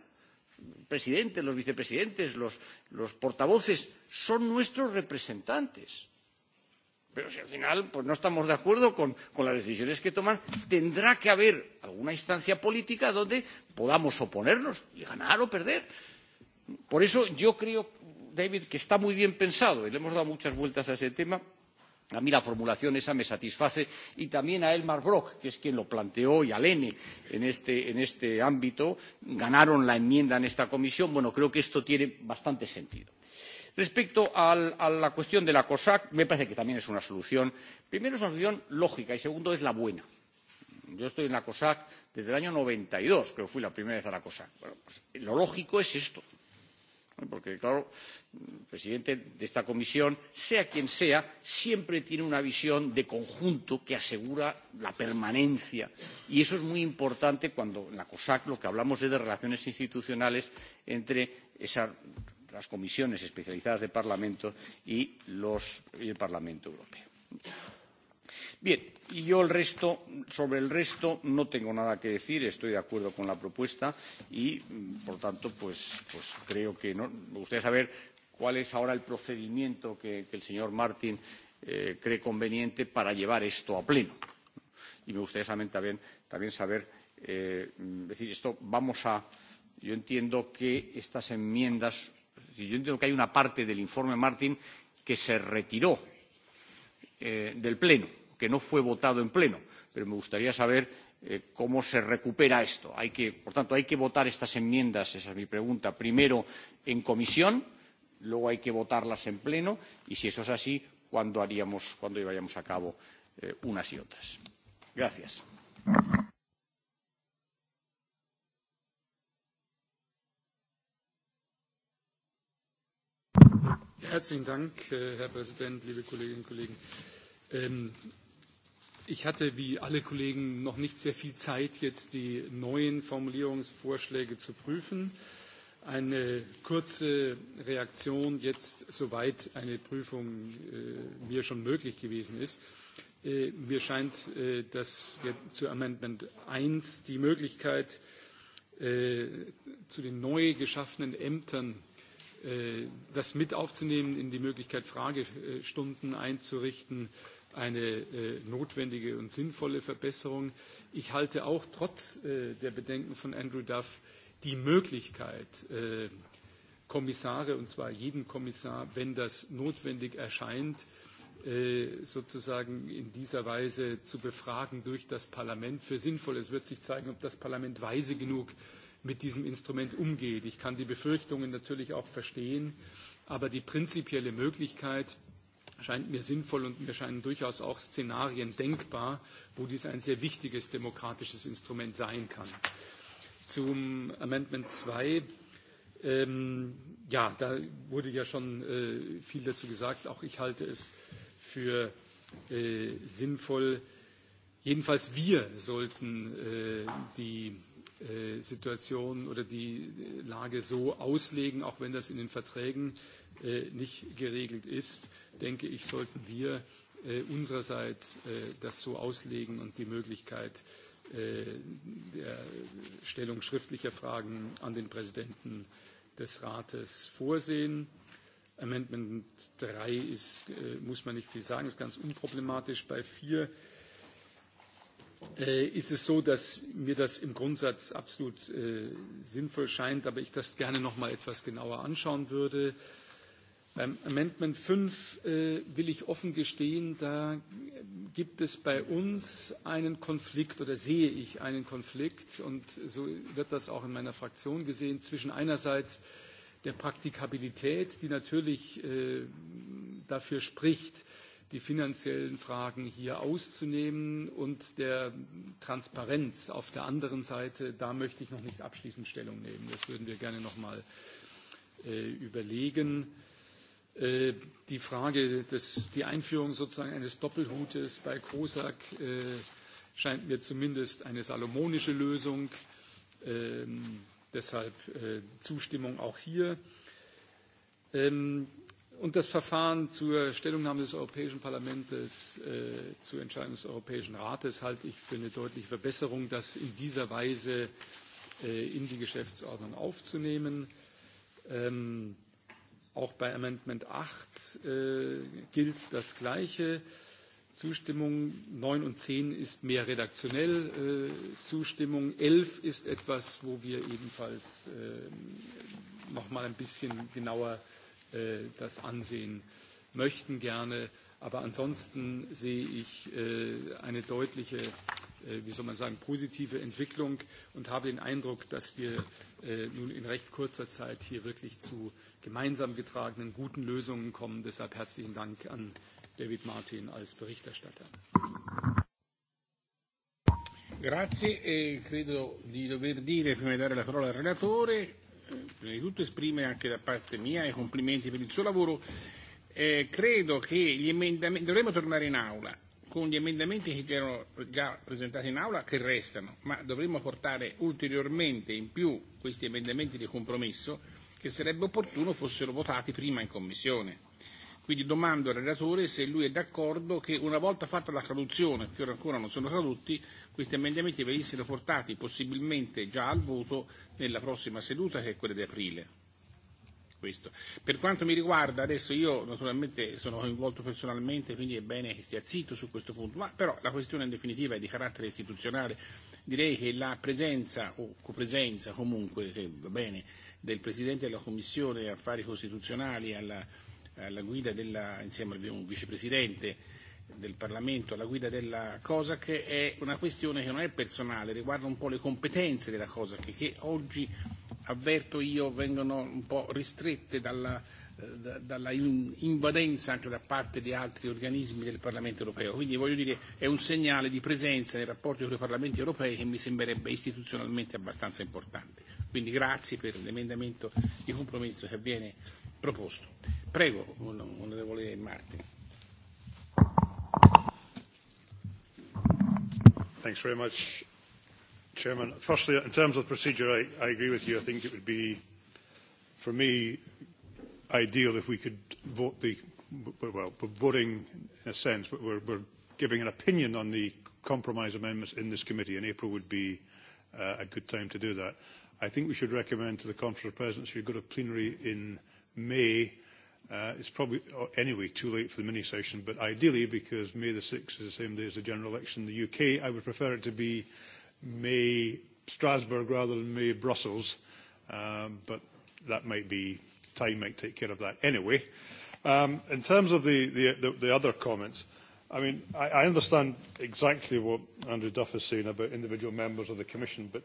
presidentes, los vicepresidentes, los, los portavoces, son nuestros representantes. Pero si al final pues, no estamos de acuerdo con, con las decisiones que toman, tendrá que haber alguna instancia política donde podamos oponernos y ganar o perder. Por eso yo creo, David, que está muy bien pensado y le hemos dado muchas vueltas a ese tema a mí la formulación esa me satisface y también a elmar brok que es quien lo planteó y al ene en este ámbito ganaron la enmienda en esta comisión. bueno creo que esto tiene bastante sentido. respecto a la cuestión de la cosac me parece que también es una solución primero es una solución lógica y segundo es la buena. yo estoy en la cosac desde el año noventa y dos creo que fui la primera vez a la cosac. lo lógico es esto porque claro el presidente de esta comisión sea quien sea siempre tiene una visión de conjunto que asegura la permanencia y eso es muy importante cuando en la cosac lo que hablamos es de relaciones institucionales entre las comisiones especializadas del parlamento y el parlamento europeo. Bien, y yo el resto, sobre el resto no tengo nada que decir, estoy de acuerdo con la propuesta y, mm, por tanto, pues, pues creo que no. Me gustaría saber cuál es ahora el procedimiento que, que el señor Martín eh, cree conveniente para llevar esto a pleno. Y me gustaría saber, también, también saber, eh, mm, es decir, esto vamos a. Yo entiendo que estas enmiendas, yo entiendo que hay una parte del informe Martín que se retiró eh, del Pleno que no fue votado en pleno pero me gustaría saber eh, cómo se recupera esto. Hay que, por tanto hay que votar estas enmiendas esa es mi pregunta primero en comisión luego hay que votarlas en pleno y si eso es así cuándo haríamos cuándo llevaríamos a cabo eh, unas y otras? gracias. Herzlichen Dank, äh, Herr Präsident, liebe Kolleginnen und Kollegen. Ähm, Ich hatte wie alle Kollegen noch nicht sehr viel Zeit, jetzt die neuen Formulierungsvorschläge zu prüfen. Eine kurze Reaktion jetzt, soweit eine Prüfung äh, mir schon möglich gewesen ist. Äh, mir scheint, äh, dass wir zu Amendment 1 die Möglichkeit äh, zu den neu geschaffenen Ämtern äh, das mit aufzunehmen, in die Möglichkeit Fragestunden einzurichten, äh, eine äh, notwendige und sinnvolle Verbesserung. Ich halte auch trotz äh, der Bedenken von Andrew Duff die Möglichkeit, äh, Kommissare, und zwar jeden Kommissar, wenn das notwendig erscheint, äh, sozusagen in dieser Weise zu befragen durch das Parlament für sinnvoll. Es wird sich zeigen, ob das Parlament weise genug mit diesem Instrument umgeht. Ich kann die Befürchtungen natürlich auch verstehen, aber die prinzipielle Möglichkeit, scheint mir sinnvoll und mir scheinen durchaus auch Szenarien denkbar, wo dies ein sehr wichtiges demokratisches Instrument sein kann. Zum Amendment 2. Ähm, ja, da wurde ja schon äh, viel dazu gesagt. Auch ich halte es für äh, sinnvoll. Jedenfalls wir sollten äh, die äh, Situation oder die äh, Lage so auslegen, auch wenn das in den Verträgen äh, nicht geregelt ist, denke ich, sollten wir äh, unsererseits äh, das so auslegen und die Möglichkeit äh, der Stellung schriftlicher Fragen an den Präsidenten des Rates vorsehen. Amendment 3 ist, äh, muss man nicht viel sagen, ist ganz unproblematisch. Bei 4 äh, ist es so, dass mir das im Grundsatz absolut äh, sinnvoll scheint, aber ich das gerne noch mal etwas genauer anschauen würde. Äh, Beim Amendment 5 äh, will ich offen gestehen, da gibt es bei uns einen Konflikt oder sehe ich einen Konflikt und so wird das auch in meiner Fraktion gesehen zwischen einerseits der Praktikabilität, die natürlich äh, dafür spricht, die finanziellen Fragen hier auszunehmen und der Transparenz auf der anderen Seite, da möchte ich noch nicht abschließend Stellung nehmen. Das würden wir gerne noch mal äh, überlegen. Äh, Äh, die Frage, des, die Einführung sozusagen eines Doppelhutes bei COSAC äh, scheint mir zumindest eine salomonische Lösung. Ähm, deshalb äh, Zustimmung auch hier. Ähm, und das Verfahren zur Stellungnahme des Europäischen Parlaments äh, zur Entscheidung des Europäischen Rates halte ich für eine deutliche Verbesserung, das in dieser Weise äh, in die Geschäftsordnung aufzunehmen. Ähm, Auch bei Amendment 8 äh, gilt das Gleiche. Zustimmung 9 und 10 ist mehr redaktionell. Äh, Zustimmung 11 ist etwas, wo wir ebenfalls äh, noch mal ein bisschen genauer äh, das ansehen möchten gerne. Aber ansonsten sehe ich äh, eine deutliche, äh, wie soll man sagen, positive Entwicklung und habe den Eindruck, dass wir äh, nun in recht kurzer Zeit hier wirklich zu gemeinsam getragenen guten Lösungen kommen. Deshalb herzlichen Dank an David Martin als Berichterstatter. Grazie e credo di dover dire, prima di dare la parola al relatore, prima di tutto esprime anche da parte mia i complimenti per il suo lavoro eh, credo che gli emendamenti, dovremmo tornare in aula con gli emendamenti che erano già presentati in aula, che restano, ma dovremmo portare ulteriormente in più questi emendamenti di compromesso che sarebbe opportuno fossero votati prima in Commissione. Quindi domando al relatore se lui è d'accordo che una volta fatta la traduzione, che ora ancora non sono tradotti, questi emendamenti venissero portati possibilmente già al voto nella prossima seduta che è quella di aprile questo. Per quanto mi riguarda, adesso io naturalmente sono coinvolto personalmente, quindi è bene che stia zitto su questo punto, ma però la questione in definitiva è di carattere istituzionale. Direi che la presenza o copresenza comunque, che va bene, del Presidente della Commissione Affari Costituzionali alla, alla guida della, insieme al un vicepresidente del Parlamento alla guida della COSAC è una questione che non è personale, riguarda un po' le competenze della COSAC che oggi avverto io vengono un po' ristrette dalla, eh, dalla in, invadenza anche da parte di altri organismi del Parlamento europeo. Quindi voglio dire è un segnale di presenza nei rapporti con i Parlamenti europei che mi sembrerebbe istituzionalmente abbastanza importante. Quindi grazie per l'emendamento di compromesso che viene proposto. Prego, onorevole Martin. Thanks very much, Chairman, firstly, in terms of procedure, I, I agree with you. I think it would be, for me, ideal if we could vote the, well, we're voting in a sense, but we're, we're giving an opinion on the compromise amendments in this committee, and April would be uh, a good time to do that. I think we should recommend to the Conference of Presidents you go to plenary in May. Uh, it's probably uh, anyway too late for the mini session, but ideally, because May the 6th is the same day as the general election in the UK, I would prefer it to be uh, May Strasbourg rather than May Brussels, um, but that might be, time might take care of that anyway. Um, in terms of the, the, the, the other comments, I mean, I, I understand exactly what Andrew Duff is saying about individual members of the Commission, but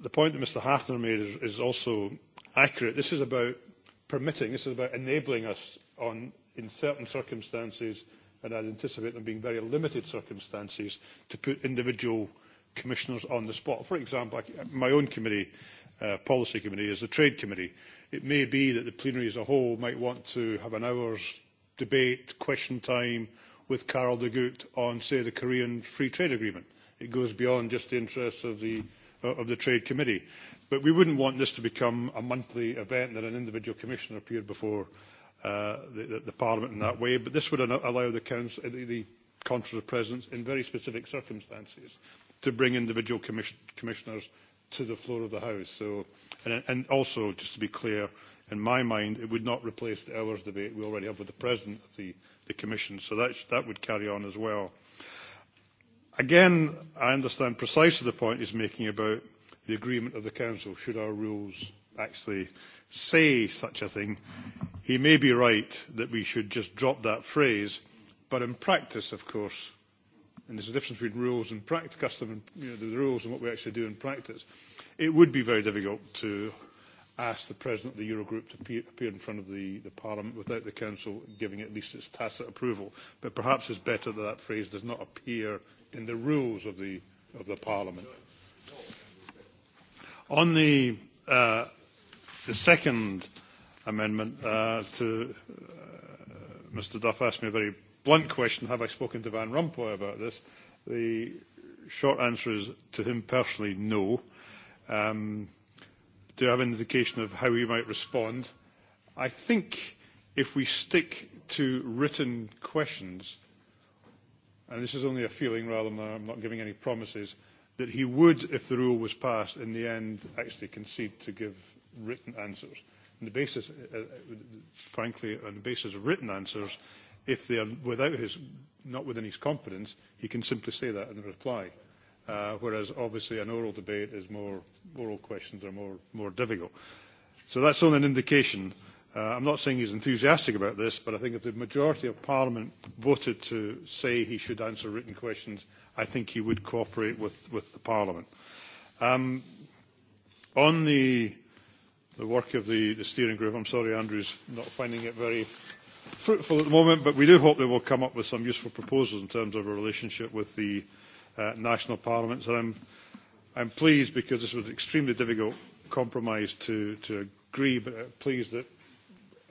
the point that Mr Hafner made is, is also accurate. This is about permitting, this is about enabling us on, in certain circumstances, and I'd anticipate them being very limited circumstances, to put individual uh, commissioners on the spot. For example, my own committee, uh, policy committee, is the trade committee. It may be that the plenary as a whole might want to have an hour's debate, question time with Carol de Gucht on, say, the Korean Free Trade Agreement. It goes beyond just the interests of the, uh, of the Trade Committee. But we wouldn't want this to become a monthly event that an individual commissioner appeared before uh, the, the, the Parliament in that way. But this would allow the, council, the, the Conference of Presidents in very specific circumstances to bring individual commission, commissioners to the floor of the House. So, and, and also, just to be clear, in my mind, it would not replace the hours debate we already have with the President of the, the Commission. So that, that would carry on as well. Again, I understand precisely the point he's making about the agreement of the Council. Should our rules actually say such a thing? He may be right that we should just drop that phrase, but in practice, of course, and there's a difference between rules and practice, custom and you know, the rules and what we actually do in practice, it would be very difficult to ask the President of the Eurogroup to appear, appear in front of the, the Parliament without the Council giving at least its tacit approval. But perhaps it's better that that phrase does not appear in the rules of the, of the Parliament. On the, uh, the second amendment uh, to uh, Mr Duff asked me a very blunt question, have I spoken to Van Rompuy about this? The short answer is to him personally, no. Um, do I have an indication of how he might respond? I think if we stick to written questions, and this is only a feeling rather than I'm not giving any promises, that he would, if the rule was passed, in the end actually concede to give written answers. On the basis, uh, uh frankly, on the basis of written answers, if they are without his, not within his competence, he can simply say that in reply. Uh, whereas obviously an oral debate is more, oral questions are more, more difficult. So that's only an indication. Uh, I'm not saying he's enthusiastic about this, but I think if the majority of Parliament voted to say he should answer written questions, I think he would cooperate with, with the Parliament. Um, on the, the work of the, the steering group, I'm sorry, Andrew's not finding it very fruitful at the moment, but we do hope they will come up with some useful proposals in terms of our relationship with the uh, national parliaments. And I'm, I'm pleased because this was an extremely difficult compromise to, to agree, but I'm uh, pleased that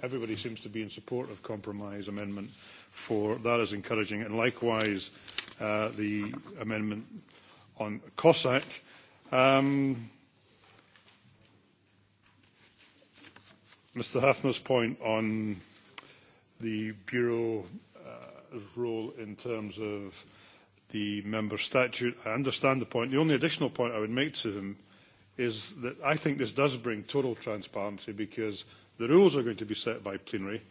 everybody seems to be in support of compromise amendment four. That is encouraging. And likewise, uh, the amendment on COSAC. Um, Mr. Hafner's point on the Bureau's uh, role in terms of the member statute. I understand the point. The only additional point I would make to them is that I think this does bring total transparency because the rules are going to be set by plenary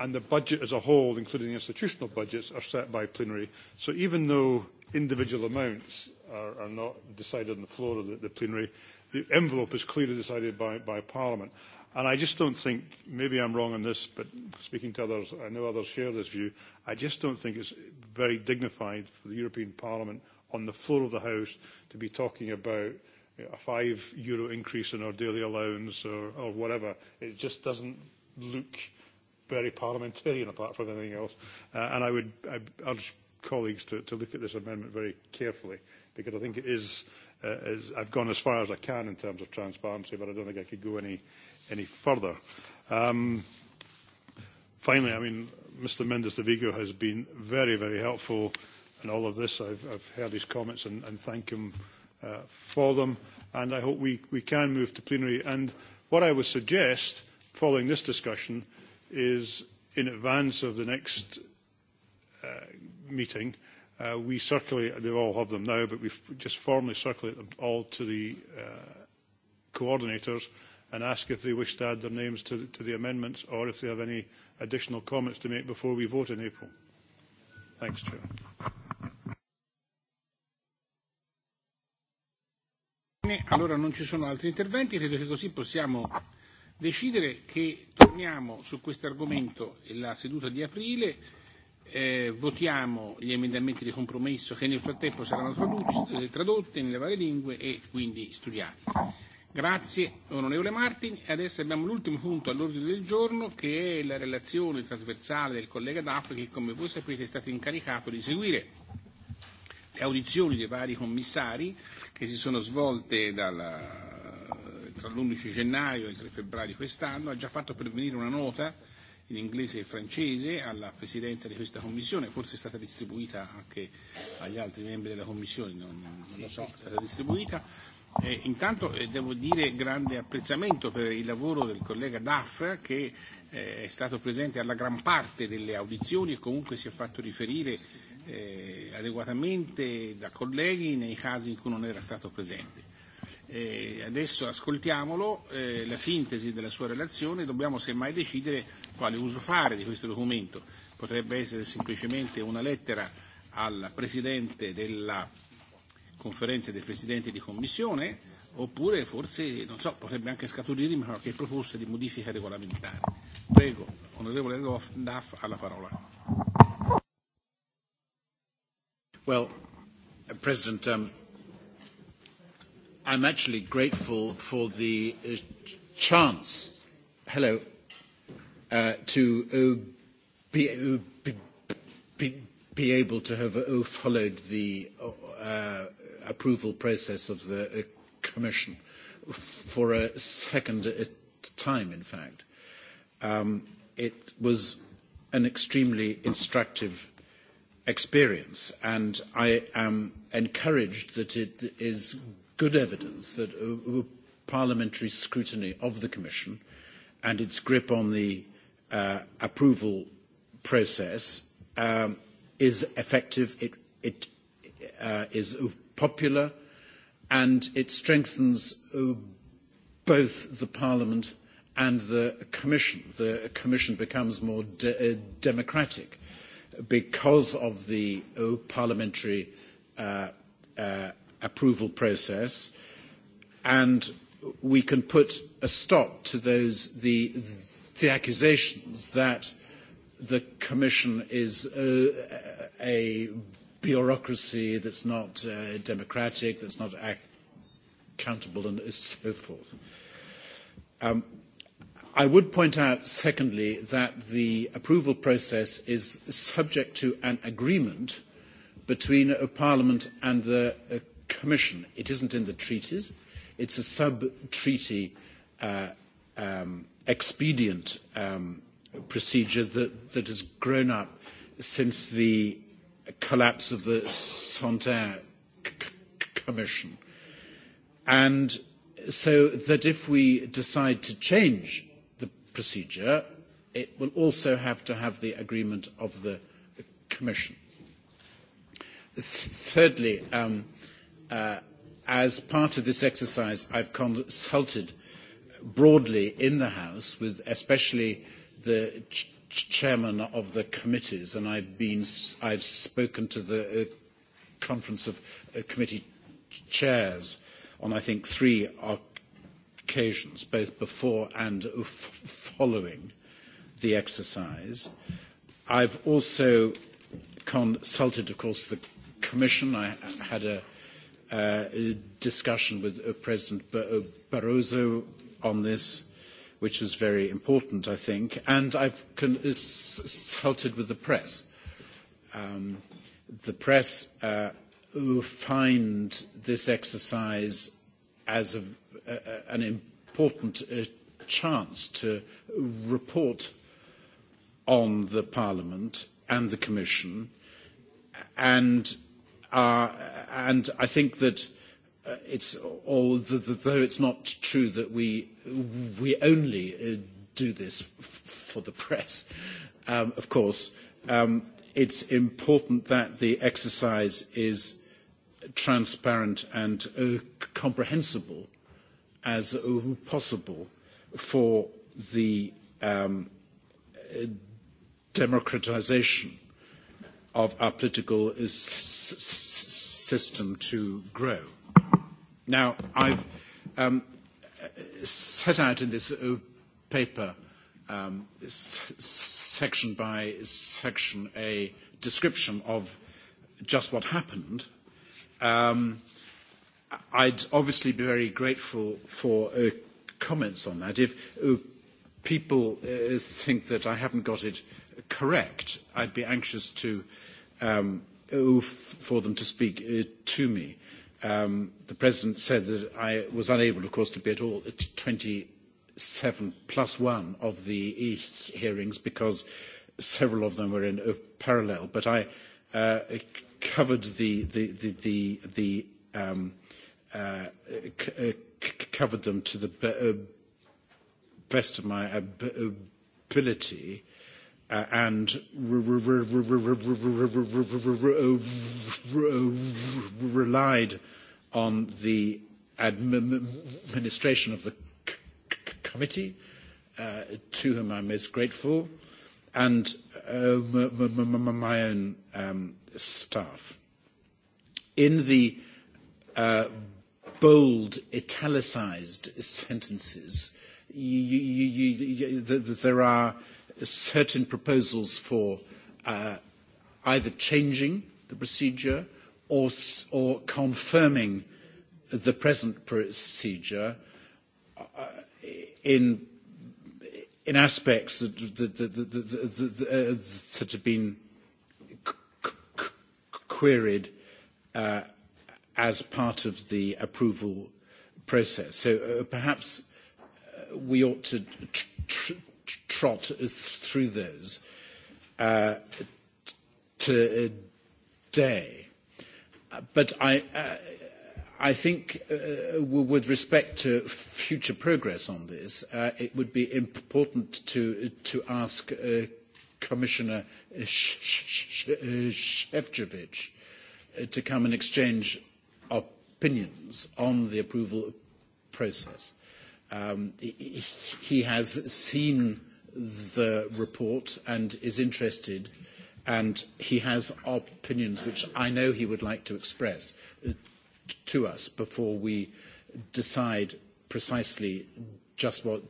and the budget as a whole, including the institutional budgets, are set by plenary. So even though individual amounts are, are not decided on the floor of the, the plenary, the envelope is clearly decided by, by Parliament. And I just don't think, maybe I'm wrong on this, but speaking to others, I know others share this view, I just don't think it's very dignified for the European Parliament on the floor of the House to be talking about a five euro increase in our daily allowance or, or whatever. It just doesn't look very parliamentarian apart from anything else. Uh, and I would I urge colleagues to, to look at this amendment very carefully because I think it is, uh, is, I've gone as far as I can in terms of transparency, but I don't think I could go any, any further. Um, finally, I mean, Mr Mendes de Vigo has been very, very helpful in all of this. I've, I've heard his comments and, and thank him uh, for them. And I hope we, we can move to plenary. And what I would suggest, following this discussion, is in advance of the next uh, meeting, uh, we circulate, they all have them now, but we just formally circulate them all to the uh, coordinators and ask if they wish to add their names to, to the amendments or if they have any additional comments to make before we vote in April. Thanks, Chair. Allora non ci sono altri interventi, credo che così possiamo decidere che torniamo su questo argomento la seduta di aprile, eh, votiamo gli emendamenti di compromesso che nel frattempo saranno tradotti, tradotti nelle varie lingue e quindi studiati. Grazie onorevole Martin. E adesso abbiamo l'ultimo punto all'ordine del giorno che è la relazione trasversale del collega Daff che come voi sapete è stato incaricato di seguire le audizioni dei vari commissari che si sono svolte dalla, tra l'11 gennaio e il 3 febbraio di quest'anno, ha già fatto pervenire una nota in inglese e francese alla presidenza di questa commissione, forse è stata distribuita anche agli altri membri della commissione, non, non lo so, è stata distribuita Eh, intanto eh, devo dire grande apprezzamento per il lavoro del collega Daff che eh, è stato presente alla gran parte delle audizioni e comunque si è fatto riferire eh, adeguatamente da colleghi nei casi in cui non era stato presente. Eh, adesso ascoltiamolo, eh, la sintesi della sua relazione e dobbiamo semmai decidere quale uso fare di questo documento. Potrebbe essere semplicemente una lettera al Presidente della conferenze dei presidenti di commissione, oppure forse, non so, potrebbe anche scaturire qualche proposta di modifica regolamentare. Prego, onorevole Daff, alla parola. Well, uh, President, um, I'm actually grateful for the uh, chance, hello, uh, to uh, be, uh, be, be, be able to have uh, followed the uh, approval process of the uh, Commission for a second uh, time, in fact. Um, it was an extremely instructive experience, and I am encouraged that it is good evidence that uh, parliamentary scrutiny of the Commission and its grip on the uh, approval process um, is effective, it, it uh, is popular, and it strengthens uh, both the Parliament and the Commission. The Commission becomes more de- uh, democratic because of the uh, parliamentary uh, uh, approval process, and we can put a stop to those the, the accusations that the Commission is uh, a bureaucracy that's not uh, democratic, that's not ac- accountable, and so forth. Um, I would point out, secondly, that the approval process is subject to an agreement between a uh, Parliament and the a uh, Commission. It isn't in the treaties. It's a sub-treaty uh, um, expedient um, procedure that, that has grown up since the collapse of the Santerre Commission. And so that if we decide to change the procedure, it will also have to have the agreement of the Commission. Thirdly, um, uh, as part of this exercise, I've consulted broadly in the House with especially the ch chairman of the committees, and I've been I've spoken to the uh, conference of uh, committee chairs on I think three occasions, both before and f- following the exercise. I've also consulted, of course, the Commission. I had a, uh, a discussion with uh, President uh, Barroso on this which is very important, I think. And I've consulted with the press. Um, the press uh, find this exercise as a, a, uh, uh, an important uh, chance to report on the Parliament and the Commission, and, uh, and I think that uh, it's although it's not true that we we only uh, do this f- for the press. Um, of course, um, it's important that the exercise is transparent and uh, comprehensible as uh, possible for the um, uh, democratization of our political s- system to grow. Now, I've um, set out in this uh, paper um, s- section by section a description of just what happened. Um, I'd obviously be very grateful for uh, comments on that. If uh, people uh, think that I haven't got it uh, correct, I'd be anxious to, um, for them to speak uh, to me. Um, the President said that I was unable, of course, to be at all at 27 plus one of the hearings because several of them were in uh, parallel. But I uh, covered the, the, the, the, the um, uh, c- uh, c- covered them to the b- uh, best of my ab- ability and relied on the administration of the committee, uh, to whom I'm most grateful, and uh, my own um, staff. In the uh, bold, italicized sentences, you, you, you, you, there are uh, certain proposals for uh, either changing the procedure or, or confirming the present procedure uh, in, in aspects that, that, that, that, that, that, uh, that have been queried uh, as part of the approval process. So uh, perhaps uh, we ought to tr- tr- trot through those uh, today. But I, uh, I think uh, with respect to future progress on this, uh, it would be important to, to ask uh, Commissioner Shevchevich uh, to come and exchange opinions on the approval process. Uh, Um, he has seen the report and is interested, and he has opinions which I know he would like to express uh, to us before we decide precisely just what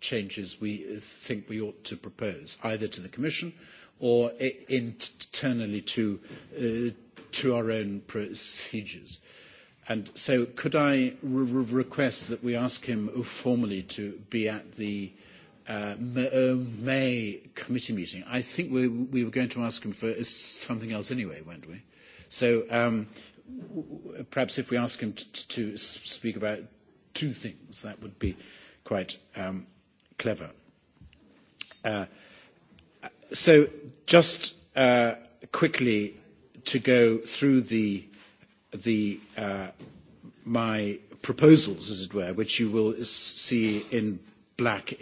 changes we think we ought to propose, either to the Commission or internally to, uh, to our own procedures. Uh, And so could I re- re- request that we ask him formally to be at the uh, uh, May committee meeting? I think we, we were going to ask him for something else anyway, weren't we? So um, w- perhaps if we ask him t- to speak about two things, that would be quite um, clever. Uh, so just uh, quickly to go through the the, uh, my proposals, as it were, which you will see in black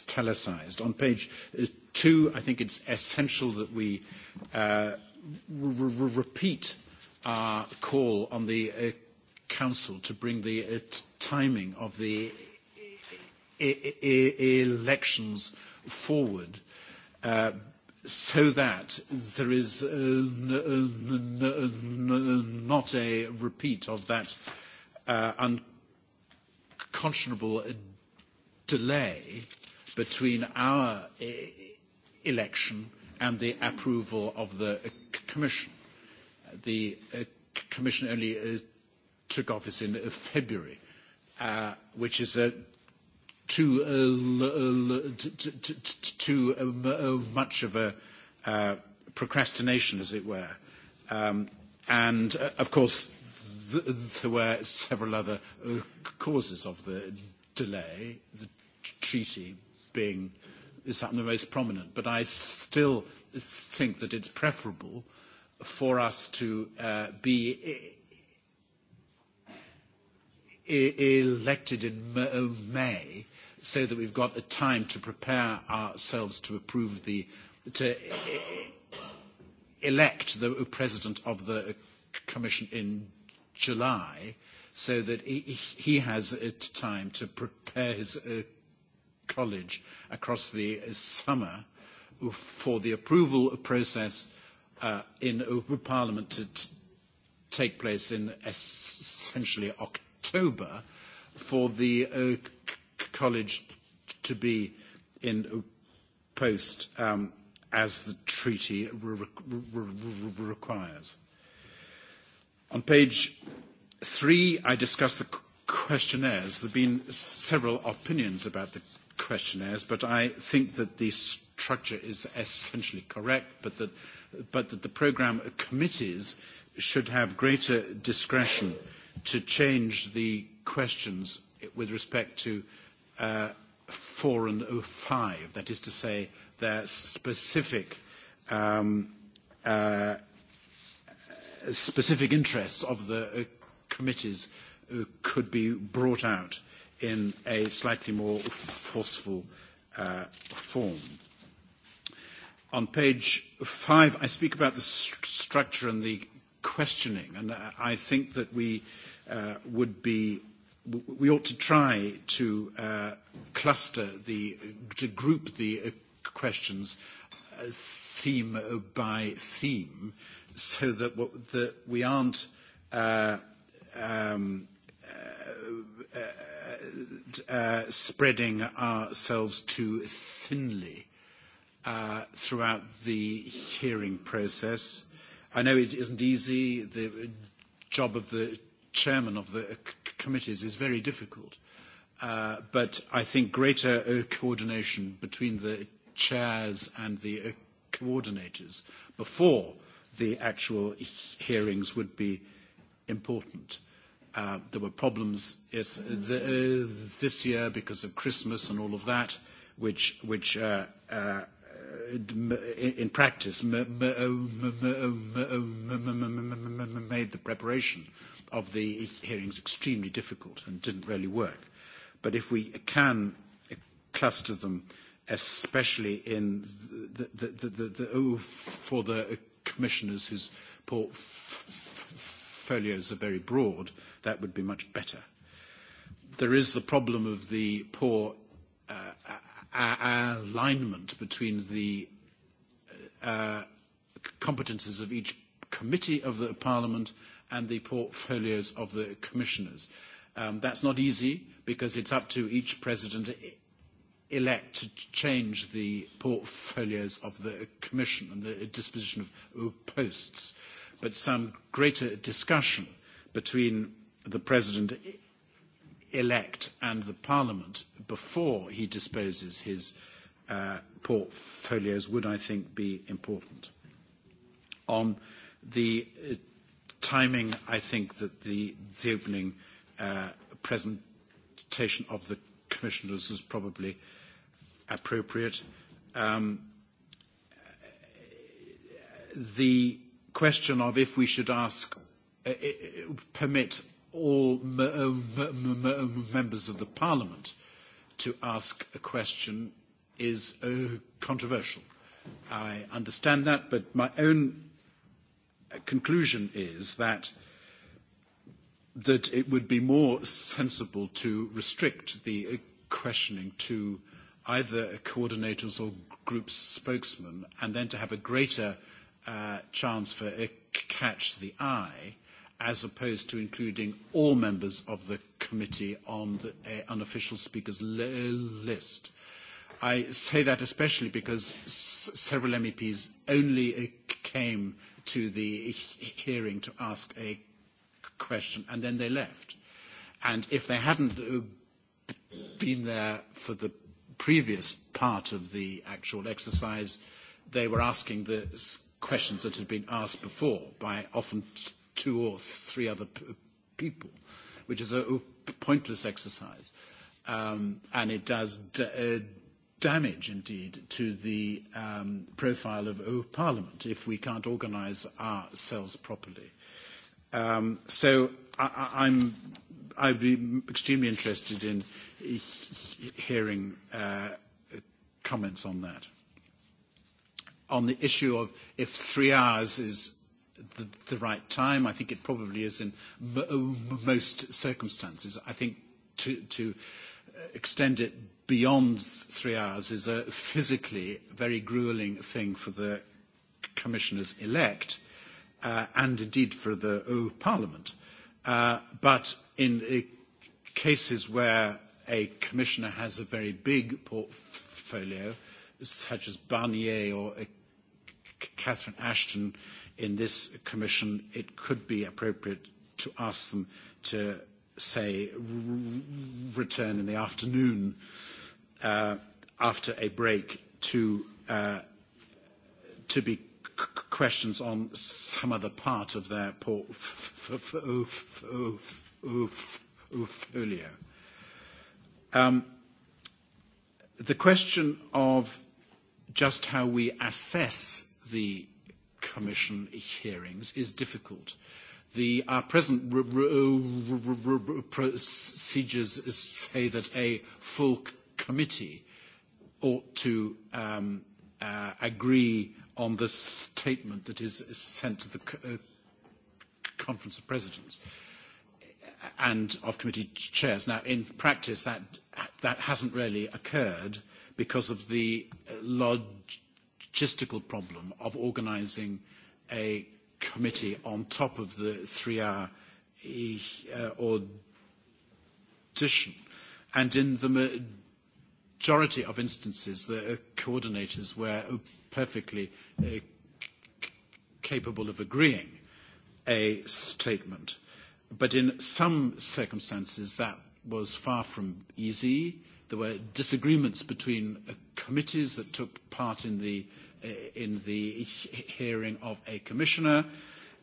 italicized. On page uh, two, I think it's essential that we uh, repeat our call on the uh, Council to bring the uh, timing of the e e, e- elections forward uh, so that there is uh, uh n- n- n- not a repeat of that uh, unconscionable delay between our e, election and the approval of the uh, Commission. The uh, Commission only uh, took office in uh, February, uh, which is a too, uh, uh t- t- t- too um, uh, much of a uh, procrastination, as it were. Um, and, uh, of course, th- there were several other uh, causes of the delay, the treaty being something the most prominent. But I still think that it's preferable for us to uh, be e, e, elected in uh, May so that we've got a time to prepare ourselves to approve the, to e, e, elect the president of the commission in July so that he has time to prepare his uh, college across the summer for the approval process uh, in Parliament to take place in essentially October for the uh, College to be in post um, as the treaty re- re- re- requires. On page three, I discuss the questionnaires. There have been several opinions about the questionnaires, but I think that the structure is essentially correct, but that, but that the programme committees should have greater discretion to change the questions with respect to uh, uh, 4 and 05, that is to say, their specific, um, uh, specific interests of the uh, committees uh, could be brought out in a slightly more forceful uh, form. On page five, I speak about the st- structure and the questioning, and I think that we uh, would be we ought to try to uh, cluster the, to group the uh, questions uh, theme uh, by theme so that, what, that we aren't uh, um, uh, uh, uh, spreading ourselves too thinly uh, throughout the hearing process. I know it isn't easy. The job of the chairman of the committees is very difficult. Uh, but I think greater uh, coordination between the chairs and the uh, coordinators before the actual hearings would be important. Uh, there were problems yes, the, uh, this year because of Christmas and all of that, which, which uh, uh, in practice made the preparation of the hearings extremely difficult and didn't really work. But if we can cluster them, especially in the, the, the, the, the oh, for the commissioners whose portfolios are very broad, that would be much better. There is the problem of the poor uh, alignment between the uh, competences of each committee of the Parliament and the portfolios of the commissioners. Um, that's not easy because it's up to each president e-, elect to change the portfolios of the commission and the disposition of posts. But some greater discussion between the president e-, elect and the parliament before he disposes his uh, portfolios would, I think, be important. On the uh, timing, I think that the, the opening uh, presentation of the commissioners is probably appropriate. Um, the question of if we should ask, uh, uh permit all uh, m- m- m- members of the parliament to ask a question is uh, controversial. I understand that, but my own conclusion is that that it would be more sensible to restrict the questioning to either coordinators or group spokesmen, and then to have a greater uh, chance for a catch the eye, as opposed to including all members of the committee on the uh, unofficial speakers list. I say that especially because s- several MEPs only uh, came to the hearing to ask a question, and then they left. And if they hadn't uh, been there for the previous part of the actual exercise, they were asking the questions that had been asked before by often two or three other people, which is a pointless exercise. Um, and it does d- uh, damage indeed to the um, profile of our parliament if we can't organize ourselves properly. Um, so I, I, I'm, I'd be extremely interested in hearing uh, comments on that. On the issue of if three hours is the, the right time, I think it probably is in m- most circumstances. I think to, to uh, extend it beyond three hours is a physically very grueling thing for the commissioners elect uh, and indeed for the uh, parliament. Uh, but in uh, cases where a commissioner has a very big portfolio, such as Barnier or uh, Catherine Ashton in this commission, it could be appropriate to ask them to say, return in the afternoon uh, after a break to, uh, to be questions on some other part of their portfolio. Um, the question of just how we assess the Commission hearings is difficult. Uh, The uh, present r- r- r- r- procedures say that a full committee ought to um, uh, agree on the statement that is sent to the uh, Conference of Presidents and of committee chairs. Now, in practice, that, that hasn't really occurred because of the uh, logistical problem of organising a committee on top of the three-hour e, uh, audition. And in the majority of instances, the uh, coordinators were uh, perfectly uh, capable of agreeing a statement. But in some circumstances, that was far from easy. There were disagreements between uh, committees that took part in the uh, Uh, in the hearing of a commissioner.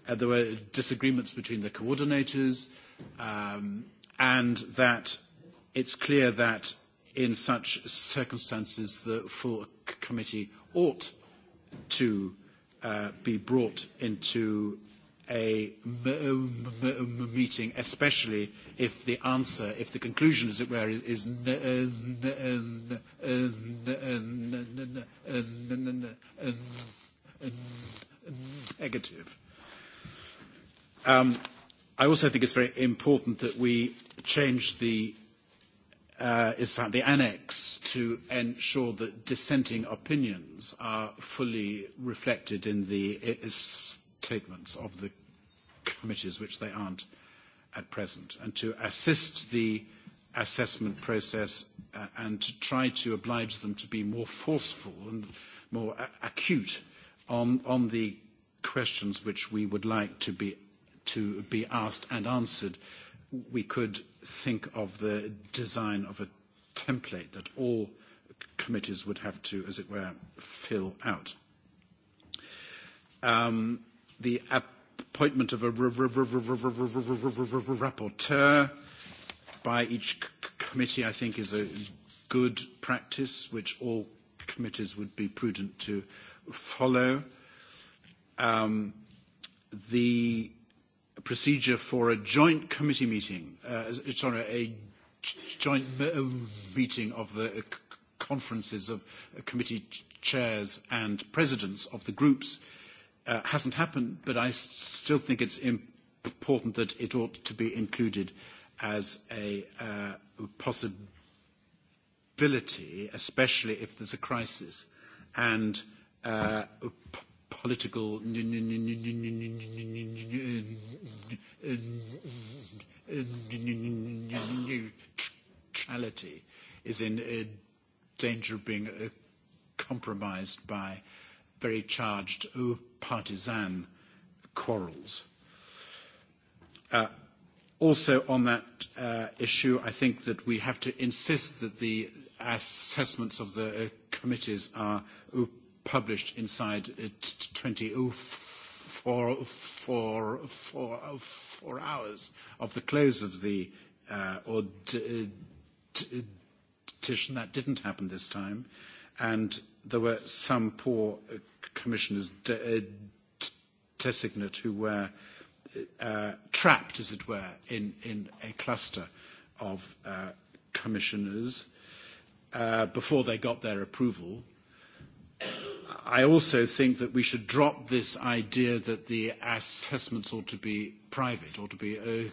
Uh, there were disagreements between the coordinators, um, and that it's clear that in such circumstances the full committee ought to uh, be brought into a m- m- meeting, especially if the answer, if the conclusion, as it were, is negative. Um, I also think it's very important that we change the uh, is the annex to ensure that dissenting opinions are fully reflected in the is statements of the committees, which they aren't at present, and to assist the assessment process uh, and to try to oblige them to be more forceful and more a- acute on, on the questions which we would like to be, to be asked and answered. We could think of the design of a template that all committees would have to, as it were, fill out. Um, the appointment of a rapporteur by each committee, I think, is a good practice, which all committees would be prudent to follow. Um, the procedure for a joint committee meeting, uh, sorry, a joint meeting of the conferences of committee chairs and presidents of the groups uh, uh, hasn't happened, but I s- still think it's important that it ought to be included as a uh, possibility, especially if there's a crisis and uh, p- political neutrality is in uh, danger of being uh, compromised by very charged uh, partisan quarrels. Uh, also on that uh, issue, I think that we have to insist that the assessments of the uh, committees are uh, published inside uh, 24 four, four, four hours of the close of the uh, audition. That didn't happen this time. And there were some poor uh, commissioners de- uh, designate who were uh, trapped, as it were, in, in a cluster of uh, commissioners uh, before they got their approval. I also think that we should drop this idea that the assessments ought to be private, ought to be uh,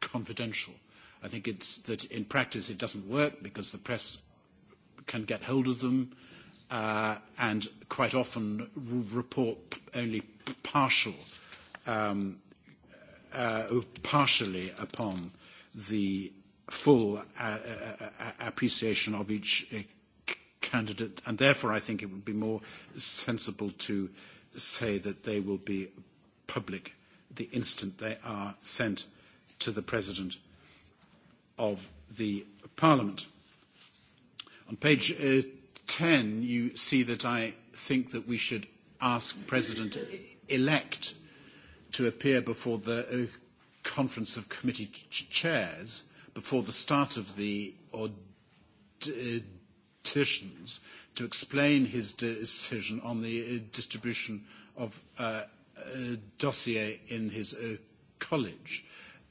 confidential. I think it's that in practice it doesn't work because the press can get hold of them. Uh, uh, and quite often r- report only partial, um, uh, uh, partially upon the full uh, uh, uh, uh appreciation of each uh, candidate, and therefore I think it would be more sensible to say that they will be public the instant they are sent to the President of the Parliament. On page uh, 10, you see that I think that we should ask President-elect to appear before the uh, Conference of Committee ch- Chairs before the start of the auditions to explain his decision on the uh, distribution of uh, a uh, dossier in his uh, college.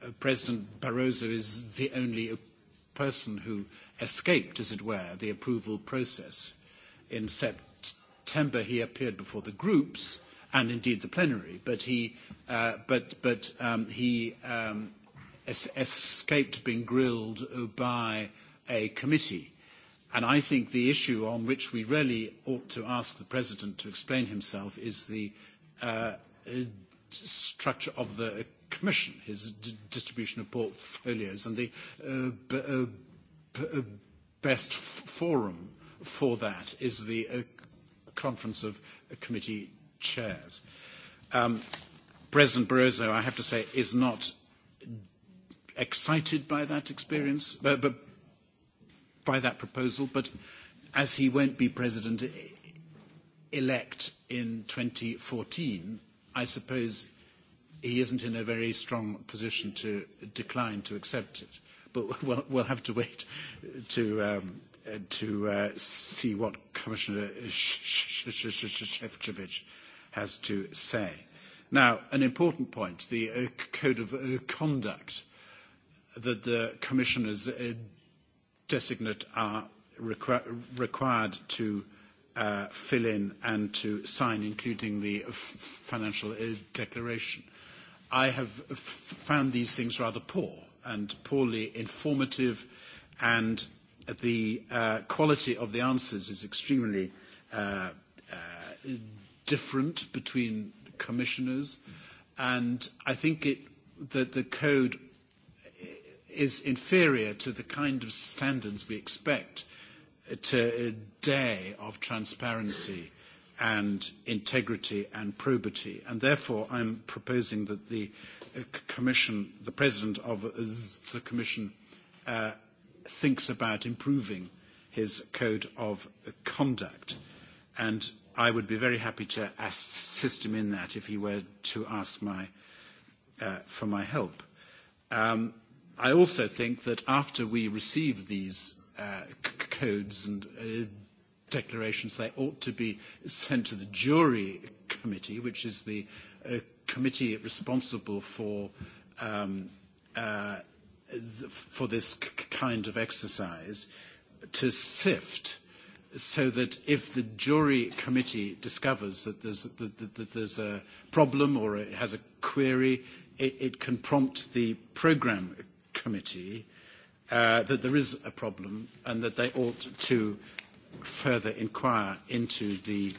Uh, President Barroso is the only uh, person who escaped, as it were, the approval process. In September, he appeared before the groups and indeed the plenary, but he, uh, but, but, um, he um, es- escaped being grilled by a committee. And I think the issue on which we really ought to ask the President to explain himself is the uh, uh structure of the Commission, his d- distribution of portfolios, and the uh, b- uh, b- uh, best f- forum for that is the uh, Conference of uh, Committee Chairs. Um, President Barroso, I have to say, is not excited by that experience, uh, but by that proposal, but as he won't be president e, elect in 2014, I suppose he isn't in a very strong position to decline to accept it. But we'll, we'll have to wait to, um, to uh, see what Commissioner Shevchevich has to say. Now, an important point, the uh, code of uh, conduct that the commissioners uh, designate are requ- required to uh, fill in and to sign, including the financial uh, declaration. Uh, I have f- found these things rather poor and poorly informative, and the uh, quality of the answers is extremely uh, uh, different between commissioners. And I think it, that the code is inferior to the kind of standards we expect today uh, of transparency and integrity and probity. And therefore, I'm proposing that the uh, Commission, the President of uh, the Commission, uh, thinks about improving his code of uh, conduct. And I would be very happy to assist him in that if he were to ask my, uh, for my help. Um, I also think that after we receive these uh, c- codes and uh, declarations, they ought to be sent to the jury committee, which is the uh, committee responsible for um, uh, th- for this c- kind of exercise, to sift. So that if the jury committee discovers that there's, that, that, that there's a problem or it has a query, it, it can prompt the program committee uh, that there is a problem and that they ought to uh, further inquire into the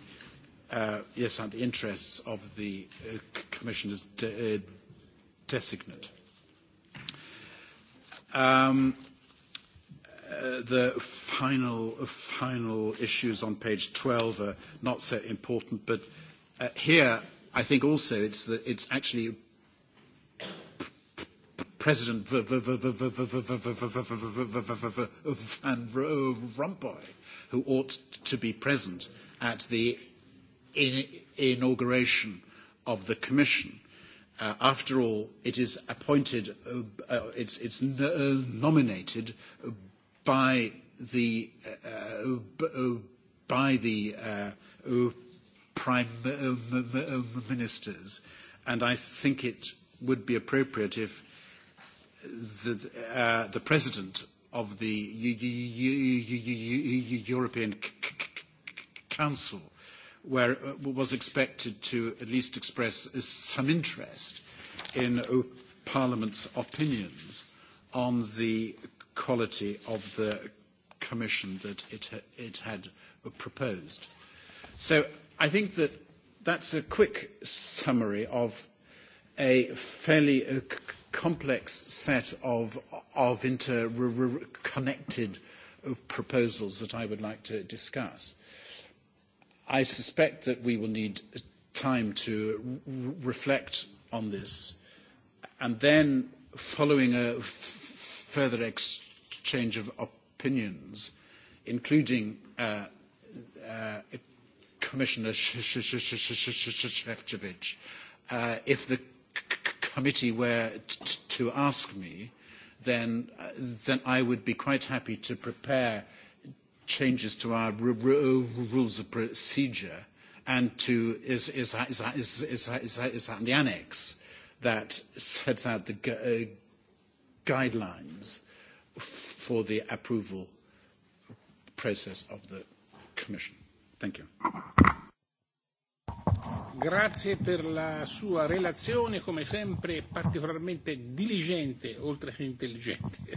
uh, yes, and the interests of the uh, commissioners de- uh, designate. Um, uh, the final uh, final issues on page 12 are not so important, but uh, here I think also it's the, it's actually President Van Rompuy, who ought to be present at the inauguration of the Commission. Uh, after all, it is appointed, uh, uh, it's, it's n- uh, nominated by the, uh, b- uh, by the uh, uh, prime uh, m- m- ministers, and I think it would be appropriate if the, uh, the president of the European Council where it uh, was expected to at least express some interest in Parliament's opinions on the quality of the Commission that it, it had proposed. So I think that that's a quick summary of a fairly uh, complex set of, of interconnected uh, proposals that I would like to discuss. I suspect that we will need time to re reflect on this and then following a further exchange of opinions, including uh, uh, Commissioner Shevchevich, uh, if the committee were t- to ask me, then, uh, then I would be quite happy to prepare changes to our r- r- rules of procedure and to is, is, is, is, is, is, is, is the annex that sets out the gu- uh, guidelines for the approval process of the Commission. Thank you grazie per la sua relazione, come sempre particolarmente diligente, oltre che intelligente,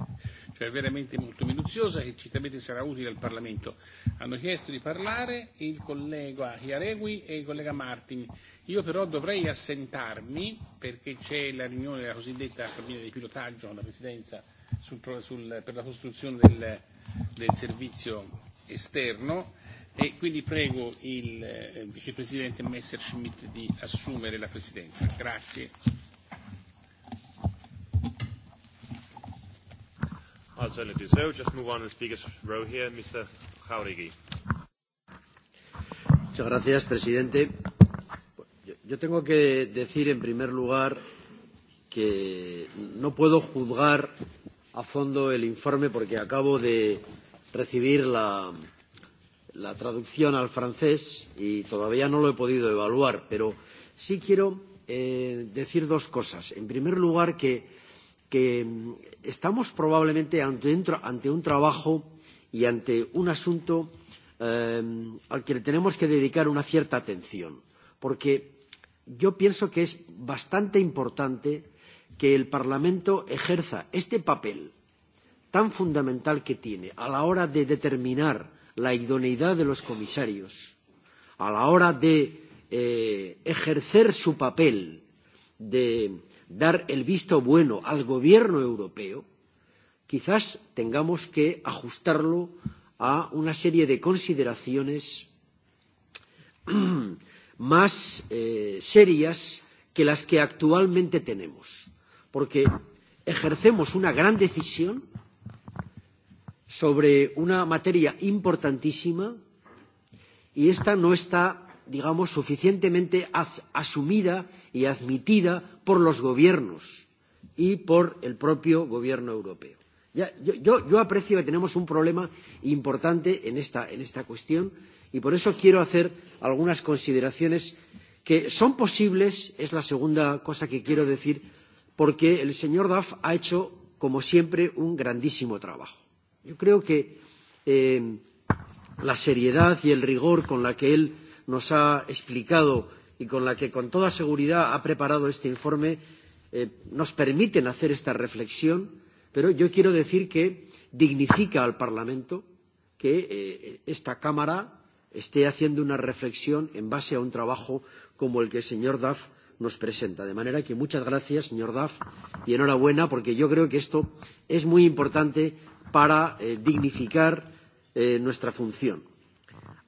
cioè veramente molto minuziosa e certamente sarà utile al Parlamento. Hanno chiesto di parlare il collega Iaregui e il collega Martin. Io però dovrei assentarmi perché c'è la riunione della cosiddetta cabina di pilotaggio con la Presidenza sul, sul, per la costruzione del, del servizio esterno e quindi prego il eh, vicepresidente Messerschmidt di assumere la presidenza. Grazie. I'll certainly do so. Just move on to the speaker's row here, Mr. Jauregui. Muchas gracias, presidente. Yo tengo que decir, en primer lugar, que no puedo juzgar a fondo el informe porque acabo de recibir la, la traducción al francés y todavía no lo he podido evaluar, pero sí quiero eh, decir dos cosas. En primer lugar, que, que mm, estamos probablemente ante un, tra ante un trabajo y ante un asunto eh, al que le tenemos que dedicar una cierta atención, porque yo pienso que es bastante importante que el Parlamento ejerza este papel tan fundamental que tiene a la hora de determinar la idoneidad de los comisarios a la hora de eh, ejercer su papel de dar el visto bueno al gobierno europeo, quizás tengamos que ajustarlo a una serie de consideraciones más eh, serias que las que actualmente tenemos, porque ejercemos una gran decisión sobre una materia importantísima y esta no está, digamos, suficientemente asumida y admitida por los gobiernos y por el propio gobierno europeo. Ya, yo, yo, yo aprecio que tenemos un problema importante en esta, en esta cuestión y por eso quiero hacer algunas consideraciones que son posibles, es la segunda cosa que quiero decir, porque el señor Duff ha hecho, como siempre, un grandísimo trabajo. Yo creo que eh, la seriedad y el rigor con la que él nos ha explicado y con la que con toda seguridad ha preparado este informe eh, nos permiten hacer esta reflexión, pero yo quiero decir que dignifica al Parlamento que eh, esta Cámara esté haciendo una reflexión en base a un trabajo como el que el señor Duff nos presenta. De manera que muchas gracias, señor Duff, y enhorabuena, porque yo creo que esto es muy importante para eh, dignificar eh, nuestra función.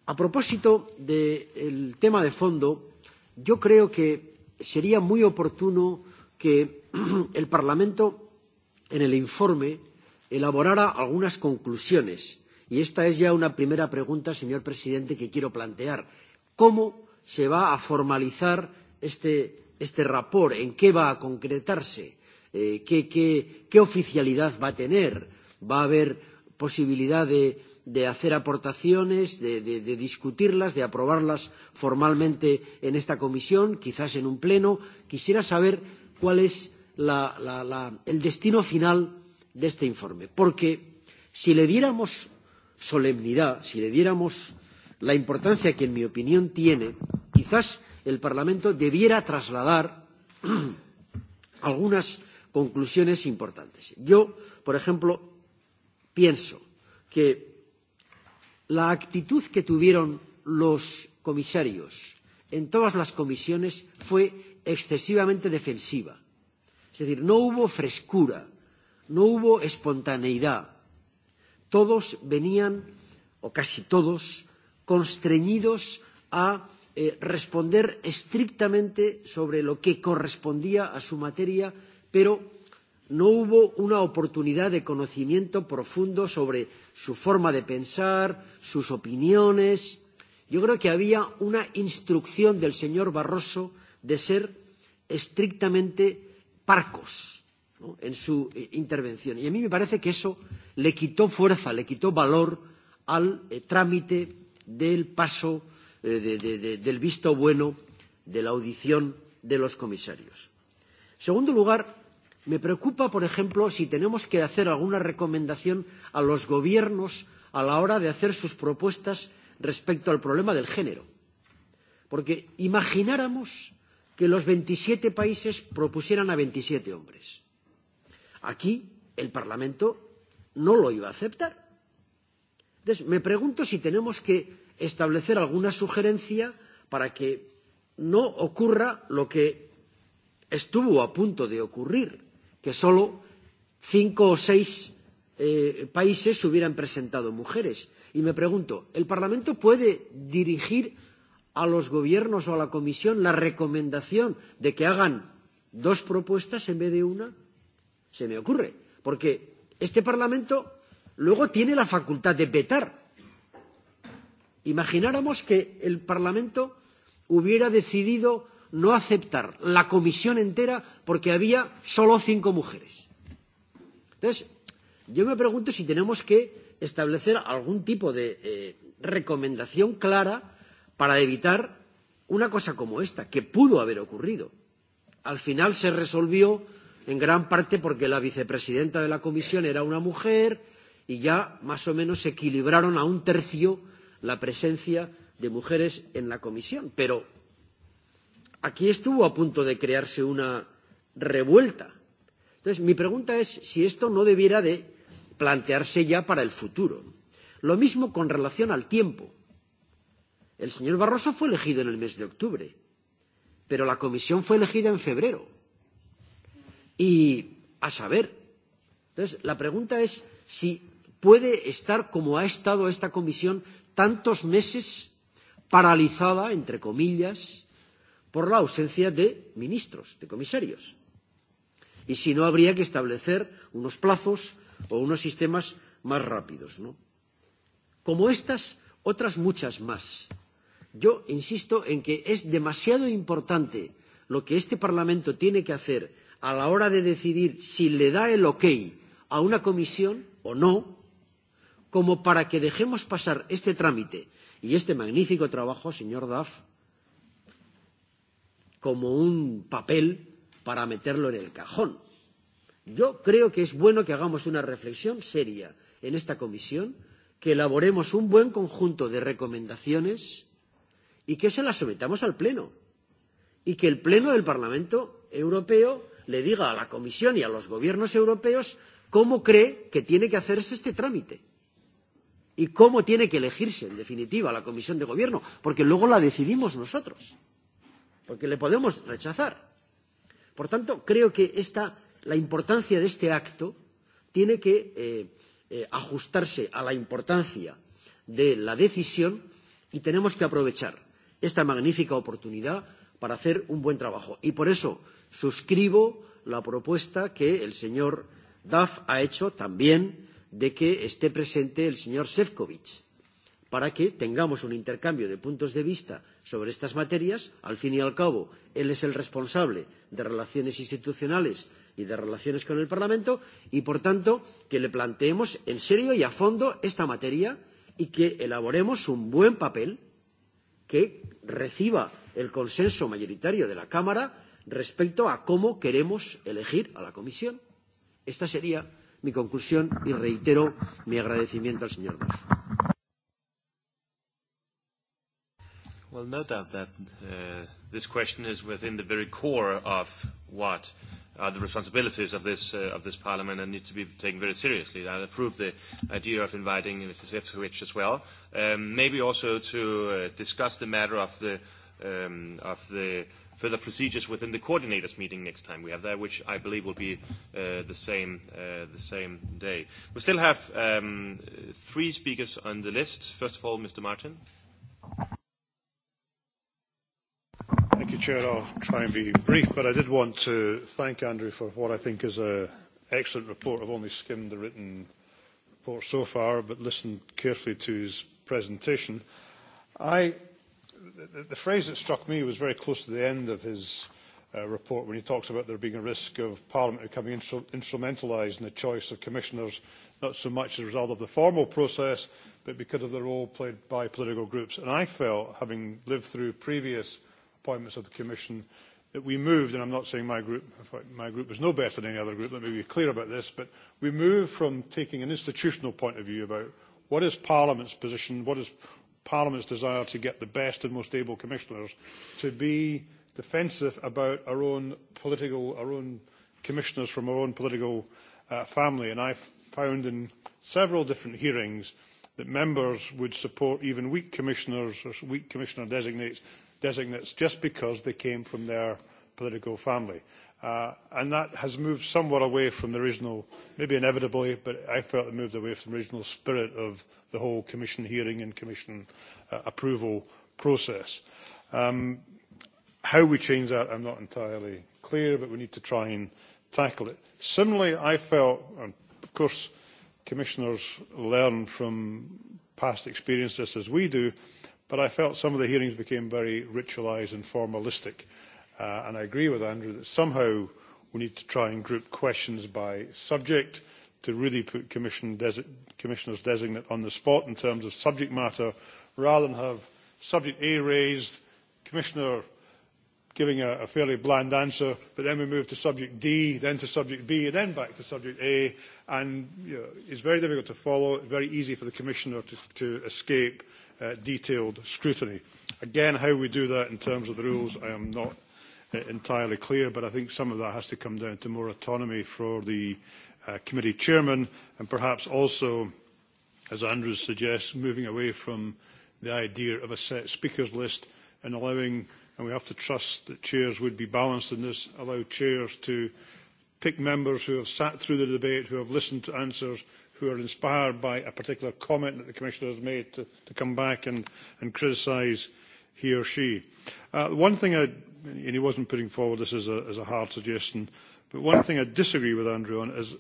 A propósito del de tema de fondo, yo creo que sería muy oportuno que el Parlamento, en el informe, elaborara algunas conclusiones. Y esta es ya una primera pregunta, señor presidente, que quiero plantear. ¿Cómo se va a formalizar este, este rapport? ¿En qué va a concretarse? Eh, ¿qué, qué, ¿Qué oficialidad va a tener? va a haber posibilidad de, de hacer aportaciones, de, de, de discutirlas, de aprobarlas formalmente en esta comisión, quizás en un pleno. Quisiera saber cuál es la, la, la, el destino final de este informe, porque si le diéramos solemnidad, si le diéramos la importancia que, en mi opinión, tiene, quizás el Parlamento debiera trasladar algunas conclusiones importantes. Yo, por ejemplo, pienso que la actitud que tuvieron los comisarios en todas las comisiones fue excesivamente defensiva. Es decir, no hubo frescura, no hubo espontaneidad. Todos venían, o casi todos, constreñidos a eh, responder estrictamente sobre lo que correspondía a su materia, pero no hubo una oportunidad de conocimiento profundo sobre su forma de pensar, sus opiniones. Yo creo que había una instrucción del señor Barroso de ser estrictamente parcos ¿no? en su eh, intervención. Y a mí me parece que eso le quitó fuerza, le quitó valor al eh, trámite del paso eh, de, de, de, del visto bueno de la audición de los comisarios. En segundo lugar, Me preocupa, por ejemplo, si tenemos que hacer alguna recomendación a los gobiernos a la hora de hacer sus propuestas respecto al problema del género. Porque imagináramos que los 27 países propusieran a 27 hombres. Aquí el Parlamento no lo iba a aceptar. Entonces, me pregunto si tenemos que establecer alguna sugerencia para que no ocurra lo que estuvo a punto de ocurrir que solo cinco o seis eh, países se hubieran presentado mujeres. Y me pregunto, ¿el Parlamento puede dirigir a los gobiernos o a la Comisión la recomendación de que hagan dos propuestas en vez de una? Se me ocurre, porque este Parlamento luego tiene la facultad de vetar. Imagináramos que el Parlamento hubiera decidido no aceptar la comisión entera porque había solo cinco mujeres. Entonces, yo me pregunto si tenemos que establecer algún tipo de eh, recomendación clara para evitar una cosa como esta, que pudo haber ocurrido. Al final se resolvió en gran parte porque la vicepresidenta de la comisión era una mujer y ya más o menos equilibraron a un tercio la presencia de mujeres en la comisión. Pero Aquí estuvo a punto de crearse una revuelta. Entonces, mi pregunta es si esto no debiera de plantearse ya para el futuro. Lo mismo con relación al tiempo. El señor Barroso fue elegido en el mes de octubre, pero la comisión fue elegida en febrero. Y a saber. Entonces, la pregunta es si puede estar como ha estado esta comisión tantos meses paralizada, entre comillas, por la ausencia de ministros, de comisarios. Y si no, habría que establecer unos plazos o unos sistemas más rápidos. ¿no? Como estas, otras muchas más. Yo insisto en que es demasiado importante lo que este Parlamento tiene que hacer a la hora de decidir si le da el ok a una comisión o no, como para que dejemos pasar este trámite y este magnífico trabajo, señor Duff, como un papel para meterlo en el cajón. Yo creo que es bueno que hagamos una reflexión seria en esta comisión, que elaboremos un buen conjunto de recomendaciones y que se las sometamos al Pleno. Y que el Pleno del Parlamento Europeo le diga a la Comisión y a los gobiernos europeos cómo cree que tiene que hacerse este trámite y cómo tiene que elegirse, en definitiva, la Comisión de Gobierno, porque luego la decidimos nosotros porque le podemos rechazar. Por tanto, creo que esta, la importancia de este acto tiene que eh, eh, ajustarse a la importancia de la decisión y tenemos que aprovechar esta magnífica oportunidad para hacer un buen trabajo. Y por eso suscribo la propuesta que el señor Duff ha hecho también de que esté presente el señor Sefcovic para que tengamos un intercambio de puntos de vista sobre estas materias. Al fin y al cabo, él es el responsable de relaciones institucionales y de relaciones con el Parlamento y, por tanto, que le planteemos en serio y a fondo esta materia y que elaboremos un buen papel que reciba el consenso mayoritario de la Cámara respecto a cómo queremos elegir a la Comisión. Esta sería mi conclusión y reitero mi agradecimiento al señor Duff. Well, no doubt that uh, this question is within the very core of what are the responsibilities of this, uh, of this parliament and needs to be taken very seriously. I approve the idea of inviting Mr. Sefcovic as well, um, maybe also to uh, discuss the matter of the, um, of the further procedures within the coordinators meeting next time we have that, which I believe will be uh, the, same, uh, the same day. We still have um, three speakers on the list. First of all, Mr. Martin. Thank you, Chair. I'll try and be brief, but I did want to thank Andrew for what I think is an excellent report. I've only skimmed the written report so far, but listened carefully to his presentation. I, the, the phrase that struck me was very close to the end of his uh, report when he talks about there being a risk of Parliament becoming instru- instrumentalised in the choice of commissioners, not so much as a result of the formal process, but because of the role played by political groups. And I felt, having lived through previous uh, appointments of the Commission that we moved, and I'm not saying my group, in fact, my group was no better than any other group, let me be clear about this, but we moved from taking an institutional point of view about what is Parliament's position, what is Parliament's desire to get the best and most able commissioners, to be defensive about our own political, our own commissioners from our own political uh, family. And I found in several different hearings that members would support even weak commissioners or weak commissioner designates designates just because they came from their political family. Uh, and that has moved somewhat away from the original, maybe inevitably, but I felt it moved away from the original spirit of the whole Commission hearing and Commission uh, approval process. Um, how we change that, I'm not entirely clear, but we need to try and tackle it. Similarly, I felt, and of course, commissioners learn from past experiences as we do, But I felt some of the hearings became very ritualized and formalistic. Uh, and I agree with Andrew that somehow we need to try and group questions by subject to really put commission desi- commissioners designate on the spot in terms of subject matter rather than have subject A raised, commissioner giving a, a fairly bland answer, but then we move to subject D, then to subject B, and then back to subject A. And you know, it's very difficult to follow. It's very easy for the commissioner to, to escape uh, detailed scrutiny. Again, how we do that in terms of the rules, I am not uh, entirely clear, but I think some of that has to come down to more autonomy for the uh, committee chairman and perhaps also, as Andrews suggests, moving away from the idea of a set speakers list and allowing, and we have to trust that chairs would be balanced in this, allow chairs to pick members who have sat through the debate, who have listened to answers, who are inspired by a particular comment that the commissioner has made to, to come back and, and criticise he or she. Uh, one thing I, and he wasn't putting forward this as a, as a hard suggestion, but one thing I disagree with Andrew on is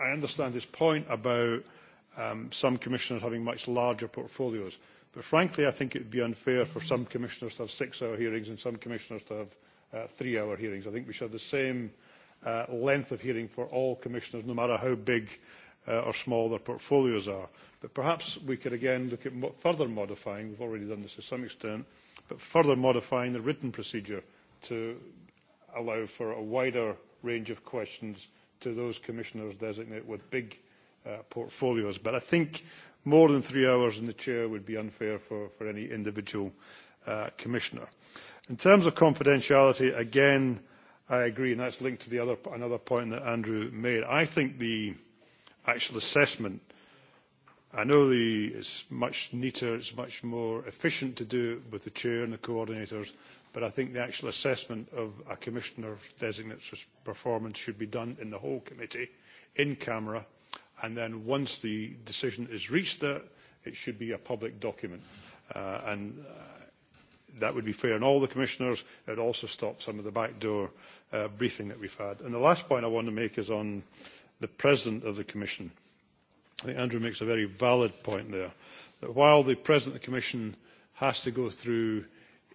I understand his point about um, some commissioners having much larger portfolios. But frankly, I think it would be unfair for some commissioners to have six-hour hearings and some commissioners to have uh, three-hour hearings. I think we should have the same uh, length of hearing for all commissioners, no matter how big uh, uh, or small their portfolios are. But perhaps we could again look at mo further modifying, we've already done this to some extent, but further modifying the written procedure to allow for a wider range of questions to those commissioners designate with big uh, portfolios. But I think more than three hours in the chair would be unfair for, for any individual uh, commissioner. In terms of confidentiality, again, I agree, and that's linked to the other, another point that Andrew made. I think the, uh, actual assessment. I know the, it's much neater, it's much more efficient to do it with the chair and the coordinators, but I think the actual assessment of a commissioner's designate's performance should be done in the whole committee, in camera, and then once the decision is reached that, it should be a public document. Uh, and uh, that would be fair on all the commissioners. It would also stop some of the backdoor uh, briefing that we've had. And the last point I want to make is on the president of the commission. I think Andrew makes a very valid point there, that while the president of the commission has to go through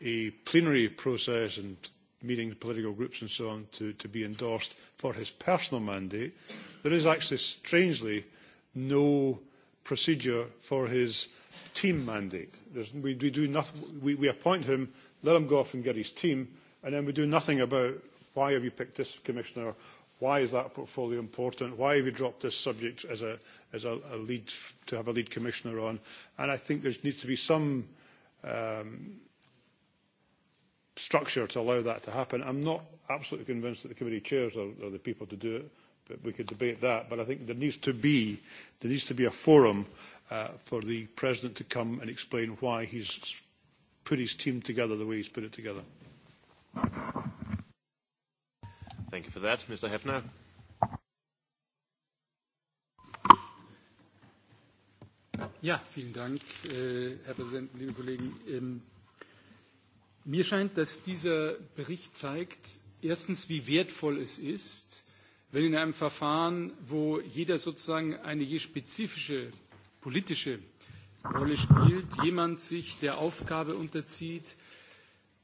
a plenary process and meetings, political groups and so on to, to be endorsed for his personal mandate, there is actually, strangely, no procedure for his team mandate. There's, we, we, do nothing, we, we appoint him, let him go off and get his team, and then we do nothing about why have you picked this commissioner Why is that portfolio important? Why have we dropped this subject as a, as a, a lead, to have a lead commissioner on? And I think there needs to be some um, structure to allow that to happen. I'm not absolutely convinced that the committee chairs are, are the people to do it, but we could debate that. But I think there needs to be, there needs to be a forum uh, for the president to come and explain why he's put his team together the way he's put it together. Thank you for that. Mr. Häfner? Ja, vielen Dank, äh, Herr Präsident, liebe Kollegen. Ähm, mir scheint, dass dieser Bericht zeigt, erstens, wie wertvoll es ist, wenn in einem Verfahren, wo jeder sozusagen eine je spezifische politische Rolle spielt, jemand sich der Aufgabe unterzieht,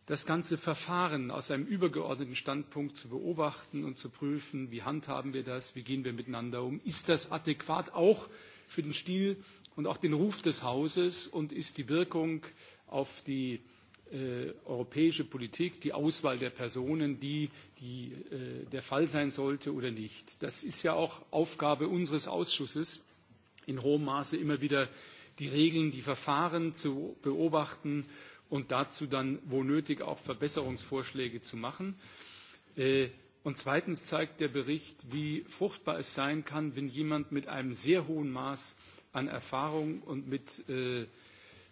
das ganze Verfahren aus einem übergeordneten Standpunkt zu beobachten und zu prüfen, wie handhaben wir das, wie gehen wir miteinander um, ist das adäquat auch für den Stil und auch den Ruf des Hauses und ist die Wirkung auf die äh, europäische Politik, die Auswahl der Personen, die, die äh, der Fall sein sollte oder nicht. Das ist ja auch Aufgabe unseres Ausschusses, in hohem Maße immer wieder die Regeln, die Verfahren zu beobachten und dazu dann, wo nötig, auch Verbesserungsvorschläge zu machen. Äh, Und zweitens zeigt der Bericht, wie fruchtbar es sein kann, wenn jemand mit einem sehr hohen Maß an Erfahrung und mit äh,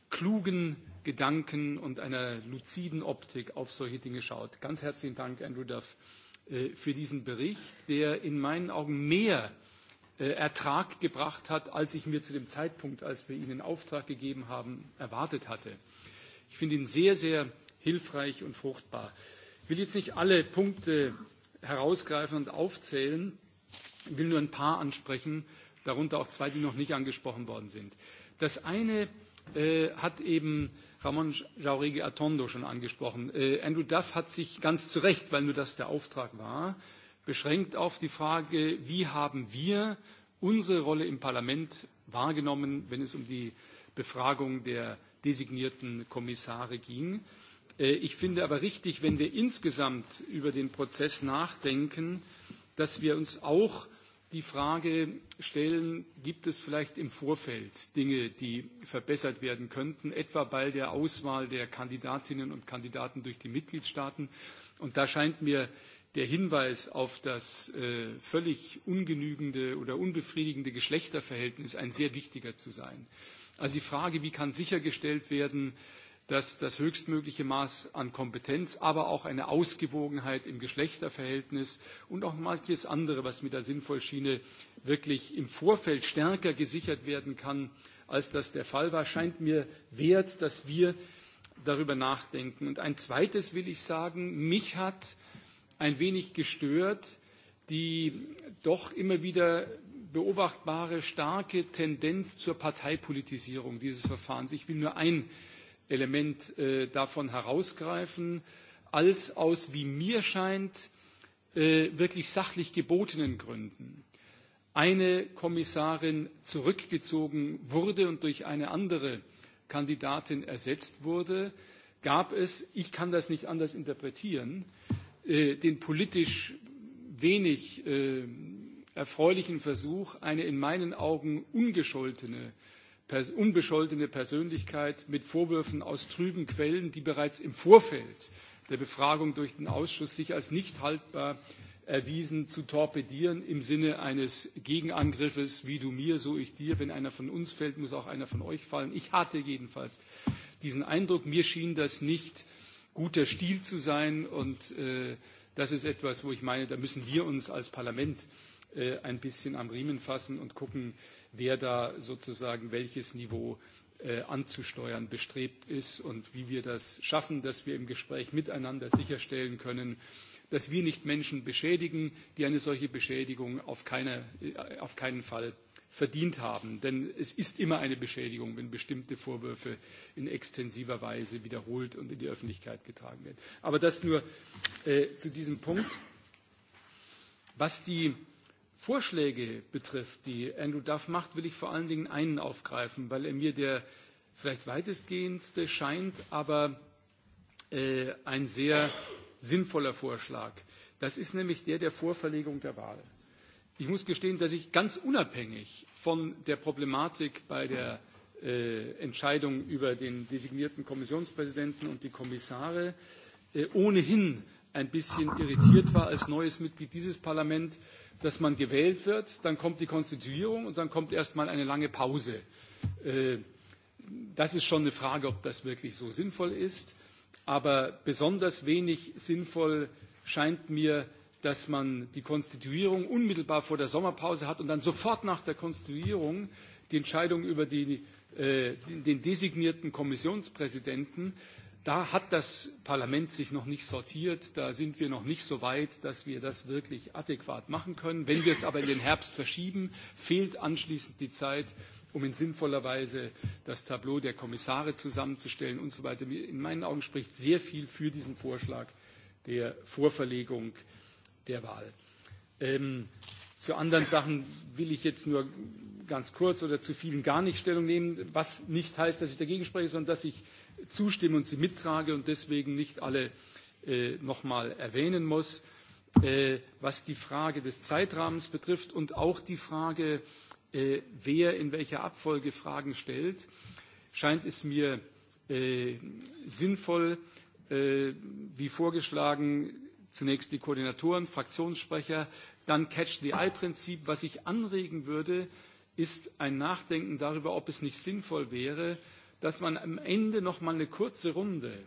klugen Gedanken und einer luziden Optik auf solche Dinge schaut. Ganz herzlichen Dank, Andrew Duff, äh, für diesen Bericht, der in meinen Augen mehr äh, Ertrag gebracht hat, als ich mir zu dem Zeitpunkt, als wir ihn in Auftrag gegeben haben, erwartet hatte. Ich finde ihn sehr, sehr hilfreich und fruchtbar. Ich will jetzt nicht alle Punkte herausgreifen und aufzählen. Ich will nur ein paar ansprechen, darunter auch zwei, die noch nicht angesprochen worden sind. Das eine äh, hat eben Ramon Jauregui Atondo schon angesprochen. Äh, Andrew Duff hat sich ganz zu Recht, weil nur das der Auftrag war, beschränkt auf die Frage, wie haben wir unsere Rolle im Parlament wahrgenommen, wenn es um die Befragung der designierten Kommissare ging. Äh, ich finde aber richtig, wenn wir insgesamt über den Prozess nachdenken, dass wir uns auch die Frage stellen, gibt es vielleicht im Vorfeld Dinge, die verbessert werden könnten, etwa bei der Auswahl der Kandidatinnen und Kandidaten durch die Mitgliedstaaten. Und da scheint mir der Hinweis auf das äh, völlig ungenügende oder unbefriedigende Geschlechterverhältnis ein sehr wichtiger zu sein. Äh, Also die Frage, wie kann sichergestellt werden, dass das höchstmögliche Maß an Kompetenz, aber auch eine Ausgewogenheit im Geschlechterverhältnis und auch manches andere, was mit der Sinnvollschiene wirklich im Vorfeld stärker gesichert werden kann, als das der Fall war, scheint mir wert, dass wir darüber nachdenken. Und ein zweites will ich sagen, mich hat ein wenig gestört die doch immer wieder beobachtbare starke Tendenz zur Parteipolitisierung dieses Verfahrens. Ich will nur ein Element äh, davon herausgreifen, als aus, wie mir scheint, äh, wirklich sachlich gebotenen Gründen eine Kommissarin zurückgezogen wurde und durch eine andere Kandidatin ersetzt wurde, gab es, ich kann das nicht anders interpretieren, äh, den politisch wenig äh, erfreulichen Versuch, eine in meinen Augen ungescholtene, pers unbescholtene Persönlichkeit mit Vorwürfen aus trüben Quellen, die bereits im Vorfeld der Befragung durch den Ausschuss sich als nicht haltbar erwiesen, zu torpedieren im Sinne eines Gegenangriffes, wie du mir, so ich dir, wenn einer von uns fällt, muss auch einer von euch fallen. Ich hatte jedenfalls diesen Eindruck. Mir schien das nicht guter Stil zu sein und äh, das ist etwas, wo ich meine, da müssen wir uns als Parlament äh, ein bisschen am Riemen fassen und gucken, wer da sozusagen welches Niveau äh, anzusteuern bestrebt ist und wie wir das schaffen, dass wir im Gespräch miteinander sicherstellen können, dass wir nicht Menschen beschädigen, die eine solche Beschädigung auf, keine, äh, auf keinen Fall verdient haben. Denn es ist immer eine Beschädigung, wenn bestimmte Vorwürfe in extensiver Weise wiederholt und in die Öffentlichkeit getragen werden. Aber das nur äh, zu diesem Punkt. Was die Vorschläge betrifft, die Andrew Duff macht, will ich vor allen Dingen einen aufgreifen, weil er mir der vielleicht weitestgehendste scheint, aber äh, ein sehr sinnvoller Vorschlag. Das ist nämlich der der Vorverlegung der Wahl. Ich muss gestehen, dass ich ganz unabhängig von der Problematik bei der äh, Entscheidung über den designierten Kommissionspräsidenten und die Kommissare äh, ohnehin ein bisschen irritiert war als neues Mitglied dieses Parlament, dass man gewählt wird, dann kommt die Konstituierung und dann kommt erstmal eine lange Pause. Äh, das ist schon eine Frage, ob das wirklich so sinnvoll ist. Aber besonders wenig sinnvoll scheint mir, dass man die Konstituierung unmittelbar vor der Sommerpause hat und dann sofort nach der Konstituierung die Entscheidung über die, äh, den designierten Kommissionspräsidenten. Da hat das Parlament sich noch nicht sortiert. Da sind wir noch nicht so weit, dass wir das wirklich adäquat machen können. Wenn wir es aber in den Herbst verschieben, fehlt anschließend die Zeit, um in sinnvoller Weise das Tableau der Kommissare zusammenzustellen und so weiter. In meinen Augen spricht sehr viel für diesen Vorschlag der Vorverlegung der Wahl. Ähm, zu anderen Sachen will ich jetzt nur ganz kurz oder zu vielen gar nicht Stellung nehmen, was nicht heißt, dass ich dagegen spreche, sondern dass ich zustimme und sie mittrage und deswegen nicht alle äh, nochmal erwähnen muss. Äh, was die Frage des Zeitrahmens betrifft und auch die Frage, äh, wer in welcher Abfolge Fragen stellt, scheint es mir äh, sinnvoll, äh, wie vorgeschlagen, zunächst die Koordinatoren, Fraktionssprecher, dann Catch-the-Eye-Prinzip. Was ich anregen würde, ist ein Nachdenken darüber, ob es nicht sinnvoll wäre, dass man am Ende noch mal eine kurze Runde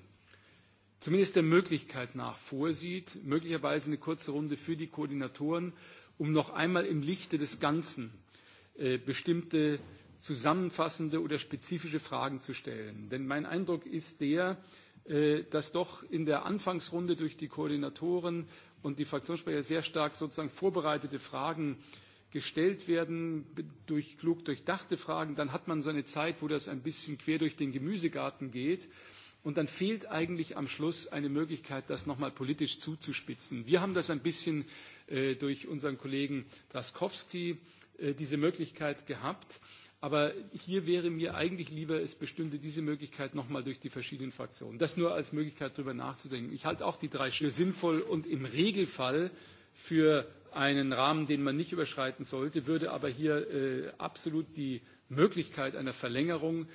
zumindest der Möglichkeit nach vorsieht, möglicherweise eine kurze Runde für die Koordinatoren, um noch einmal im Lichte des Ganzen äh, bestimmte zusammenfassende oder spezifische Fragen zu stellen. Denn mein Eindruck ist der, äh, dass doch in der Anfangsrunde durch die Koordinatoren und die Fraktionssprecher sehr stark sozusagen vorbereitete Fragen äh, gestellt werden durch klug durchdachte Fragen, dann hat man so eine Zeit, wo das ein bisschen quer durch den Gemüsegarten geht. Und dann fehlt eigentlich am Schluss eine Möglichkeit, das nochmal politisch zuzuspitzen. Wir haben das ein bisschen äh, durch unseren Kollegen Draskowski äh, diese Möglichkeit gehabt. Aber hier wäre mir eigentlich lieber, es bestünde diese Möglichkeit nochmal durch die verschiedenen Fraktionen. Das nur als Möglichkeit, darüber nachzudenken. Ich halte auch die drei Schritte sinnvoll und im Regelfall für einen Rahmen, den man nicht überschreiten sollte, würde aber hier äh, absolut die Möglichkeit einer Verlängerung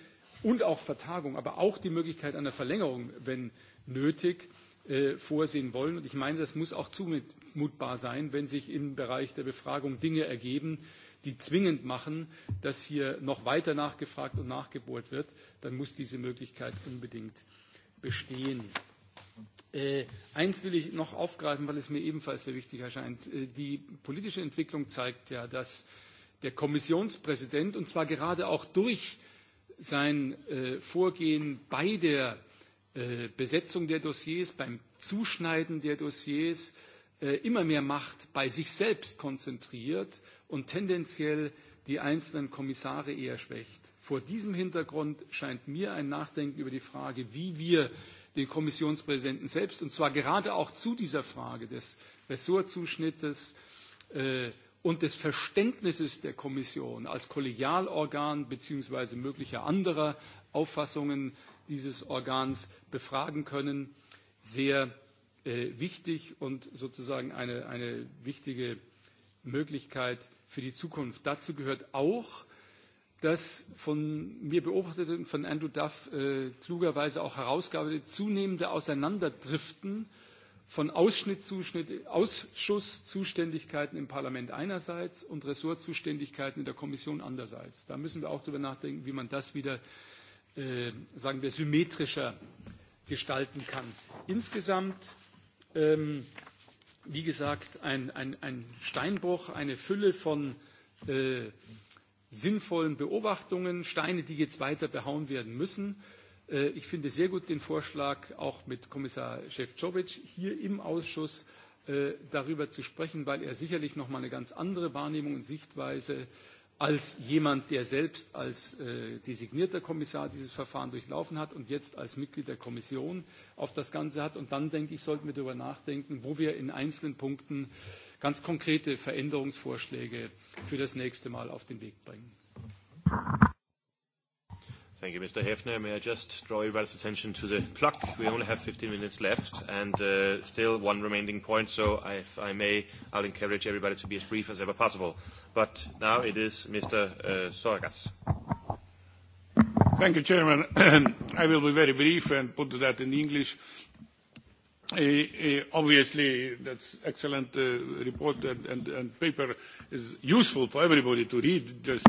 und auch Vertagung, aber auch die Möglichkeit einer Verlängerung, wenn nötig, äh, vorsehen wollen. Und ich meine, das muss auch zumutbar sein, wenn sich im Bereich der Befragung Dinge ergeben, die zwingend machen, dass hier noch weiter nachgefragt und nachgebohrt wird, dann muss diese Möglichkeit unbedingt bestehen. Äh, eins will ich noch aufgreifen, weil es mir ebenfalls sehr wichtig erscheint. Äh, die politische Entwicklung zeigt ja, dass der Kommissionspräsident, und zwar gerade auch durch sein äh, Vorgehen bei der äh, Besetzung der Dossiers, beim Zuschneiden der Dossiers, äh, immer mehr Macht bei sich selbst konzentriert und tendenziell die einzelnen Kommissare eher schwächt. Vor diesem Hintergrund scheint mir ein Nachdenken über die Frage, wie wir äh, den Kommissionspräsidenten selbst, und zwar gerade auch zu dieser Frage des Ressortzuschnittes äh, und des Verständnisses der Kommission als Kollegialorgan bzw. möglicher anderer Auffassungen dieses Organs befragen können, sehr äh, wichtig und sozusagen eine, eine wichtige Möglichkeit für die Zukunft. Dazu gehört auch, das von mir beobachtete und von Andrew Duff äh, klugerweise auch herausgearbeitete zunehmende Auseinanderdriften von Ausschusszuständigkeiten im Parlament einerseits und Ressortzuständigkeiten in der Kommission andererseits. Da müssen wir auch darüber nachdenken, wie man das wieder, äh, sagen wir, symmetrischer gestalten kann. Insgesamt, ähm, wie gesagt, ein, ein, ein Steinbruch, eine Fülle von äh, sinnvollen Beobachtungen, Steine, die jetzt weiter behauen werden müssen. Äh, ich finde sehr gut den Vorschlag, auch mit Kommissar Šefčovič hier im Ausschuss äh, darüber zu sprechen, weil er sicherlich noch mal eine ganz andere Wahrnehmung und Sichtweise als jemand, der selbst als äh, designierter Kommissar dieses Verfahren durchlaufen hat und jetzt als Mitglied der Kommission auf das Ganze hat. Und dann, denke ich, sollten wir darüber nachdenken, wo wir in einzelnen Punkten ganz konkrete Veränderungsvorschläge für das nächste Mal auf den Weg bringen. Thank you, Mr. Hefner. May I just draw everybody's attention to the clock? We only have 15 minutes left and uh, still one remaining point, so if I may, I'll encourage everybody to be as brief as ever possible. Uh, but now it is Mr. Uh, Sorgas. Thank you, Chairman. I will be very brief and put that in English. Uh, uh, obviously, that's excellent report and, and, and paper is useful for everybody to read. Just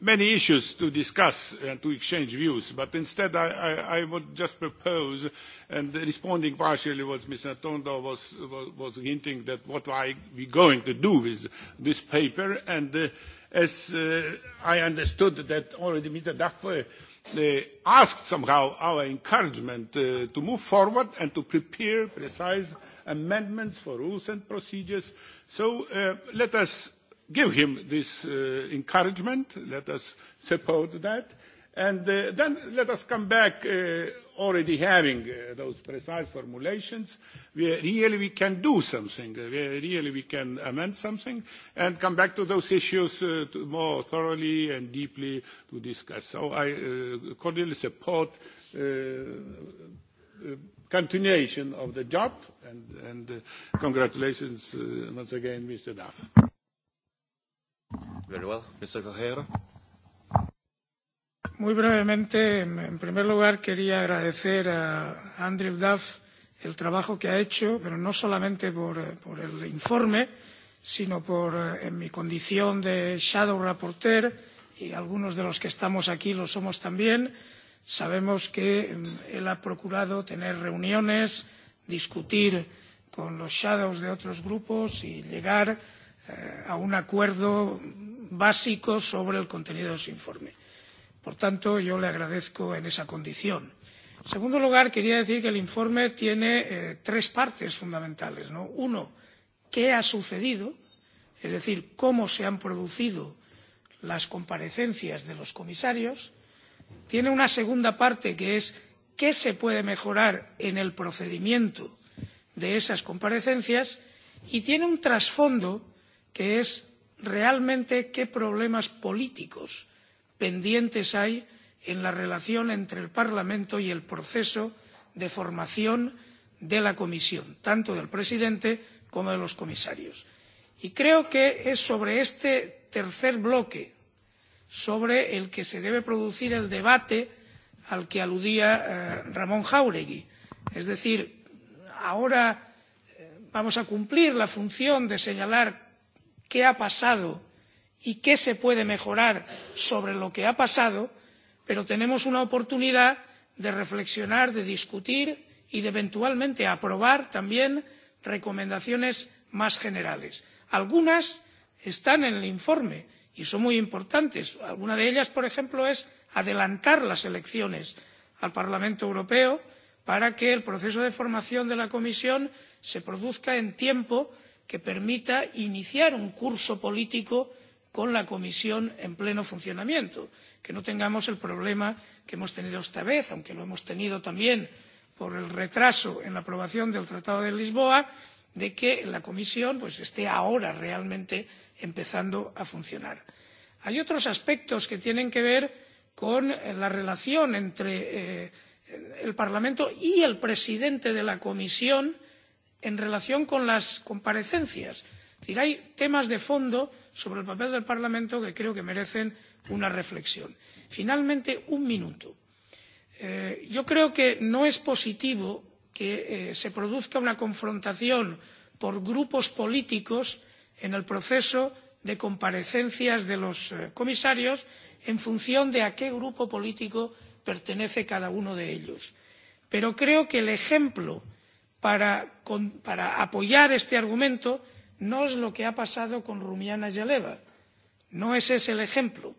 many issues to discuss and to exchange views, but instead I, I, I would just propose, and responding partially what Mr. Tondo was, was, was hinting, that what are we going to do with this paper, and uh, as uh, I understood that already Mr. Duff uh, asked somehow our encouragement uh, to move forward and to prepare precise amendments for rules and procedures. So uh, let us give him this uh, encouragement. Let us support that. And uh, then let us come back uh, already having uh, those precise formulations where really we can do something, uh, where really we can amend something, and come back to those issues uh, to more thoroughly and deeply to discuss. So I uh, cordially support uh, uh, continuation of the job, and, and uh, congratulations uh, once again, Mr. Duff. Very well. Mr. Cajero. Muy brevemente, en primer lugar, quería agradecer a Andrew Duff el trabajo que ha hecho, pero no solamente por, por el informe, sino por eh, en mi condición de shadow rapporteur y algunos de los que estamos aquí lo somos también. Sabemos que mm, él ha procurado tener reuniones, discutir con los shadows de otros grupos y llegar a eh, a un acuerdo básico sobre el contenido de su informe. Por tanto, yo le agradezco en esa condición. En segundo lugar, quería decir que el informe tiene eh, tres partes fundamentales. ¿no? Uno, qué ha sucedido, es decir, cómo se han producido las comparecencias de los comisarios. Tiene una segunda parte que es qué se puede mejorar en el procedimiento de esas comparecencias y tiene un trasfondo que es realmente qué problemas políticos pendientes hay en la relación entre el parlamento y el proceso de formación de la comisión tanto del presidente como de los comisarios. y creo que es sobre este tercer bloque sobre el que se debe producir el debate al que aludía eh, ramón jáuregui es decir ahora eh, vamos a cumplir la función de señalar qué ha pasado y qué se puede mejorar sobre lo que ha pasado pero tenemos una oportunidad de reflexionar de discutir y de eventualmente aprobar también recomendaciones más generales. algunas están en el informe y son muy importantes. alguna de ellas por ejemplo es adelantar las elecciones al parlamento europeo para que el proceso de formación de la comisión se produzca en tiempo y que permita iniciar un curso político con la comisión en pleno funcionamiento que no tengamos el problema que hemos tenido esta vez aunque lo hemos tenido también por el retraso en la aprobación del tratado de lisboa de que la comisión pues, esté ahora realmente empezando a funcionar. hay otros aspectos que tienen que ver con eh, la relación entre eh, el parlamento y el presidente de la comisión en relación con las comparecencias es decir hay temas de fondo sobre el papel del parlamento que creo que merecen una reflexión. finalmente un minuto. Eh, yo creo que no es positivo que eh, se produzca una confrontación por grupos políticos en el proceso de comparecencias de los eh, comisarios en función de a qué grupo político pertenece cada uno de ellos pero creo que el ejemplo que para, con, para apoyar este argumento no es lo que ha pasado con rumiana yaleva no ese es el ejemplo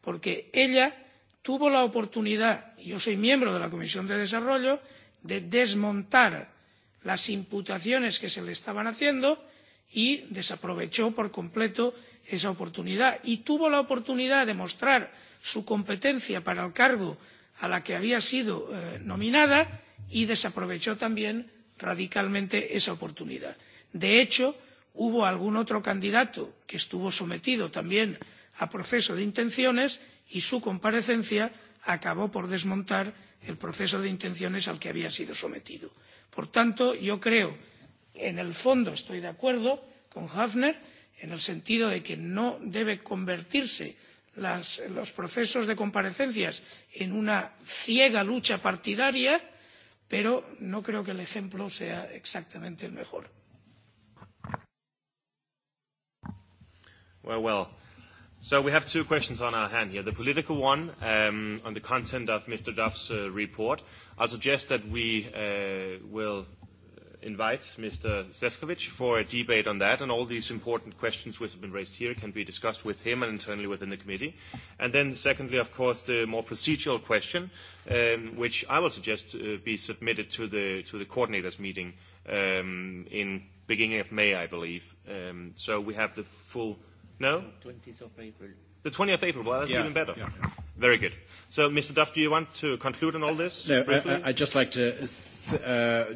porque ella tuvo la oportunidad y yo soy miembro de la comisión de desarrollo de desmontar las imputaciones que se le estaban haciendo y desaprovechó por completo esa oportunidad y tuvo la oportunidad de mostrar su competencia para el cargo a la que había sido eh, nominada y desaprovechó también radicalmente esa oportunidad. de hecho hubo algún otro candidato que estuvo sometido también a proceso de intenciones y su comparecencia acabó por desmontar el proceso de intenciones al que había sido sometido. por tanto yo creo en el fondo estoy de acuerdo con hfner en el sentido de que no deben convertirse las, los procesos de comparecencias en una ciega lucha partidaria pero no creo que el ejemplo sea exactamente el mejor. Well, well. So we have two questions on our hand here. The political one um, on the content of Mr. Duff's uh, report. I suggest that we uh, will invite Mr. Sefcovic for a debate on that, and all these important questions which have been raised here can be discussed with him and internally within the committee. And then secondly, of course, the more procedural question, um, which I will suggest uh, be submitted to the, to the coordinators meeting um, in beginning of May, I believe. Um, so we have the full... No? 20th of April. The 20th April. Well, that's yeah, even better. Yeah. Very good. So, Mr. Duff, do you want to conclude on all this? No, briefly? I, I'd just like to, uh, uh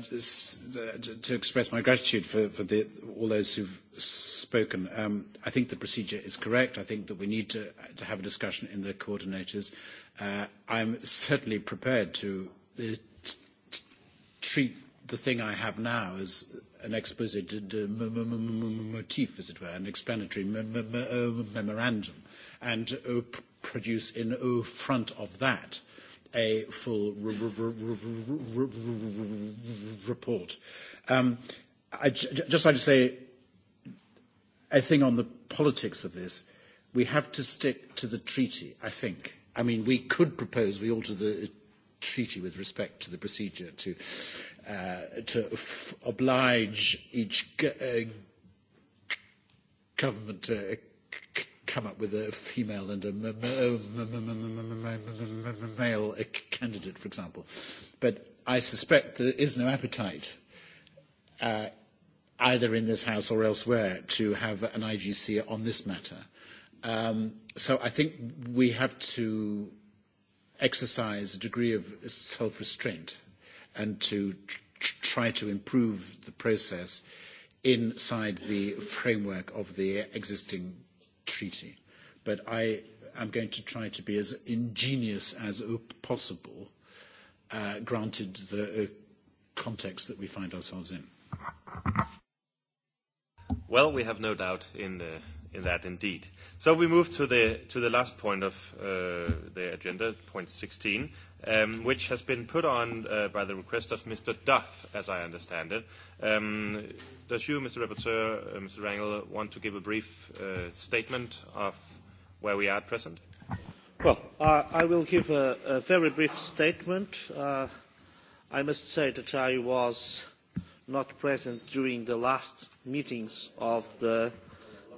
to express my gratitude for, for the, all those who've spoken. Um, I think the procedure is correct. I think that we need to, to have a discussion in the coordinators. Uh, I'm certainly prepared to uh, t- treat the thing I have now as an expose de uh, motif, as it were, an explanatory uh, memorandum, and uh, produce in front of that a full report. Um, I'd just like to say a thing on the politics of this. We have to stick to the treaty, I think. I mean, we could propose we alter the treaty with respect to the procedure to uh, to f- oblige each go- uh, government to uh, c- come up with a female and a m- m- m- m- m- m- male uh, candidate, for example. But I suspect there is no appetite. Uh, either in this House or elsewhere, to have an IGC on this matter. Um, so I think we have to exercise a degree of self-restraint and to try to improve the process inside the framework of the existing treaty. But I am going to try to be as ingenious as possible, uh, granted the uh, context that we find ourselves in. Well, we have no doubt in, uh, in that indeed. So we move to the, to the last point of uh, the agenda, point 16, um, which has been put on uh, by the request of Mr. Duff, as I understand it. Um, does you, Mr. Rapporteur, uh, Mr. Rangel, want to give a brief uh, statement of where we are at present? Well, uh, I will give a, a very brief statement. Uh, I must say that I was not present during the last meetings of the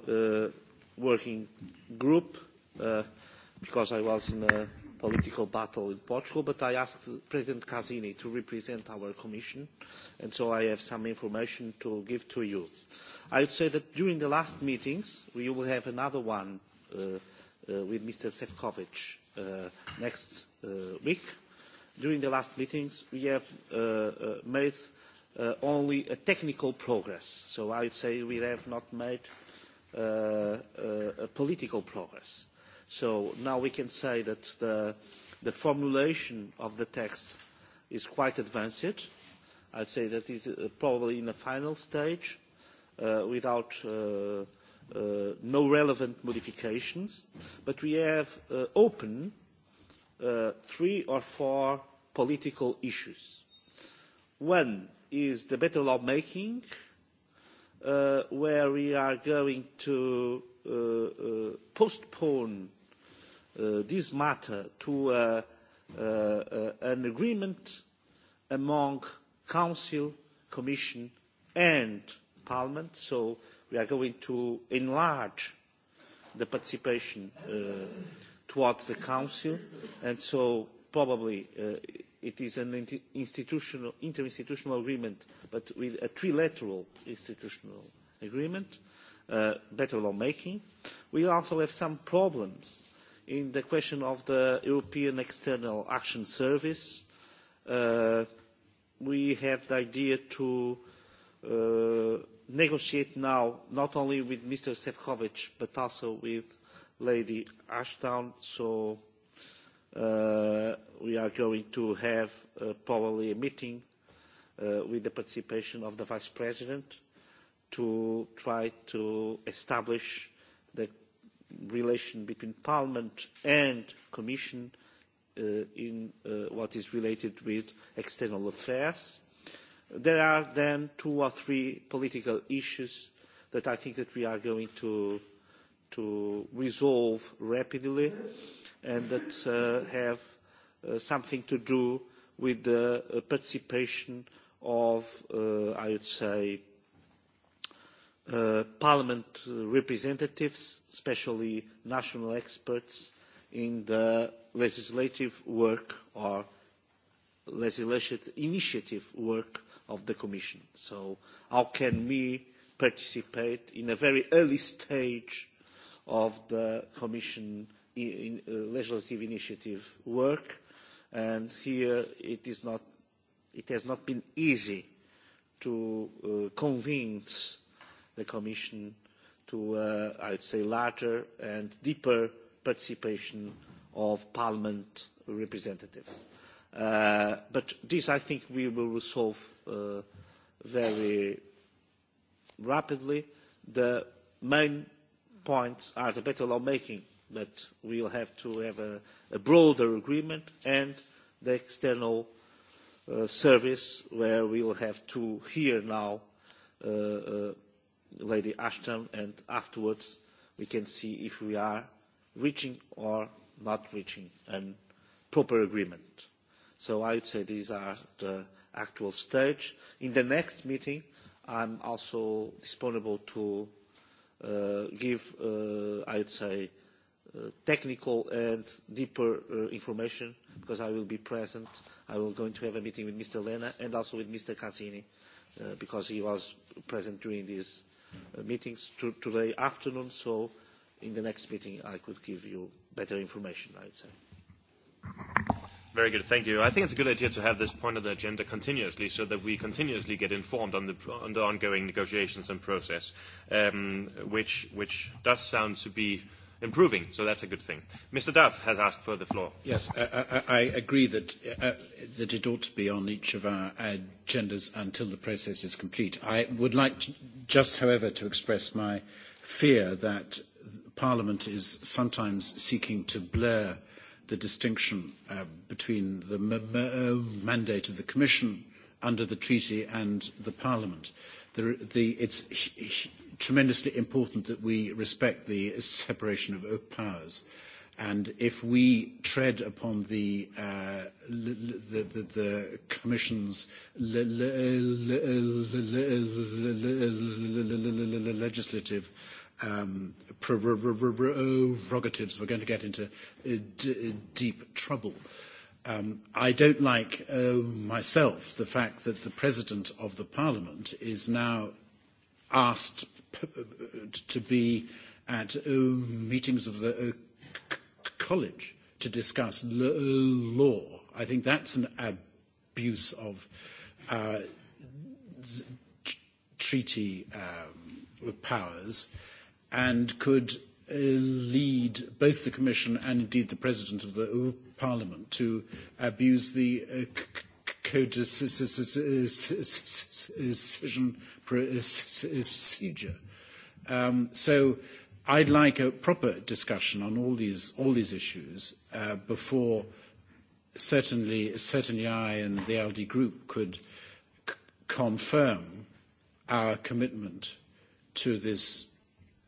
uh, working group uh, because I was in a political battle in Portugal, but I asked President Casini to represent our Commission, and so I have some information to give to you. I would say that during the last meetings, we will have another one uh, uh, with Mr. Sefcovic uh, next uh, week. During the last meetings, we have uh, uh, made uh, only a technical progress. So I would say we have not made uh, uh, a political progress So now we can say that the, the formulation of the text is quite advanced. I'd say that is uh, probably in a final stage uh, without uh, uh, no relevant modifications, but we have uh, open uh, three or four political issues. One is the better lawmaking, uh, where we are going to uh, uh, postpone uh, this matter to uh, uh, uh, an agreement among Council, Commission and Parliament. So we are going to enlarge the participation uh, towards the Council and so probably uh, it is an institutional, interinstitutional agreement but with a trilateral institutional agreement, uh, better lawmaking. We also have some problems in the question of the European External Action Service, uh, we have the idea to uh, negotiate now not only with Mr. Sefcovic but also with Lady Ashton. So uh, we are going to have uh, probably a meeting uh, with the participation of the Vice President to try to establish relation between Parliament and Commission uh, in uh, what is related with external affairs. There are then two or three political issues that I think that we are going to, to resolve rapidly and that uh, have uh, something to do with the uh, participation of, uh, I would say, uh, Parliament representatives, especially national experts in the legislative work or legislative initiative work of the Commission. So how can we participate in a very early stage of the Commission in, uh, legislative initiative work? And here it, is not, it has not been easy to uh, convince uh, the Commission to, uh, I would say, larger and deeper participation of Parliament representatives. Uh, but this, I think, we will resolve uh, very rapidly. The main points are the better lawmaking, but we will have to have a, a broader agreement and the external uh, service where we will have to hear now uh, uh, Lady Ashton, and afterwards we can see if we are reaching or not reaching a proper agreement. So I would say these are the actual stage. In the next meeting, I'm also disponible to uh, give, uh, I would say, uh, technical and deeper uh, information because I will be present. I will going to have a meeting with Mr. Lena and also with Mr. Cassini uh, because he was present during this uh, Uh, meetings to, today afternoon, so in the next meeting I could give you better information, I'd say. Very good. Thank you. I think it's a good idea to have this point of the agenda continuously so that we continuously get informed on the, on the ongoing negotiations and process, um, which, which does sound to be uh, improving, so that's a good thing. Mr. Duff has asked for the floor. Yes, I, I, I agree that, uh, that it ought to be on each of our agendas until the process is complete. I would like to, just, however, to express my fear that Parliament is sometimes seeking to blur the distinction uh, between the m- m- uh, mandate of the Commission under the treaty and the Parliament. The, the, it's h- h- tremendously important that we respect the separation of powers. And if we tread upon the, uh, the, the, the Commission's legislative um, prerogatives, we're going to get into uh, d- uh, deep trouble. Um, I don't like uh, myself the fact that the President of the Parliament is now asked p- uh, to be at uh, meetings of the uh, c- college to discuss l- uh, law. I think that's an abuse of uh, t- treaty um, powers and could uh, lead both the Commission and indeed the President of the uh, Parliament to abuse the uh, c- co-decision procedure. Um, so I'd like a proper discussion on all these, all these issues uh, before certainly, certainly I and the ALDE group could c- confirm our commitment to this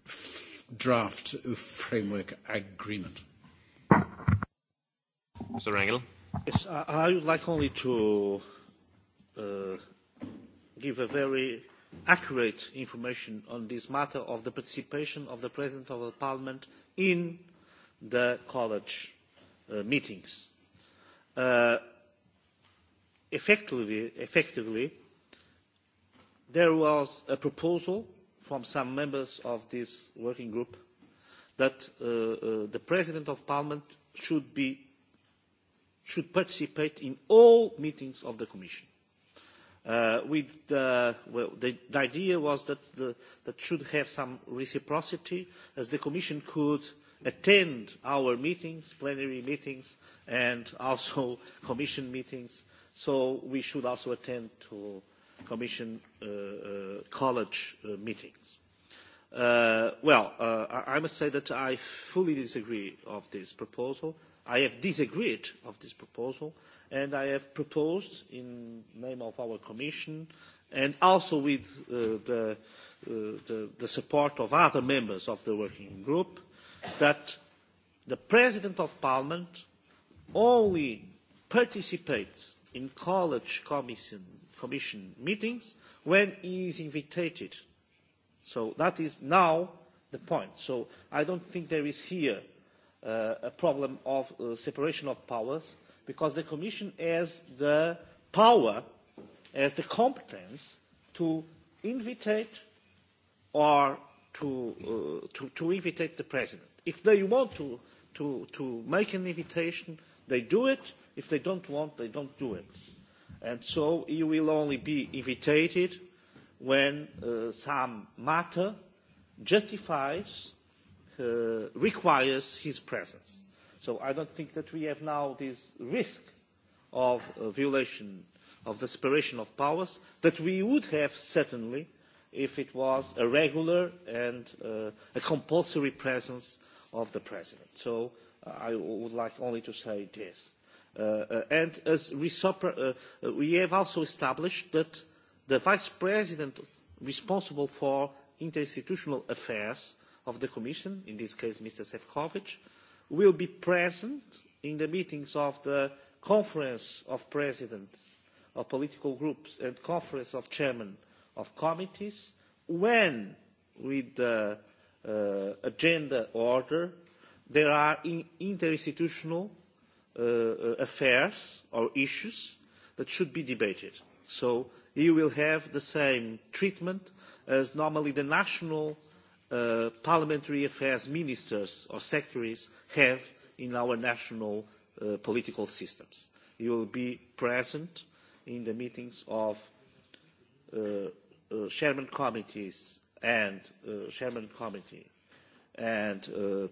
f- draft framework agreement. Mr. Rangel. Yes, I, I would like only to uh, give a very accurate information on this matter of the participation of the President of the Parliament in the college uh, meetings. Uh, effectively, effectively, there was a proposal from some members of this working group that uh, uh, the President of Parliament should be should participate in all meetings of the Commission. Uh, with the, uh, well, the, the idea was that the, that should have some reciprocity, as the Commission could attend our meetings, plenary meetings, and also Commission meetings. So we should also attend to Commission uh, uh, college uh, meetings. Uh, well, uh, I, I must say that I fully disagree of this proposal. Uh, I have disagreed of this proposal, and I have proposed, in name of our Commission, and also with uh, the, uh, the, the support of other members of the working group, that the President of Parliament only participates in college commission, commission meetings when he is invited. So that is now the point. So I don't think there is here uh, uh, a problem of uh, separation of powers because the Commission has the power, has the competence to invitate or to, uh, to, to invitate the President. If they want to, to, to make an invitation, they do it. If they don't want, they don't do it. And so you will only be invitated when uh, some matter justifies uh, requires his presence. So I don't think that we have now this risk of uh, violation of the separation of powers that we would have certainly if it was a regular and uh, a compulsory presence of the president. So uh, I would like only to say this. Uh, uh, and as we, super, uh, uh, we have also established that the vice president responsible for interinstitutional affairs of the Commission, in this case Mr. Sefcovic, will be present in the meetings of the Conference of Presidents of Political Groups and Conference of Chairmen of Committees when, with the uh, agenda order, there are in interinstitutional uh, uh affairs or issues that should be debated. So you will have the same treatment as normally the national uh, uh, parliamentary affairs ministers or secretaries have in our national uh, political systems. You will be present in the meetings of uh, uh, chairman committees and uh, chairman committee and uh,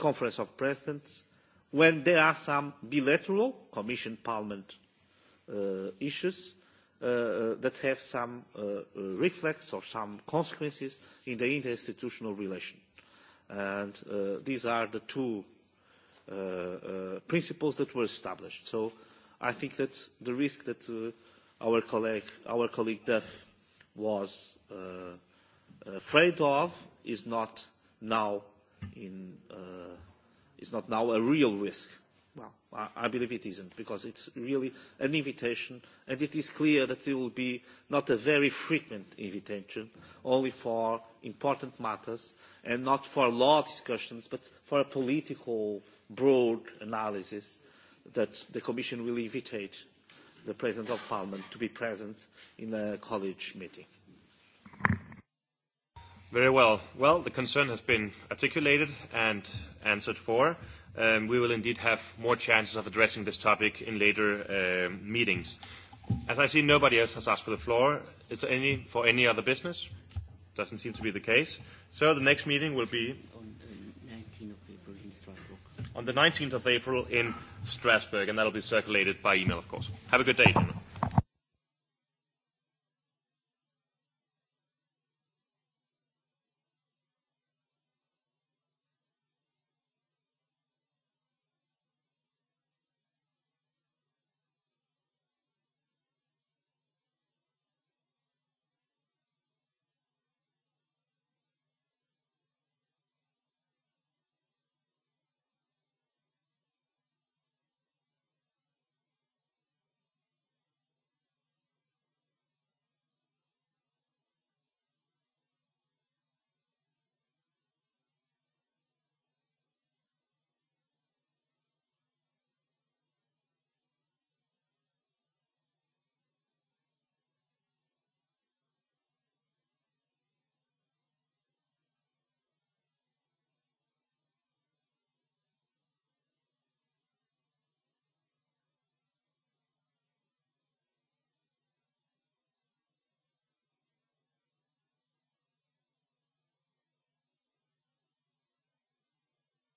conference of presidents when there are some bilateral commission parliament uh, issues Uh, uh, that have some uh, uh, reflex or some consequences in the interinstitutional relation. And uh, these are the two uh, uh, principles that were established. So I think that the risk that uh, our colleague, our colleague Duff was uh, uh afraid of is not now in, uh, is not now a real risk. Well, I, I believe it isn't, because it's really an invitation, and it is clear that it will be not a very frequent invitation, only for important matters, and not for law discussions, but for a political, broad analysis that the Commission will invite the President of Parliament to be present in a college meeting. Very well. Well, the concern has been articulated and answered for um, we will indeed have more chances of addressing this topic in later uh, meetings. As I see, nobody else has asked for the floor. Is there any for any other business? Doesn't seem to be the case. So the next meeting will be on the 19th uh, of April in Strasbourg. On the 19th of April in Strasbourg, and that'll be circulated by email, of course. Have a good day, gentlemen.